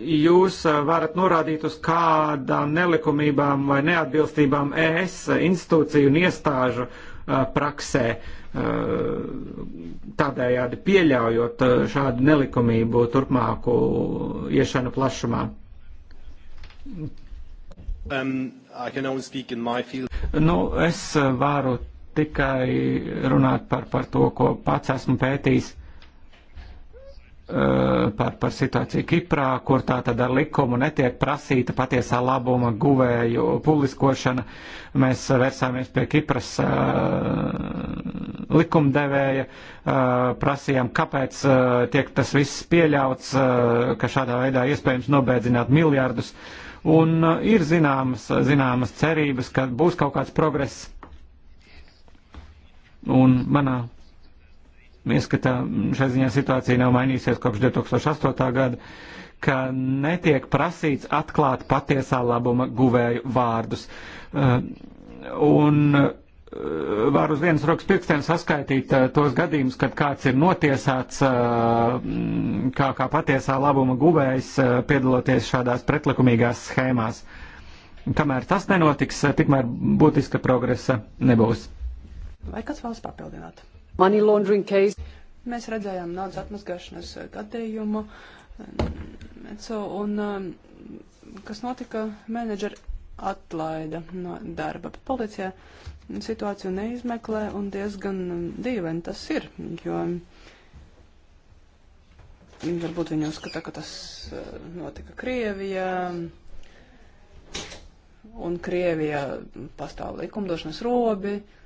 jūs varat norādīt uz kādām nelikumībām vai neatbilstībām ES institūciju un iestāžu praksē, tādējādi pieļaujot šādu nelikumību turpmāku iešanu plašumā. Um, nu, es varu tikai runāt par, par to, ko pats esmu pētījis Eh, par, par situāciju Kiprā, kur tā tad ar likumu netiek prasīta patiesā labuma guvēju publiskošana. Mēs vērsāmies pie Kipras uh, likumdevēja, uh, prasījām, kāpēc uh, tiek tas viss pieļauts, uh, ka šādā veidā iespējams nobēdzināt miljardus. Un uh, ir zināmas, zināmas cerības, ka būs kaut kāds progress. Un manā ieskatā šai ziņā situācija nav mainījusies kopš 2008. gada, ka netiek prasīts atklāt patiesā labuma guvēju vārdus. Uh, un uh, var uz vienas rokas pirkstiem saskaitīt uh, tos gadījumus, kad kāds ir notiesāts kā, kā patiesā labuma guvējs, piedaloties šādās pretlikumīgās schēmās. Kamēr tas nenotiks, tikmēr būtiska progresa nebūs. Vai kāds vēlas papildināt? Money laundering case. Mēs redzējām naudas atmazgāšanas eh, gadījumu, mm, un um, kas notika, menedžeri atlaida no darba. Bet policija situāciju neizmeklē, un diezgan mm, dīvaini tas ir, jo varbūt viņi uzskata, ka tas eh, notika Krievijā. Un Krievijā pastāv likumdošanas robi, uh,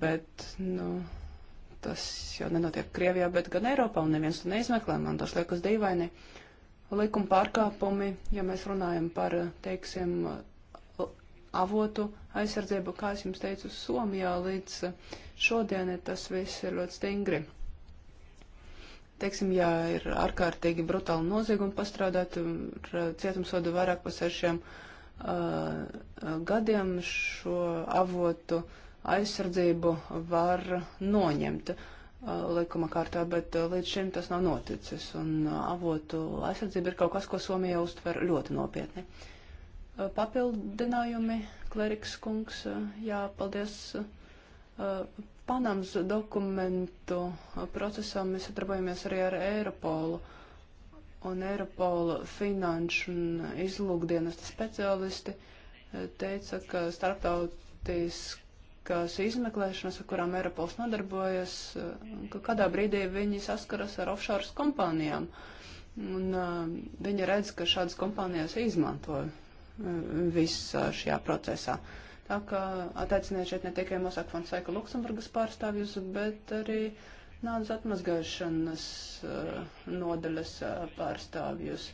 bet, nu, tas jau nenotiek Krievijā, bet gan Eiropā, un neviens to neizmeklē, man tas liekas dīvaini. Likuma pārkāpumi, ja mēs runājam par, teiksim, avotu aizsardzību, kā es jums teicu, Somijā līdz šodienai tas viss ir ļoti stingri. Teiksim, ja ir ārkārtīgi brutāli noziegumi pastrādāt, eh, cietumsodu vairāk pa sešiem uh, gadiem šo avotu uh, aizsardzību var noņemt uh, likuma kārtā, bet uh, līdz šim tas nav noticis. Un uh, avotu aizsardzība ir kaut kas, ko Somija uztver ļoti nopietni. Papildinājumi, kleriks kungs, jā, paldies. Panamas dokumentu procesam mēs sadarbojamies arī ar Eiropolu un Eiropola finanšu un izlūkdienas speciālisti teica, ka starptautiski kas izmeklēšanas, ar kurām Eiropols nodarbojas, ka kādā brīdī viņi saskaras ar offshore kompānijām. Un uh, viņi redz, ka šādas kompānijas izmanto visā šajā procesā. Tā kā attieciniet šeit ne tikai Mosāk Fonseika Luksemburgas pārstāvjus, bet arī naudas atmazgāšanas uh, nodaļas uh, pārstāvjus,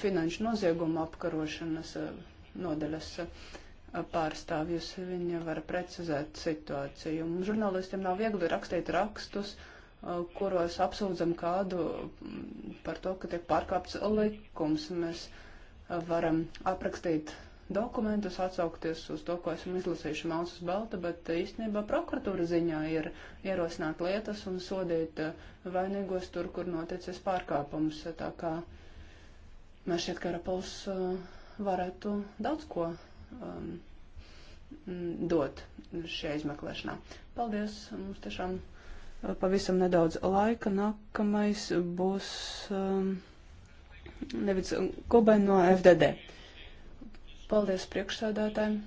finanšu noziegumu apkarošanas uh, nodaļas. Uh, pārstāvjus. Viņa var precizēt situāciju. Mums žurnālistiem nav viegli rakstīt rakstus, uh, kuros apsūdzam kādu mm, par to, ka tiek pārkāpts likums. Mēs uh, varam aprakstīt dokumentus, atsaukties uz to, ko esam izlasījuši melns uz balta, bet uh, īstenībā prokuratūra ziņā ir ierosināt lietas un sodīt vainīgos tur, kur noticis pārkāpums. Tā kā mēs šeit, ka Rapols varētu daudz ko um, mm, dot šajā izmeklēšanā. Paldies! Mums tiešām uh, pavisam nedaudz laika. Nākamais būs um, Nevids Kobai no FDD. Paldies priekšsādātājiem!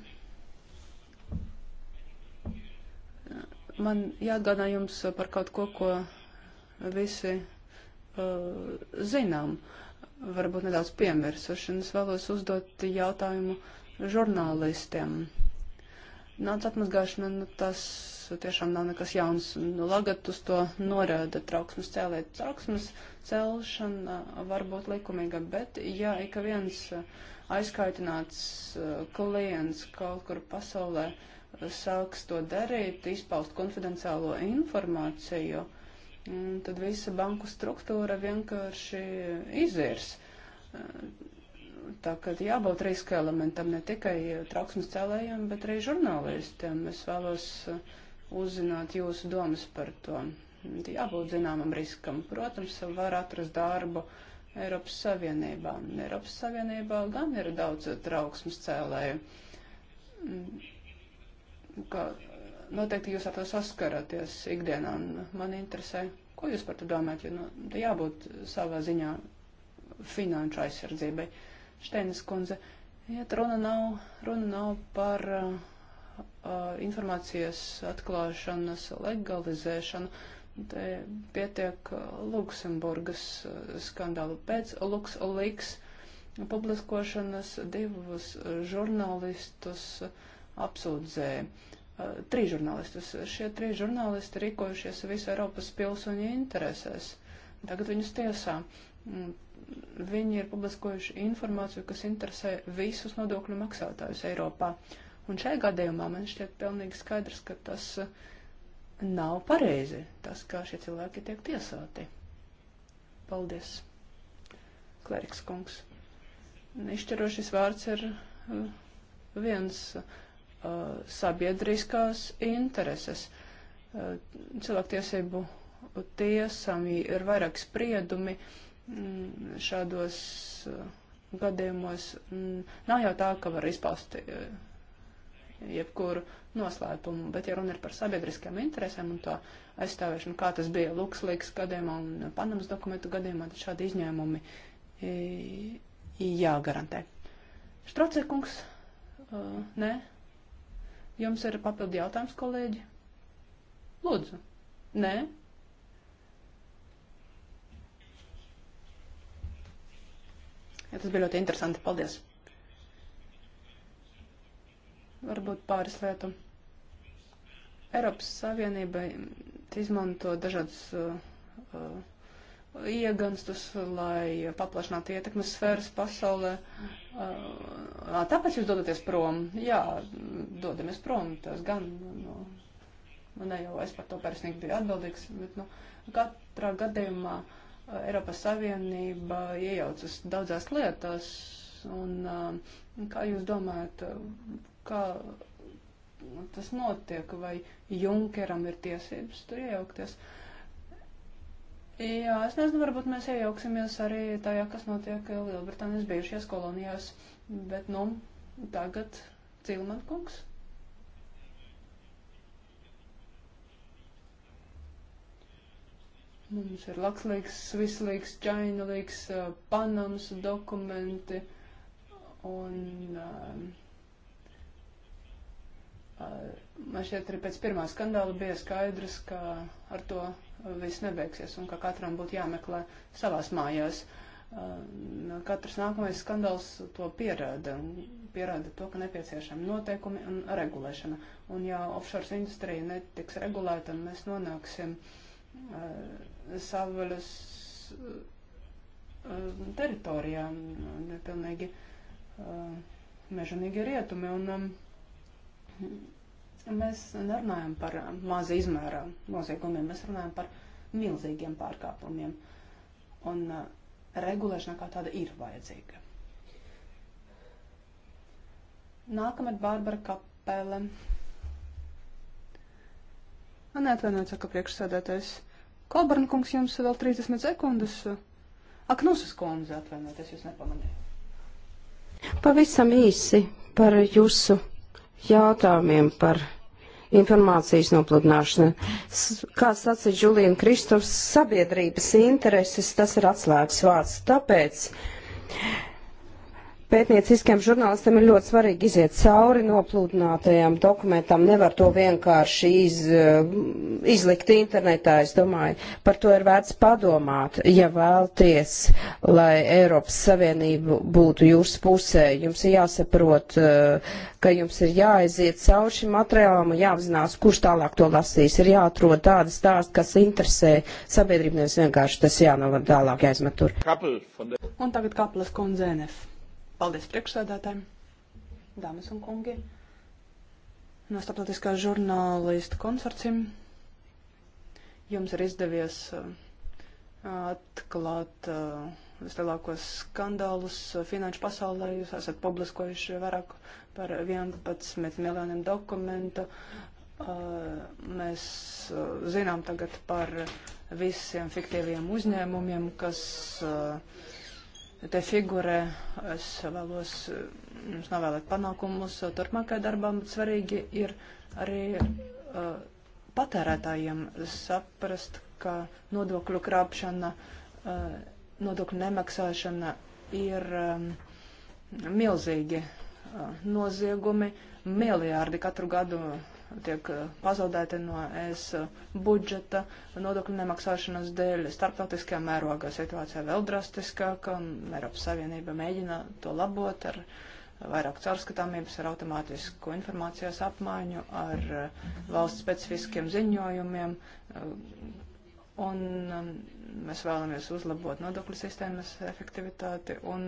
Man jāatgādā jums par kaut ko, ko visi uh, zinām. Uh, varbūt nedaudz piemirsuši, un es vēlos uzdot jautājumu žurnālistiem. Nāca atmazgāšana, nu, tas tiešām nav nekas jauns. Nu, Lagat uz to norāda trauksmes cēlēt. Trauksmes celšana var būt likumīga, bet ja ik viens aizkaitināts eh, klients kaut kur pasaulē sāks to darīt, izpaust konfidenciālo informāciju, mm, tad visa banku struktūra vienkārši izirs eh, Tā kā jābūt riska elementam ne tikai trauksmes cēlējiem, bet arī žurnālistiem. Es vēlos uh, uzzināt jūsu domas par to. Jābūt zināmam riskam. Protams, var atrast darbu Eiropas Savienībā. Eiropas Savienībā gan ir daudz trauksmes cēlēju. Mm, ka noteikti jūs ar to saskaraties ikdienā. Man interesē, ko jūs par to domājat, jo nu, jābūt savā ziņā finanšu aizsardzībai. Uh, Šteinas kundze. Iet runa nav, runa nav par uh, uh informācijas atklāšanas legalizēšanu. Te pietiek uh, Luksemburgas uh, skandālu pēc LuxLeaks publiskošanas divus žurnālistus apsūdzēja. Uh, trīs žurnālistus. Šie trīs žurnālisti rīkojušies visu Eiropas pilsoņu interesēs. Tagad viņus tiesā. Mm, viņi ir publiskojuši informāciju, kas interesē visus nodokļu maksātājus Eiropā. Un šajā gadījumā man šķiet pilnīgi skaidrs, ka tas uh, nav pareizi, tas, kā šie cilvēki tiek tiesāti. Paldies, kleriks kungs. Izšķirošais vārds ir uh, viens uh, sabiedriskās intereses. Uh, cilvēktiesību tiesām ir vairāk spriedumi. Uh, Mm, šādos uh, gadījumos mm, nav jau tā, ka var izpaust uh, jebkuru noslēpumu, bet ja runa ir par sabiedriskajām interesēm un to aizstāvēšanu, kā tas bija Luxlīks gadījumā un Panamas dokumentu gadījumā, tad šādi izņēmumi jāgarantē. Štrocīkungs, uh, nē, jums ir papildi jautājums, kolēģi? Lūdzu. Nē. Ja tas bija ļoti interesanti. Paldies! Varbūt pāris lietu. Eiropas Savienībai izmanto dažādas uh, uh, ieganstus, lai paplašinātu ietekmes sfēras pasaulē. Uh, tāpēc jūs dodaties prom? Jā, dodamies prom, tas gan. Nu, nu, ne jau es par to personīgi biju atbildīgs, bet nu, katrā gadījumā uh, Eiropas Savienība iejaucas daudzās lietās, un um, kā jūs domājat, kā tas notiek, vai Junkeram ir tiesības tur iejaukties? Jā, es nezinu, varbūt mēs iejauksimies arī tajā, kas notiek Lielbritānijas bijušajās kolonijās, bet, nu, tagad Cilman kungs. Mums ir Lakslīgs, Svislīgs, Čainalīgs, Panams dokumenti un man šķiet arī pēc pirmā skandāla bija skaidrs, ka ar to viss nebeigsies un ka katram būtu jāmeklē savās mājās. Katrs nākamais skandāls to pierāda, pierāda to, ka nepieciešami noteikumi un regulēšana. Un ja offshore industrija netiks regulēta, mēs nonāksim uh, savvaļas eh, teritorijā, un ir pilnīgi eh, mežonīgi rietumi, un eh, mēs nerunājam par maza izmēra noziegumiem, mēs runājam par milzīgiem pārkāpumiem, un regulēšana kā tāda ir vajadzīga. Nākamā ir Bārbara Kapele. Man atvainojiet, saka priekšsēdētājs. Kalbarna kungs, jums vēl 30 sekundes. Ak, nusas kundze, atvainoties, jūs nepamanīju. Pavisam īsi par jūsu jautājumiem par informācijas nopludināšanu. Kā sacīja Džulīna Kristofs, sabiedrības intereses, tas ir atslēgas vārds. Tāpēc pētnieciskiem žurnālistiem ir ļoti svarīgi iziet cauri noplūdinātajām dokumentam. Nevar to vienkārši iz, eh, izlikt internetā. Es domāju, par to ir vērts padomāt, ja vēlties, lai Eiropas Savienība būtu jūsu pusē. Jums ir jāsaprot, eh, ka jums ir jāaiziet cauri šim materiālam un jāapzinās, kurš tālāk to lasīs. Ir jāatrod tādas stāsts, kas interesē sabiedrību, nevis vienkārši tas jānovad tālāk aizmetur. Un tagad Kaplas kundze NF. Paldies priekšsēdētājiem, dāmas un kungi, no starptautiskā žurnālistu konsorcijiem. Jums ir izdevies uh, atklāt uh, vislielākos skandālus uh, finanšu pasaulē. Jūs esat publiskojuši vairāk par 11 miljoniem dokumentu. Mēs zinām tagad par visiem fiktīviem uzņēmumiem, kas uh, te figūrē. Es vēlos eh, jums novēlēt panākumus eh, turpmākajai darbam. Svarīgi ir arī uh, patērētājiem saprast, ka nodokļu krāpšana, uh, nodokļu nemaksāšana ir um, milzīgi uh, noziegumi. Miliārdi katru gadu tiek eh, pazaudēti no es eh, budžeta nodokļu nemaksāšanas dēļ. Starptautiskajā mērogā situācija vēl drastiskāka, un Eiropas Savienība mēģina to labot ar vairāk caurskatāmības, ar automātisku informācijas apmaiņu, ar eh, valsts specifiskiem ziņojumiem. Un um, mēs vēlamies uzlabot nodokļu sistēmas efektivitāti un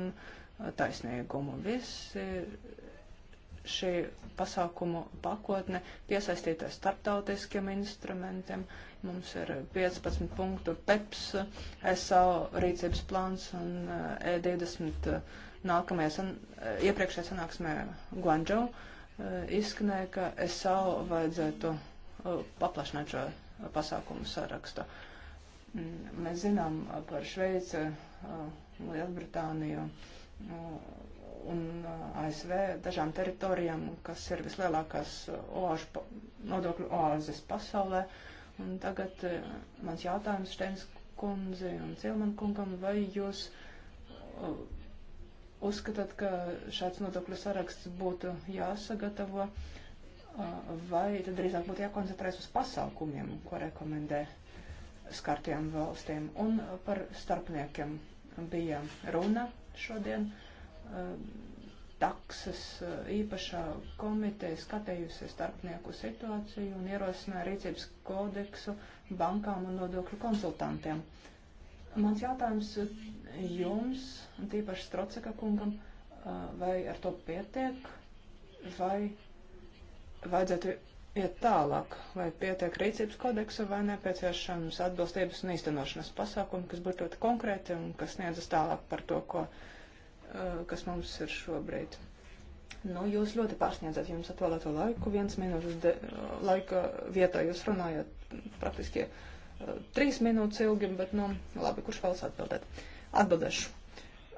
taisnīgumu. Visi šī pasākumu pakotne piesaistīta starptautiskiem instrumentiem. Mums ir 15 punktu PEPS, SAO rīcības plāns un E20 eh, e eh, nākamajā san, eh, iepriekšējā sanāksmē Guangzhou izskanēja, ka SAO vajadzētu paplašināt šo pasākumu sarakstu. Mm, mēs zinām par Šveici, Lielbritāniju, un uh, ASV dažām teritorijām, kas ir vislielākās uh, oāžu, nodokļu oāzes pasaulē. Un tagad uh, mans jautājums Šteins kundzi un Cilman kungam, vai jūs uzskatāt, ka šāds nodokļu saraksts būtu jāsagatavo, vai tad drīzāk būtu jākoncentrēs uz pasaukumiem, ko rekomendē skartajām valstīm, un par starpniekiem bija runa šodien. Uh, Um, taksas uh, īpašā komiteja skatījusi starpnieku situāciju un ierosināja rīcības kodeksu bankām un nodokļu konsultantiem. Mans jautājums jums, un tīpaši Stroceka kungam, uh, vai ar to pietiek, vai vajadzētu iet tālāk, vai pietiek rīcības kodeksu, vai nepieciešams atbilstības un īstenošanas pasākumi, kas būtu ļoti konkrēti un kas sniedzas tālāk par to, ko Eh, kas mums ir šobrīd. Nu, jūs ļoti pārsniedzat jums atvēlēto laiku, viens minūtes de, laika vietā jūs runājat praktiski uh, trīs minūtes ilgi, bet, nu, labi, kurš vēlas atbildēt? Atbildēšu.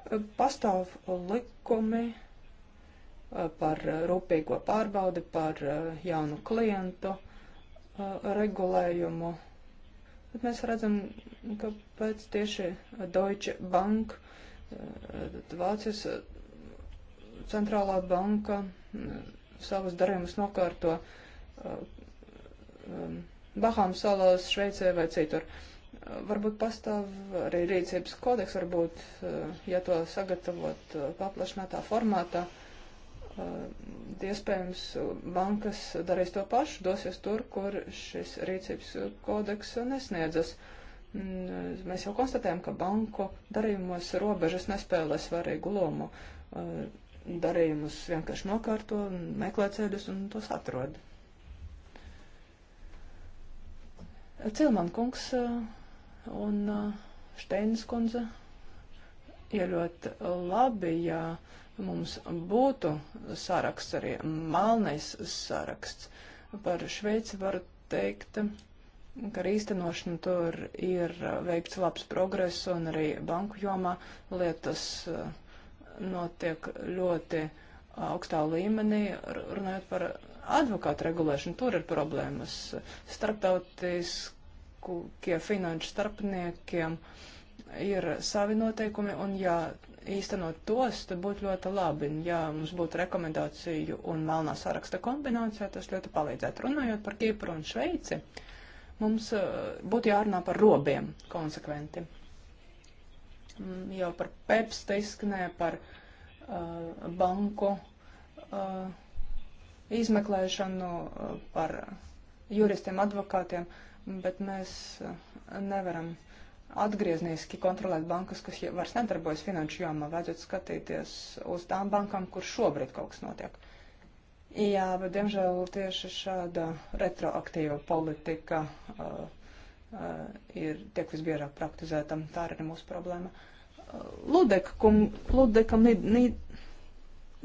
Eh, pastāv likumi par rūpīgo pārbaudi, par jaunu klientu regulējumu, bet mēs redzam, ka pēc tieši Deutsche Bank uh, Vācijas eh, centrālā banka mm, savus darījumus nokārto eh, mm, Bahām salās, Šveicē vai citur. Eh, varbūt pastāv arī rīcības kodeks, varbūt, ja to sagatavot paplašinātā formātā, iespējams, bankas darīs to pašu, dosies tur, kur šis rīcības kodeks nesniedzas. Uh, Mēs jau konstatējam, ka banku darījumos robežas nespēlē svarīgu lomu. Darījumus vienkārši nokārto, meklē ceļus un tos atrod. Cilman kungs un Šteinas kundze ir ļoti labi, ja mums būtu saraksts, arī malnais saraksts. Par Šveici varu teikt, ka ar īstenošanu tur ir uh, veikts labs progress un arī banku jomā lietas uh, notiek ļoti uh, augstā līmenī. Runājot par advokātu regulēšanu, tur ir problēmas starptautiskie finanšu starpniekiem. Ir savi noteikumi, un ja īstenot tos, tad būtu ļoti labi. Ja mums būtu rekomendāciju un melnā saraksta kombinācija, tas ļoti palīdzētu. Runājot par Kipru un Šveici, uh, Mums eh, būtu jārunā par robiem konsekventi. Mm, jau par PEPS te izskanēja, par uh, banku uh, izmeklēšanu, uh, par juristiem, advokātiem, bet mēs uh, nevaram atgriezniski kontrolēt bankas, kas vairs nedarbojas finanšu jomā. Vajadzētu skatīties uz tām bankām, kur šobrīd kaut kas notiek. Uh, Jā, bet diemžēl tieši šāda retroaktīva politika uh, uh, ir tiek visbiežāk praktizēta. Tā arī mūsu problēma. Uh, Ludekam, Ludekam Nid, Nid,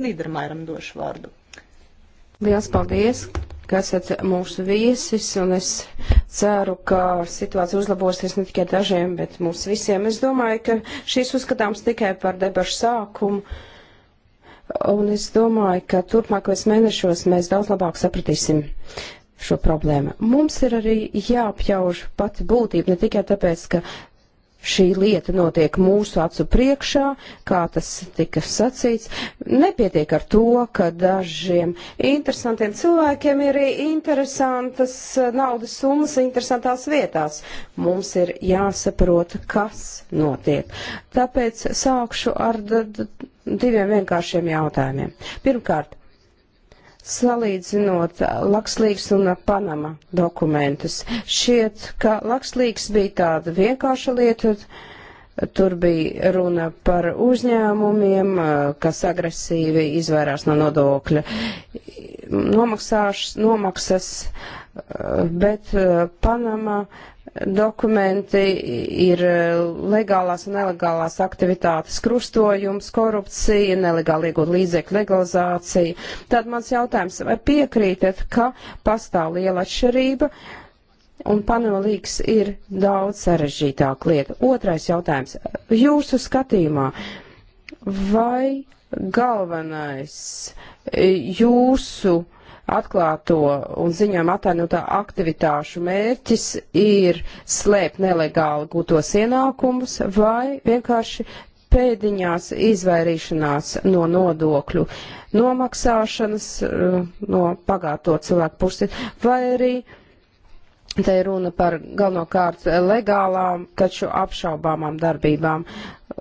Nīdermairam došu vārdu. Liels paldies, ka esat mūsu viesis, un es ceru, ka situācija uzlabosies ne tikai dažiem, bet mums visiem. Es domāju, ka šīs uzskatāms tikai par debašu sākumu. Uh, Un es domāju, ka turpmākajos mēnešos mēs daudz labāk sapratīsim šo problēmu. Mums ir arī jāapjauž pati būtība, ne tikai tāpēc, ka šī lieta notiek mūsu acu priekšā, kā tas tika sacīts. Nepietiek ar to, ka dažiem interesantiem cilvēkiem ir interesantas naudas summas interesantās vietās. Mums ir jāsaprot, kas notiek. Tāpēc sākšu ar diviem vienkāršiem jautājumiem. Pirmkārt, salīdzinot Lakslīgs un Panama dokumentus, šiet, ka Lakslīgs bija tāda vienkārša lieta, tur bija runa par uzņēmumiem, eh, kas agresīvi izvairās no nodokļa nomaksāš, nomaksas, eh, bet eh, Panama dokumenti, ir e, legālās un nelegālās aktivitātes krustojums, korupcija, nelegāli iegūt līdzekļu legalizācija. Tad mans jautājums, vai piekrītat, ka pastāv liela atšķirība un panolīgs ir daudz sarežģītāk lieta? Otrais jautājums. Jūsu skatījumā, vai galvenais e, jūsu atklāto un ziņām atainotā aktivitāšu mērķis ir slēpt nelegāli gūtos ienākumus vai vienkārši pēdiņās izvairīšanās no nodokļu nomaksāšanas eh, no pagāto cilvēku puses, vai arī te ir runa par galvenokārt legālām, taču apšaubāmām darbībām,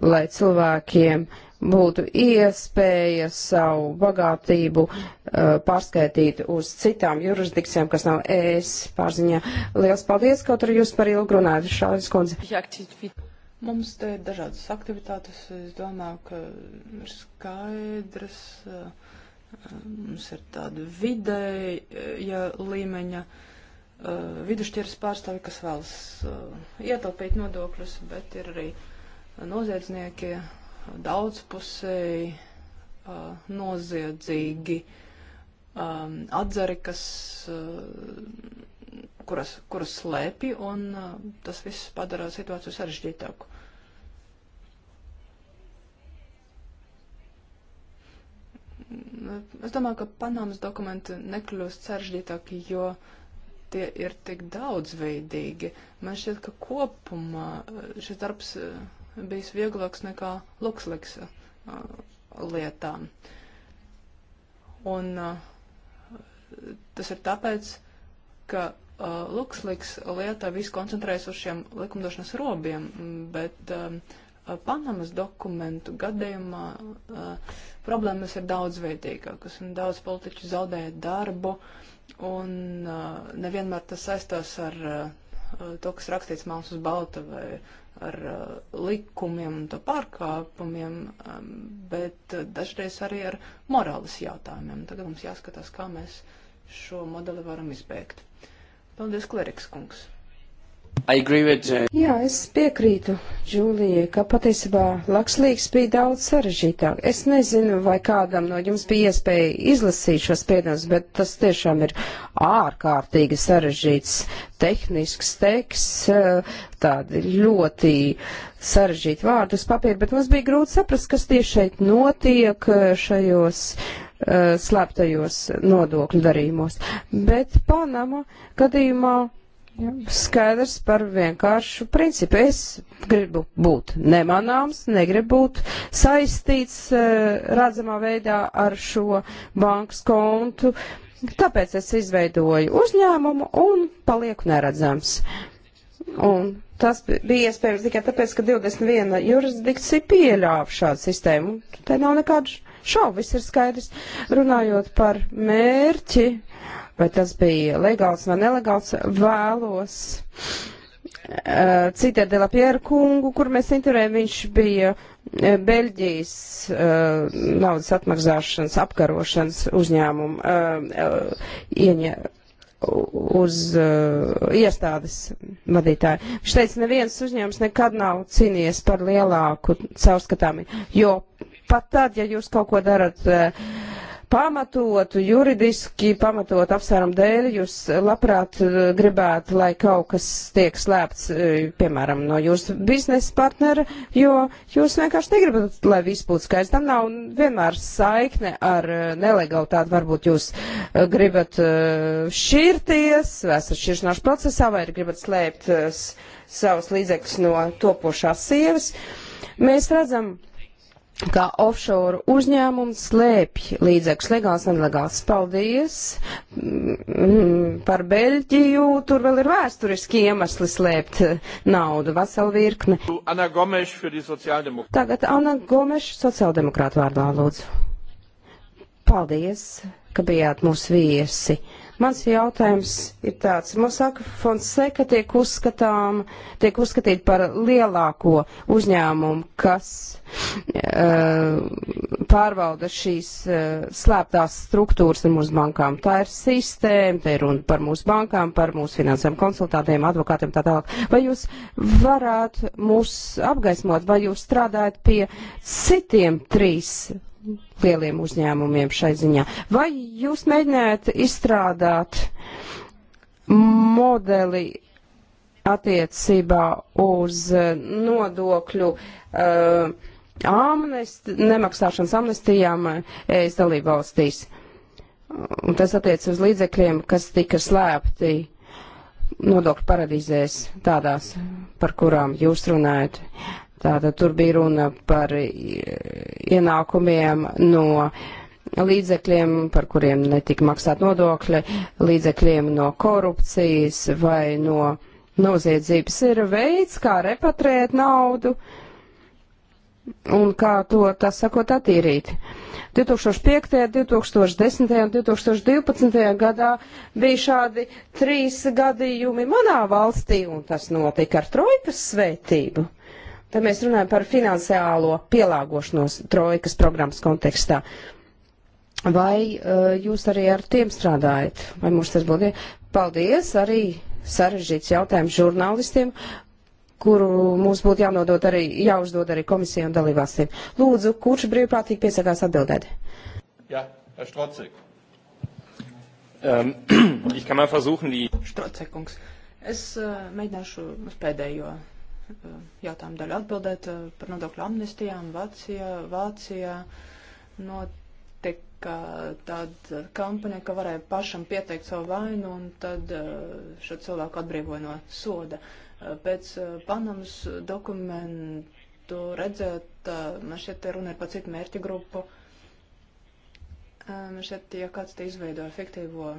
lai cilvēkiem būtu iespēja savu bagātību uh, pārskaitīt uz citām jurisdikcijām, kas nav ES pārziņā. Liels paldies, kaut arī jūs par ilgu runājat, Šāvis kundze. Mums te ir dažādas aktivitātes, es domāju, ka ir skaidrs, uh, mums ir tāda vidēja līmeņa uh, vidusšķiras pārstāvi, kas vēlas uh, ietaupīt nodokļus, bet ir arī noziedznieki, daudzpusēji, uh, noziedzīgi um, atzari, kas, uh, kuras, kuras slēpi, un uh, tas viss padara situāciju sarežģītāku. Es domāju, ka Panamas dokumenti nekļūst sarežģītāki, jo tie ir tik daudzveidīgi. Man šķiet, ka kopumā šis darbs uh, bijis vieglāks nekā Luksliks uh, lietām. Un uh, tas ir tāpēc, ka uh, Luksliks lietā viss koncentrējas uz šiem likumdošanas robiem, bet um, Panamas dokumentu gadījumā uh, problēmas ir daudzveidīgākas un daudz politiķu zaudēja darbu un uh, nevienmēr tas saistās ar uh, to, kas rakstīts mākslas balta vai ar uh, likumiem un to pārkāpumiem, um, bet dažreiz arī ar morāles jautājumiem. Tagad mums jāskatās, kā mēs šo modeli varam izbēgt. Paldies, Kleriks kungs! With... Uh, Jā, es piekrītu Džūlijai, ka patiesībā Lakslīgs bija daudz sarežģītāk. Es nezinu, vai kādam no jums bija iespēja izlasīt šos piedomus, bet tas tiešām ir ārkārtīgi sarežģīts tehnisks teksts, eh, tādi ļoti sarežģīti vārdi uz papīra, bet mums bija grūti saprast, kas tieši šeit notiek eh, šajos eh, slēptajos nodokļu darījumos. Bet Panama gadījumā skaidrs par vienkāršu principu. Es gribu būt nemanāms, negribu būt saistīts eh, redzamā veidā ar šo bankas kontu. Tāpēc es izveidoju uzņēmumu un palieku neredzams. Un tas bija iespējams tikai tāpēc, ka 21 jurisdikcija pieļāva šādu sistēmu. Te nav nekādu šaubu, viss ir skaidrs. Runājot par mērķi, uh, vai tas bija legāls vai nelegāls, vēlos uh, citēt Dela Pieru kungu, kur mēs intervējam, viņš bija eh, Beļģijas uh, naudas atmaksāšanas, apkarošanas uzņēmuma uh, ieņē uz uh, iestādes vadītāju. Viņš teica, neviens uzņēmums nekad nav cīnījies par lielāku caurskatāmību, jo pat tad, ja jūs kaut ko darat uh, pamatotu, juridiski pamatotu apsvērumu dēļ, jūs labprāt eh, gribētu, lai kaut kas tiek slēpts, eh, piemēram, no jūsu biznesa partnera, jo jūs vienkārši negribat, lai viss būtu skaists. Tam nav vienmēr saikne ar eh, nelegalitāti. Varbūt jūs gribat šķirties, vai esat šķiršanās procesā, vai gribat slēpt savus līdzekļus no topošās sievas. Mēs redzam, ka offshore uzņēmums slēpj līdzekļus legāls un nelegāls. Paldies mm, par Beļģiju. Tur vēl ir vēsturiski iemesli slēpt eh, naudu. Vesela virkne. Anna Gomes, Tagad Anna Gomeša sociāldemokrāta vārdā lūdzu. Paldies, ka bijāt mūsu viesi. Mans jautājums ir tāds. Mosaka Fonseka tiek, uzskatām, tiek uzskatīt par lielāko uzņēmumu, kas uh, pārvalda šīs uh, slēptās struktūras ar mūsu bankām. Tā ir sistēma, te ir runa par mūsu bankām, par mūsu finansēm konsultātiem, advokātiem tā tālāk. Vai jūs varētu mūs apgaismot, vai jūs strādājat pie citiem trīs lieliem uzņēmumiem šai ziņā. Vai jūs mēģinājāt izstrādāt modeli attiecībā uz eh, nodokļu uh, eh, amnest, nemaksāšanas amnestijām eh, ES dalību valstīs? Un tas attiec uz līdzekļiem, kas tika slēpti nodokļu paradīzēs tādās, par kurām jūs runājat. Uh, Tātad tur bija runa par ienākumiem no līdzekļiem, par kuriem netika maksāt nodokļi, līdzekļiem no korupcijas vai no noziedzības. Ir veids, kā repatrēt naudu un kā to, tā sakot, attīrīt. 2005., 2010. un 2012. gadā bija šādi trīs gadījumi manā valstī, un tas notika ar trojkas svētību. Uh, Tad mēs runājam par finansiālo pielāgošanos trojkas programmas kontekstā. Vai uh, jūs arī ar tiem strādājat? Vai mums tas būtu? Paldies arī sarežģīts jautājums žurnālistiem, kuru mums būtu jānodot arī, jāuzdod arī komisijām dalībvalstīm. Lūdzu, kurš brīvprātīgi piesakās atbildēt? Jā, ja, Štrocek. Um, ähm, ich kann mal versuchen, die... Štrocekungs. Es uh, mēģināšu uz pēdējo jautājumu daļu atbildēt eh, par nodokļu amnestijām Vācijā. Vācijā notika tāda kampaņa, ka varēja pašam pieteikt savu vainu, un tad eh, šo cilvēku atbrīvoja no soda. Eh, pēc Panamas dokumentu redzēt, man šeit te runa ir par citu mērķi grupu. Man šeit, ja kāds te izveidoja fiktīvo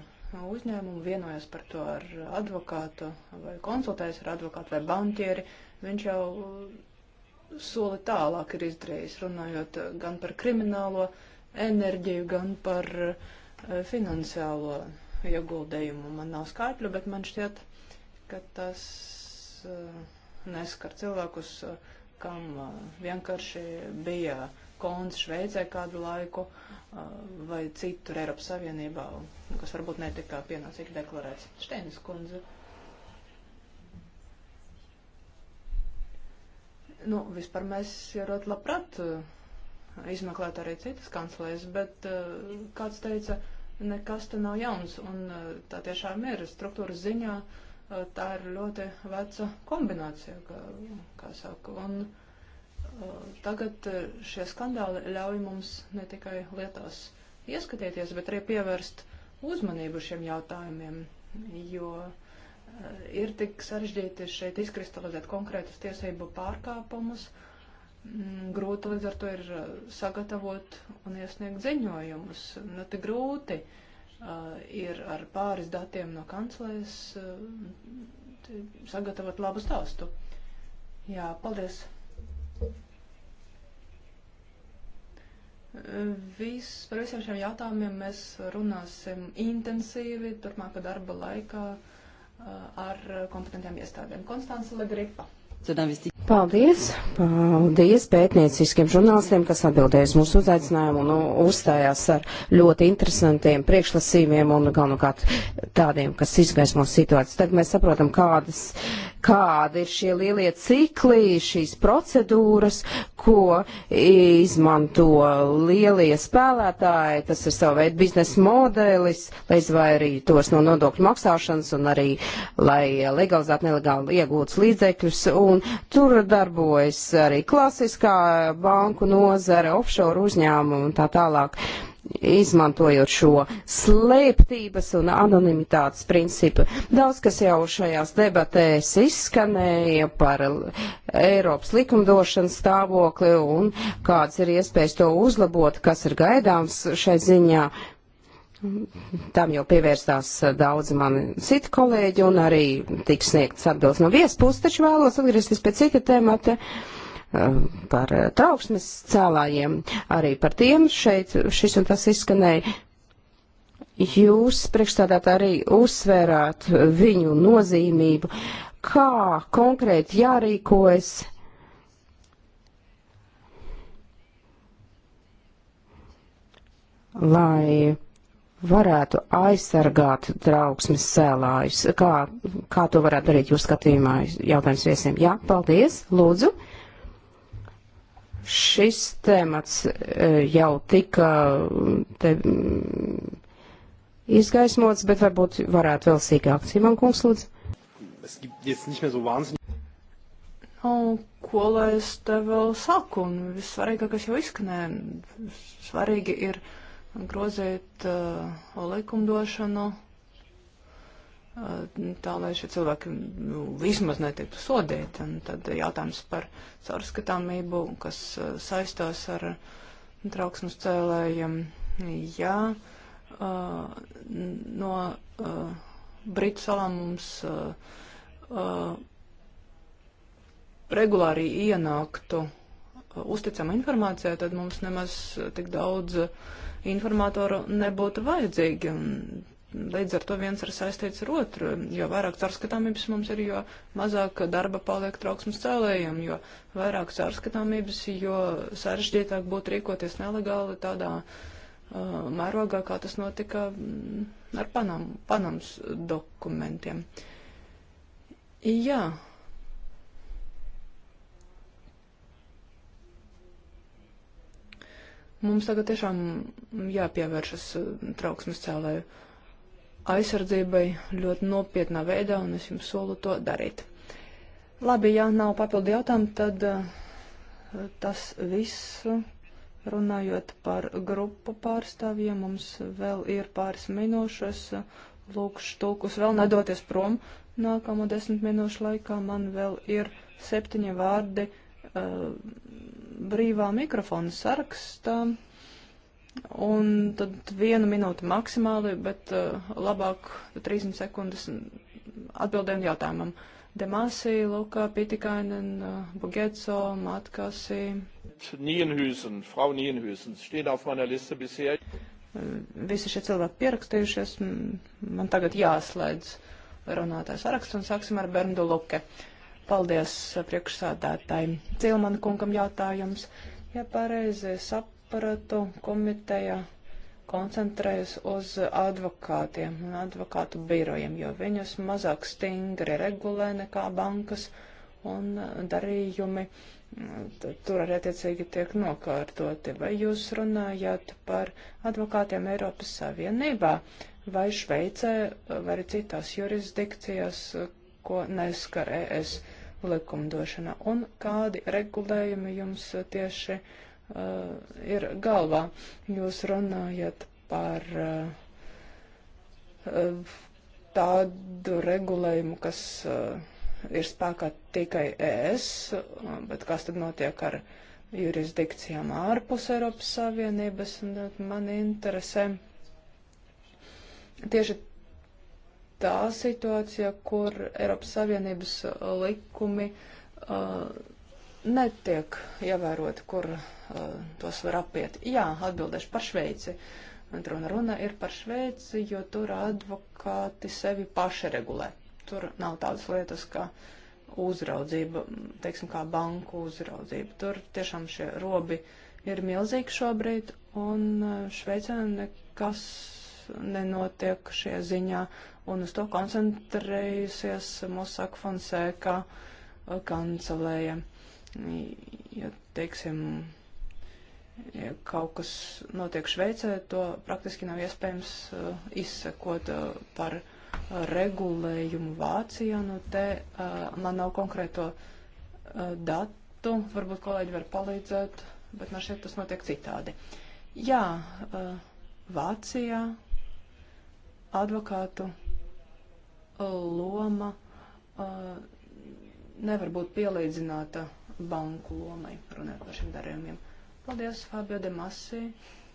uzņēmumu, vienojas par to ar advokātu vai konsultējas ar advokātu vai banķieri, uh, Viņš jau uh, soli tālāk ir izdarījis, runājot uh, gan par kriminālo enerģiju, gan par uh, finansiālo ieguldījumu. Man nav skaitļu, bet man šķiet, ka tas neskar cilvēkus, kam vienkārši bija konts Šveicē kādu laiku vai citur Eiropas Savienībā, kas varbūt netika pienācīgi deklarēts. Šteinis kundze. Nu, vispār mēs ļoti labprāt eh, izmeklētu arī citas kanclēs, bet eh, kāds teica, nekas te nav jauns, un eh, tā tiešām ir struktūras ziņā, tā ir ļoti veca kombinācija, kā, kā saka. Un tagad šie skandāli ļauj mums ne tikai lietās ieskatīties, bet arī pievērst uzmanību šiem jautājumiem, jo uh, ir tik sarežģīti šeit izkristalizēt konkrētus tiesību pārkāpumus. Mm, grūti līdz ar to ir uh, sagatavot un iesniegt ziņojumus. Nu, te grūti uh, ir ar pāris datiem no kanclēs uh, sagatavot labu stāstu. Jā, paldies. Vis, par visiem šiem jautājumiem mēs runāsim intensīvi turpmāka darba laikā. Uh, ar kompetentiem iestādēm. Konstance Legripa. Paldies! Paldies pētnieciskiem žurnālistiem, kas atbildēja uz mūsu uzaicinājumu un nu, uzstājās ar ļoti interesantiem priekšlasījumiem un galvenokārt tādiem, kas izgaismo situācijas. Tagad mēs saprotam, kādas, kādi ir šie lielie cikli, šīs procedūras, ko izmanto lielie spēlētāji. Tas ir savu veidu biznesa modelis, lai izvairītos no nodokļu maksāšanas un arī, lai legalizētu nelegāli iegūtus līdzekļus. Un un tur darbojas arī klasiskā banku nozara, offshore uzņēmuma un tā tālāk. Izmantojot šo slēptības un anonimitātes principu, daudz kas jau šajās debatēs izskanēja par Eiropas likumdošanas stāvokli un kāds ir iespējas to uzlabot, kas ir gaidāms šai ziņā. Uh, Tam jau pievērstās eh, daudzi mani citi kolēģi un arī tiks sniegts atbildes no viespuses, taču vēlos atgriezties pie cita temata eh, par eh, trauksmes cēlājiem. Arī par tiem šeit šis un tas izskanēja. Jūs priekšstādāt arī uzsvērāt viņu nozīmību, kā konkrēti jārīkojas lai varētu aizsargāt trauksmes sēlājus? Kā, kā to varētu darīt jūs skatījumā? Jautājums viesiem. Jā, paldies, lūdzu. Šis temats e, jau tika te mm, izgaismots, bet varbūt varētu vēl sīkāk. Simon Kungs, lūdzu. Nu, ko lai es te vēl saku? Un nu, vissvarīgākais jau izskanēja. Svarīgi ir. Uh, grozīt uh, likumdošanu uh, tā lai šie cilvēki nu, vismaz netiktu sodīti. Un tad jautājums par caurskatāmību, kas uh, saistās ar trauksmes cēlējiem. Jā, uh, no Britu salām mums regulāri ienāktu uzticama informācija, tad mums nemaz tik daudz informatoru nebūtu vajadzīgi. Un līdz ar to viens ir saistīts ar otru. Jo vairāk caurskatāmības mums ir, jo mazāk darba paliek trauksmes cēlējiem, jo vairāk caurskatāmības, jo sarežģītāk būtu rīkoties nelegāli tādā uh, mērogā, kā tas notika mm, ar Panam, Panams dokumentiem. Jā, Mums tagad tiešām jāpievēršas eh, trauksmes cēlēju aizsardzībai ļoti nopietnā veidā, un es jums solu to darīt. Labi, ja nav papildu jautājumu, tad eh, tas viss runājot par grupu pārstāvjiem. Mums vēl ir pāris minūšas, lūkšu tulkus vēl nedoties prom. Nākamo desmit minūšu laikā man vēl ir septiņi vārdi uh, brīvā mikrofona sarakstā. Uh, Un tad vienu minūti maksimāli, bet uh, labāk 30 sekundes atbildēm jautājumam. Demasi, Luka, Pitikainen, uh, Bugetso, Matkasi. Nienhüsen, Frau Nienhüsen, steht auf meiner Liste bisher. Uh, visi šie cilvēki pierakstījušies, man tagad jāslēdz runātājs saraksts un sāksim ar Berndu Luke. Paldies uh, priekšsādātājiem. Cilmanu kungam jautājums. Ja pareizi saprotu sapratu, komiteja koncentrējas uz advokātiem un advokātu birojiem, jo viņus mazāk stingri regulē nekā bankas un darījumi tur arī attiecīgi tiek nokārtoti. Vai jūs runājat par advokātiem Eiropas Savienībā vai Šveicē vai arī citās jurisdikcijās, ko neskar ES likumdošana? Un kādi regulējumi jums tieši uh, uh, ir galvā. Jūs runājat par uh, uh, tādu regulējumu, kas uh, ir spēkā tikai ES, uh, bet kas tad notiek ar jurisdikcijām ārpus Eiropas Savienības, un man interesē tieši tā situācija, kur Eiropas Savienības likumi uh, netiek ievēroti, kur uh, tos var apiet. Jā, atbildēšu par Šveici. Runa, runa ir par Šveici, jo tur advokāti sevi paši regulē. Tur nav tādas lietas, kā uzraudzība, teiksim, kā banku uzraudzība. Tur tiešām šie robi ir milzīgi šobrīd, un eh, Šveicē nekas nenotiek šie ziņā, un uz to koncentrējusies Mosaka Fonsēka kancelēja. Uh, Ja, teiksim, ja kaut kas notiek Šveicē, to praktiski nav iespējams uh, izsekot uh, par uh, regulējumu Vācijā. Nu, te uh, man nav konkrēto uh, datu, varbūt kolēģi var palīdzēt, bet man šeit tas notiek citādi. Jā, uh, Vācijā advokātu uh, loma uh, nevar būt pielīdzināta uh, banku lomai, runājot par šiem darījumiem. Paldies, Fabio de Masi.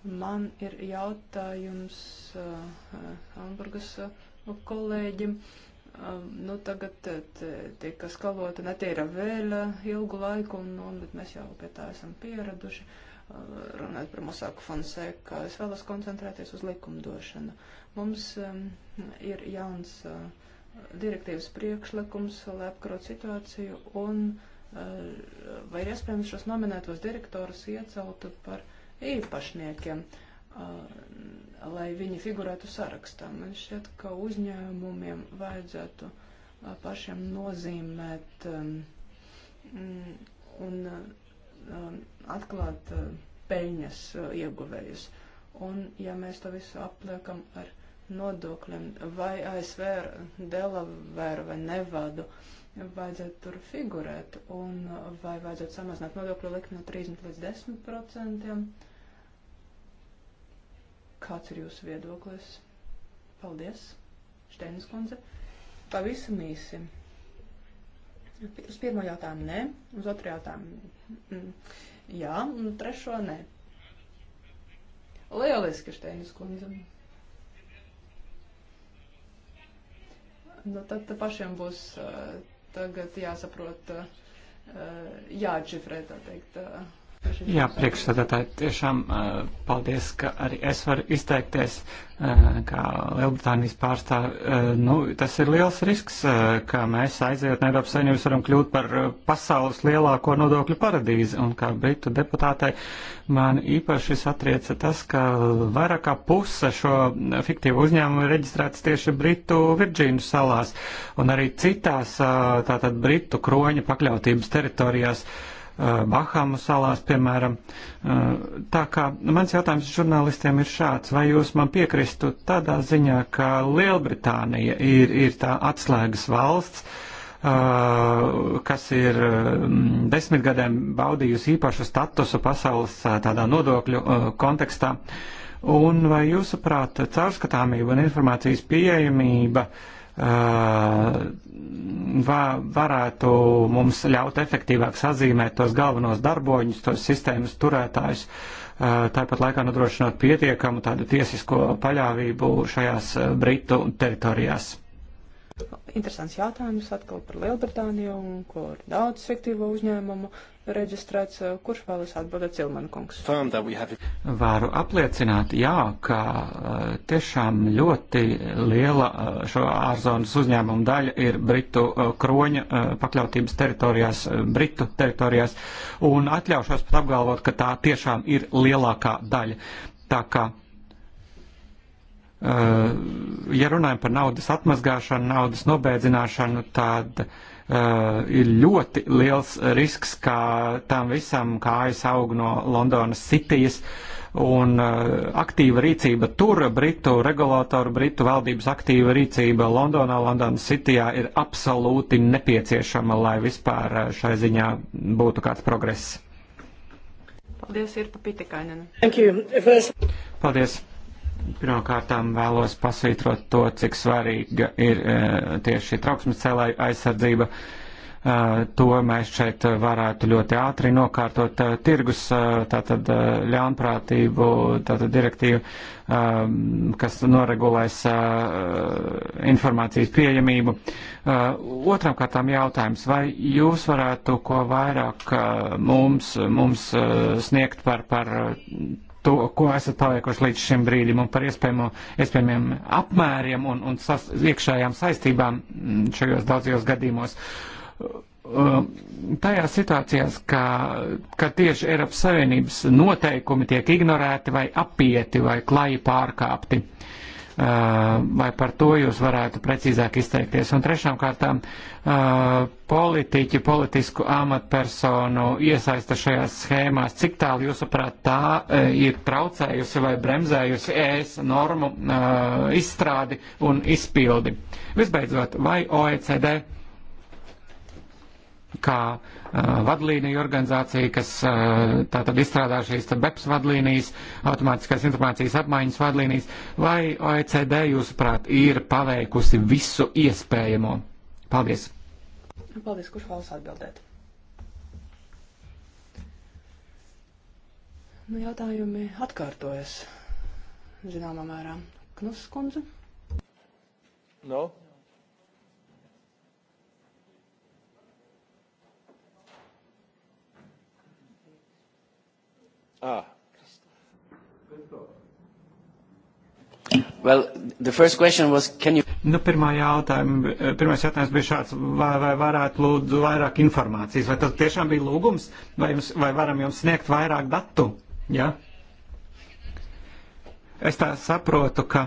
Man ir jautājums uh, Hamburgas uh, eh, kolēģim. Uh, eh, nu, tagad tika skalota netīra vēļa ilgu laiku, un, un, bet mēs jau pie tā esam pieraduši. Uh, runājot par Mosāku Fonseku, es vēlos koncentrēties uz likumdošanu. Mums um, ir jauns uh, direktīvas priekšlikums, lai apkarot situāciju, un uh, vai ir iespējams šos nominētos direktorus iecelt par īpašniekiem, lai viņi figurētu sarakstā. Man šķiet, ka uzņēmumiem vajadzētu pašiem nozīmēt un atklāt peļņas ieguvējus. Un ja mēs to visu apliekam ar nodokļiem vai ASV, Delaware vai Nevadu, uh, vajadzētu tur figurēt un uh, vai vajadzētu samazināt nodokļu likmi no 30 līdz 10 procentiem. Kāds ir jūsu viedoklis? Paldies, Šteinas kundze. Pavisam īsi. Uz pirmo jautājumu nē, uz otru jautājumu jā, un trešo nē. Lieliski, Šteinas kundze. Nu, tad pašiem būs uh, tagad jāsaprot, eh, eh, jāatšifrē, tā teikt, eh, Jā, priekšstādātāji, tiešām eh, paldies, ka arī es varu izteikties eh, kā Lielbritānijas pārstāvi. Eh, nu, tas ir liels risks, ka mēs aizējot no Eiropas Savienības varam kļūt par pasaules lielāko nodokļu paradīzi. Un kā Britu deputātai man īpaši satrieca tas, ka vairāk kā puse šo fiktīvu uzņēmumu ir reģistrēts tieši Britu Virģīnu salās un arī citās tātad Britu kroņa pakļautības teritorijās. Uh, Uh, Bahāmu salās, piemēram. Uh, tā kā mans jautājums žurnālistiem ir šāds, vai jūs man piekristu tādā ziņā, ka Lielbritānija ir, ir tā atslēgas valsts, uh, kas ir um, desmit gadiem baudījusi īpašu statusu pasaules tādā nodokļu kontekstā. Un vai jūsuprāt, caurskatāmība un informācijas pieejamība uh, va, varētu mums ļaut efektīvāk sazīmēt tos galvenos darboņus, tos sistēmas turētājus, tāpat laikā nodrošināt pietiekamu tādu tiesisko paļāvību šajās Britu teritorijās. Interesants jautājums atkal par Lielbritāniju, kur daudz fiktīvo uzņēmumu, reģistrēts. Eh, kurš vēlas atbildēt Cilmanu kungs? Varu apliecināt, jā, ka eh, tiešām ļoti liela eh, šo ārzonas uzņēmumu daļa ir Britu kroņa pakļautības teritorijās, Britu teritorijās, un atļaušos pat apgalvot, ka tā tiešām ir lielākā daļa. Tā kā ja runājam par naudas atmazgāšanu, naudas nobēdzināšanu, tad uh, Uh, ir ļoti liels risks, ka tam visam kājas aug no Londonas sitijas, un uh, aktīva rīcība tur, Britu regulātoru, Britu valdības aktīva rīcība Londonā, Londonas sitijā ir absolūti nepieciešama, lai vispār eh, šai ziņā būtu kāds progress. Paldies, Irpa Pitikainen. Paldies. Pirmkārtām vēlos pasvītrot to, cik svarīga ir e, tieši šī trauksmes cēlāja aizsardzība. E, to mēs šeit varētu ļoti ātri nokārtot. E, tirgus, tātad ļaunprātību, tātad direktīvu, kas noregulēs informācijas pieejamību. Otram kārtām jautājums, vai jūs varētu ko vairāk mums, mums sniegt par, par to, ko esat paliekuši līdz šim brīdim un par iespējamiem apmēriem un, un sas, iekšējām saistībām šajos daudzajos gadījumos. Uh, Tajās situācijās, ka, ka tieši Eiropas Savienības noteikumi tiek ignorēti vai apieti vai klaji pārkāpti. Uh, Uh, vai par to jūs varētu precīzāk izteikties. Un trešām kārtām uh, politiķi, politisku amatpersonu iesaista šajās schēmās. Cik tālu jūsuprāt tā uh, ir traucējusi vai bremzējusi ES normu izstrādi un izpildi? Visbeidzot, vai OECD kā uh, vadlīniju organizācija, kas tātad izstrādā šīs BEPS vadlīnijas, automātiskās informācijas apmaiņas vadlīnijas, vai OECD, jūsuprāt, ir paveikusi visu iespējamo? Paldies! Paldies, kurš vēlas atbildēt? Nu, jautājumi atkārtojas, zināmā mērā. Knusas kundze? No. Ah. Well, the first question was, can you... Nu, pirmā jautājuma, pirmais jautājums bija šāds, vai, vai varētu lūdzu vairāk informācijas, vai tas tiešām bija lūgums, vai, jums, vai varam jums sniegt vairāk datu, ja? Es tā saprotu, ka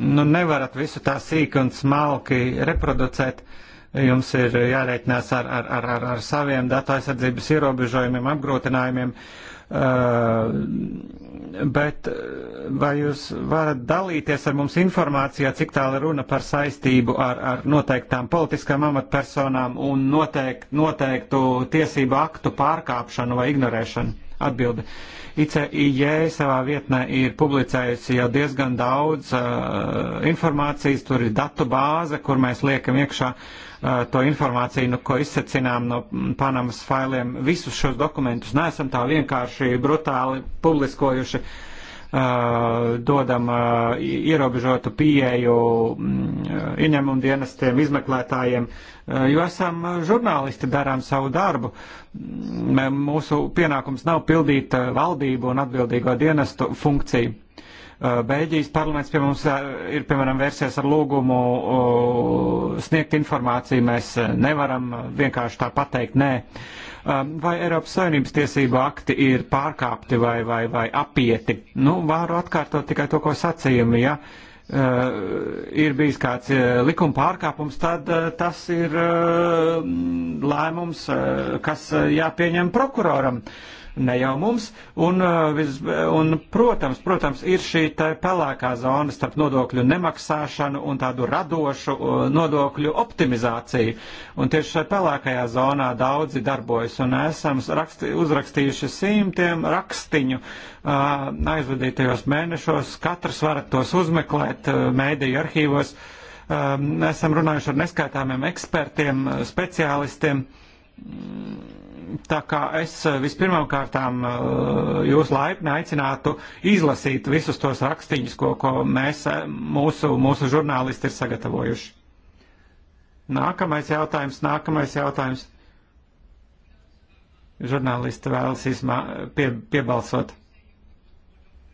nu, nevarat visu tā sīki un smalki reproducēt. Uh, jums ir jārēķinās ar, ar, ar, ar, ar saviem datu aizsardzības ierobežojumiem, apgrūtinājumiem. Uh, bet uh, vai jūs varat dalīties ar mums informācijā, cik tālu runa par saistību ar, ar noteiktām politiskām amatpersonām un noteikt, noteiktu tiesību aktu pārkāpšanu vai ignorēšanu? Atbilde. ICIJ savā vietnē ir publicējusi jau diezgan daudz uh, informācijas, tur ir datu bāze, kur mēs liekam iekšā uh, to informāciju, nu, ko izsacinām no Panamas failiem. Visus šos dokumentus neesam tā vienkārši brutāli publiskojuši. Uh, dodam uh, ierobežotu pieeju ieņemumu dienestiem, izmeklētājiem, uh, jo esam žurnālisti, darām savu darbu. Mūsu pienākums nav pildīt valdību un atbildīgo dienestu funkciju. Uh, Eh, Beļģijas parlaments pie mums eh, ir, piemēram, vērsies ar lūgumu eh, sniegt informāciju. Mēs nevaram vienkārši tā pateikt nē. Vai Eiropas Savienības tiesība akti ir pārkāpti vai, vai, vai apieti? Nu, varu atkārtot tikai to, ko sacījumi. Ja? uh, ir bijis kāds uh, likuma pārkāpums, tad uh, tas ir uh, lēmums, uh, kas uh, jāpieņem prokuroram. Uh, ne jau mums. Un, uh, un, protams, protams, ir šī pelēkā zona starp nodokļu nemaksāšanu un tādu radošu uh, nodokļu optimizāciju. Un tieši šajā pelēkajā zonā daudzi darbojas un esam raksti, uzrakstījuši simtiem rakstiņu uh, aizvadītajos mēnešos. Katrs varat tos uzmeklēt mēdīju arhīvos. Um, esam runājuši ar neskaitāmiem ekspertiem, speciālistiem mm. Tā kā es eh, vispirmām kārtām eh, jūs laipni aicinātu izlasīt visus tos rakstiņus, ko, ko mēs, eh, mūsu, mūsu žurnālisti ir sagatavojuši. Nākamais jautājums, nākamais jautājums. Žurnālisti vēlas izmā, pie, piebalsot.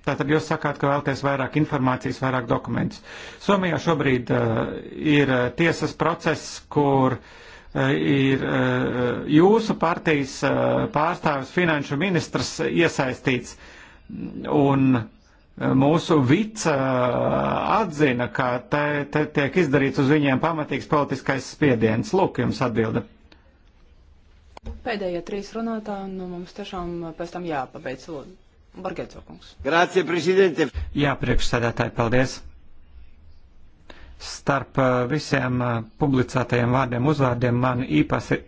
Tātad jūs sakāt, ka vēlaties vairāk informācijas, vairāk dokumentus. Somijā šobrīd uh, ir tiesas process, kur uh, ir eh, jūsu partijas eh, pārstāvis finanšu ministrs iesaistīts. Un eh, mūsu vica atzina, ka te, te tiek izdarīts uz viņiem pamatīgs politiskais spiediens. Lūk, jums atbilde. Pēdējie trīs runātāji, nu mums tiešām pēc tam jāpabeidz. Bargetsokungs. Grācie, prezidente. Jā, priekšsēdētāji, paldies starp eh, visiem eh, publicētajiem vārdiem, uzvārdiem man īpaši eh,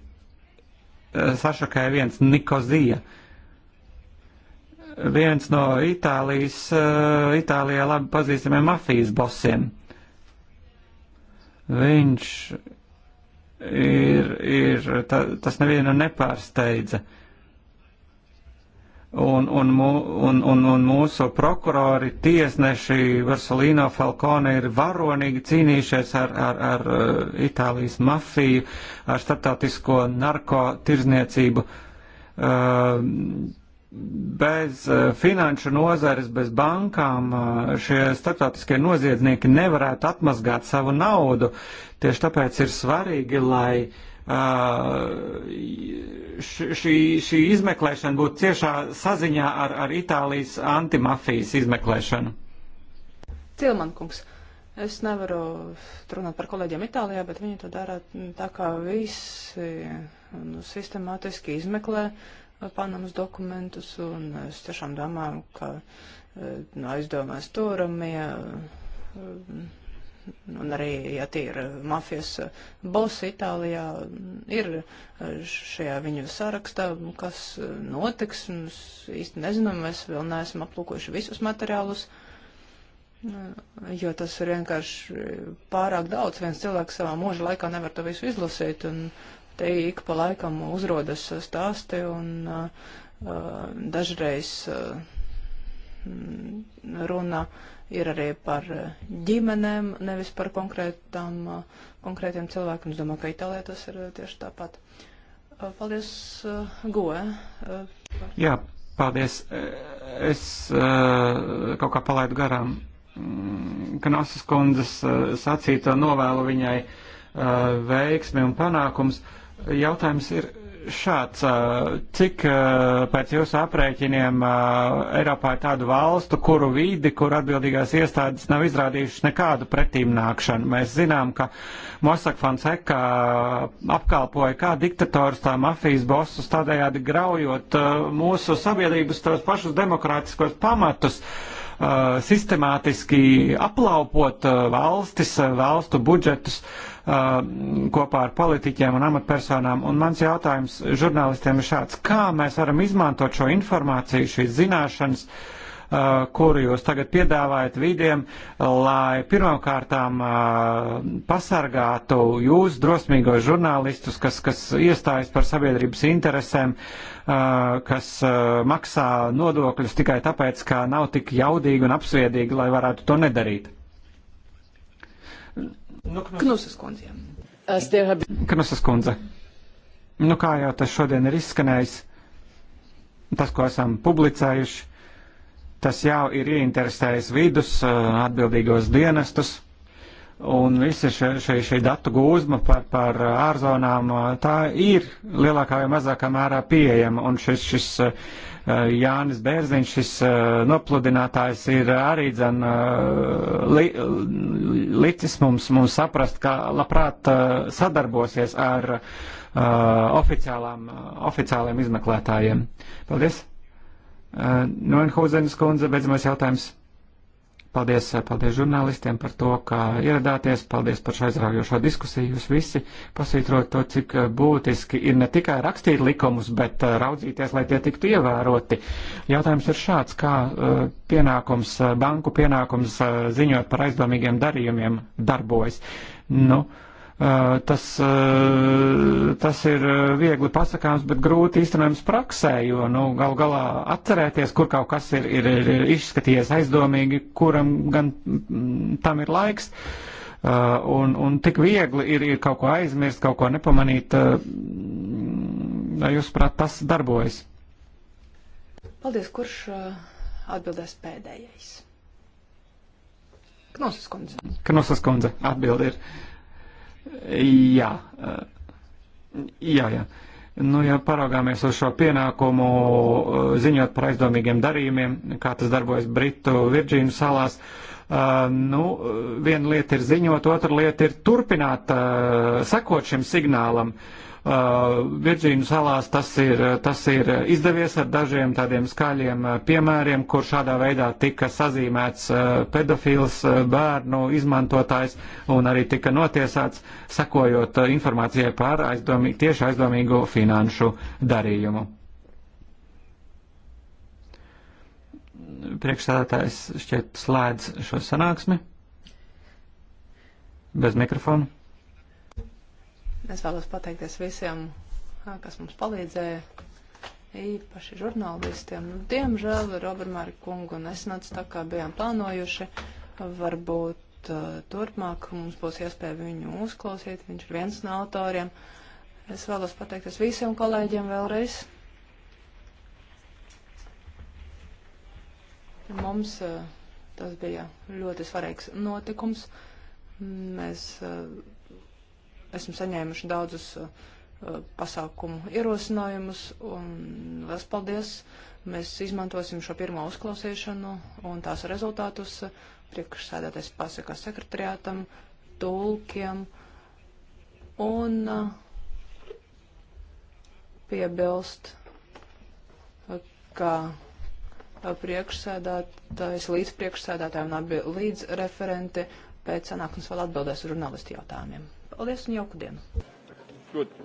sašakāja viens Nikozija. Viens no Itālijas, Itālijā labi pazīstamiem mafijas bosiem. Viņš ir, ir ta, tas nevienu nepārsteidza. Uh, un, un, un, un, un mūsu prokurori, tiesneši Versalīno Falkone ir varonīgi cīnījušies ar, ar, ar eh, Itālijas mafiju, ar startautisko narkotirzniecību. Eh, bez eh, finanšu nozares, bez bankām šie starptautiskie noziedznieki nevarētu atmazgāt savu naudu. Tieši tāpēc ir svarīgi, lai uh, Uh, šī, šī izmeklēšana būtu ciešā saziņā ar, ar Itālijas antimafijas izmeklēšanu? Cilmankungs. Es nevaru runāt par kolēģiem Itālijā, bet viņi to dara tā kā visi nu, sistemātiski izmeklē uh, Panamas dokumentus, un es tiešām domāju, ka uh, nu, aizdomās turamie. Ja, Un arī, ja tie ir mafijas bosi Itālijā, ir e, šajā viņu sarakstā, kas e, notiks. Mēs īsti nezinām, mēs vēl neesam aplūkojuši visus materiālus, e, jo tas ir vienkārši pārāk daudz. Viens cilvēks savā mūža laikā nevar to visu izlasīt, un te ik pa laikam uzrodas stāsti, un uh, dažreiz. Uh, Mm, runa ir arī par eh, ģimenēm, nevis par konkrētām, eh, konkrētiem cilvēkiem. Es domāju, ka Itālijā tas ir eh, tieši tāpat. Paldies, Goe. Jā, paldies. Es kaut kā palaidu garām mm, Kanasas kundzes sacīto novēlu viņai veiksmi un panākums. Jautājums ir šāds, cik pēc jūsu aprēķiniem Eiropā ir tādu valstu, kuru vīdi, kur atbildīgās iestādes nav izrādījušas nekādu pretīmnākšanu. Mēs zinām, ka Mosak Fonseka apkalpoja kā diktators tā mafijas bosus, tādējādi graujot mūsu sabiedrības tos pašus demokrātiskos pamatus. Uh, sistemātiski aplaupot valstis, valstu budžetus kopā ar politiķiem un amatpersonām. Un mans jautājums žurnālistiem ir šāds. Kā mēs varam izmantot šo informāciju, šīs zināšanas, kuru jūs tagad piedāvājat vidiem, lai pirmkārtām pasargātu jūs, drosmīgos žurnālistus, kas, kas iestājas par sabiedrības interesēm, uh, kas maksā nodokļus tikai tāpēc, ka nav tik jaudīgi un apsviedīgi, lai varētu to nedarīt. Nu, Knusas kundze. Knusas kundze. Nu, kā jau tas šodien ir izskanējis, tas, ko esam publicējuši, tas jau ir ieinteresējis vidus, atbildīgos dienestus un visa šī datu gūzma par, par ārzonām, tā ir lielākā vai mazākā mērā pieejama. Un šis, šis Jānis Bērziņš, šis nopludinātājs, ir arī dzen, li, licis mums, mums saprast, ka labprāt sadarbosies ar uh, oficiālām, oficiāliem izmeklētājiem. Paldies! Uh, Noenhausenes kundze, beidzamais jautājums. Paldies, eh, paldies žurnālistiem par to, ka ieradāties, paldies par šo aizraujošo diskusiju. Jūs visi pasvītrot to, cik eh, būtiski ir ne tikai rakstīt likumus, bet eh, raudzīties, lai tie tiktu ievēroti. Jautājums ir šāds, kā pienākums, banku pienākums ziņot par aizdomīgiem darījumiem darbojas. Nu, uh, Tas, tas ir viegli pasakāms, bet grūti īstenojams praksē, jo nu, gal galā atcerēties, kur kaut kas ir, ir, ir izskatījies aizdomīgi, kuram gan mm, tam ir laiks. Un, un tik viegli ir, ir kaut ko aizmirst, kaut ko nepamanīt. Mm, jūs prāt, tas darbojas. Paldies, kurš atbildēs pēdējais? Knosas kundze. Knosas kundze, atbildi ir. Uh, Jā, eh, jā, jā. Nu, ja paraugāmies uz šo pienākumu eh, ziņot par aizdomīgiem darījumiem, kā tas darbojas Britu Virģīnu salās, Uh, nu, viena lieta ir ziņot, otra lieta ir turpināt uh, sekot šim signālam. Uh, Uh, Virģīnu salās tas ir, uh, tas ir izdevies ar dažiem tādiem skaļiem uh, piemēriem, kur šādā veidā tika sazīmēts pedofils, bērnu izmantotājs un arī tika notiesāts, sakojot informācijai par aizdomīgu, tieši aizdomīgu finanšu darījumu. priekšsēdētājs šķiet slēdz šo sanāksmi bez mikrofona. Es vēlos pateikties visiem, kas mums palīdzēja, īpaši žurnālistiem. Nu, diemžēl Robermāri kungu nesanāca tā, kā bijām plānojuši. Varbūt uh, turpmāk mums būs iespēja viņu uzklausīt. Viņš ir viens no autoriem. Es vēlos pateikties visiem kolēģiem vēlreiz. Mums uh, tas bija ļoti svarīgs notikums. Mēs uh, Esmu saņēmuši daudzus uh, uh, pasākumu ierosinājumus, un liels paldies! Mēs izmantosim šo pirmo uzklausīšanu un tās rezultātus priekšsēdētais pasakā sekretariātam, tulkiem un uh, piebilst, ka priekšsēdētājs līdz priekšsēdētājiem un abi līdz referenti pēc sanāksmes vēl atbildēs uz žurnālistu jautājumiem. Paldies un jauku dienu! Good.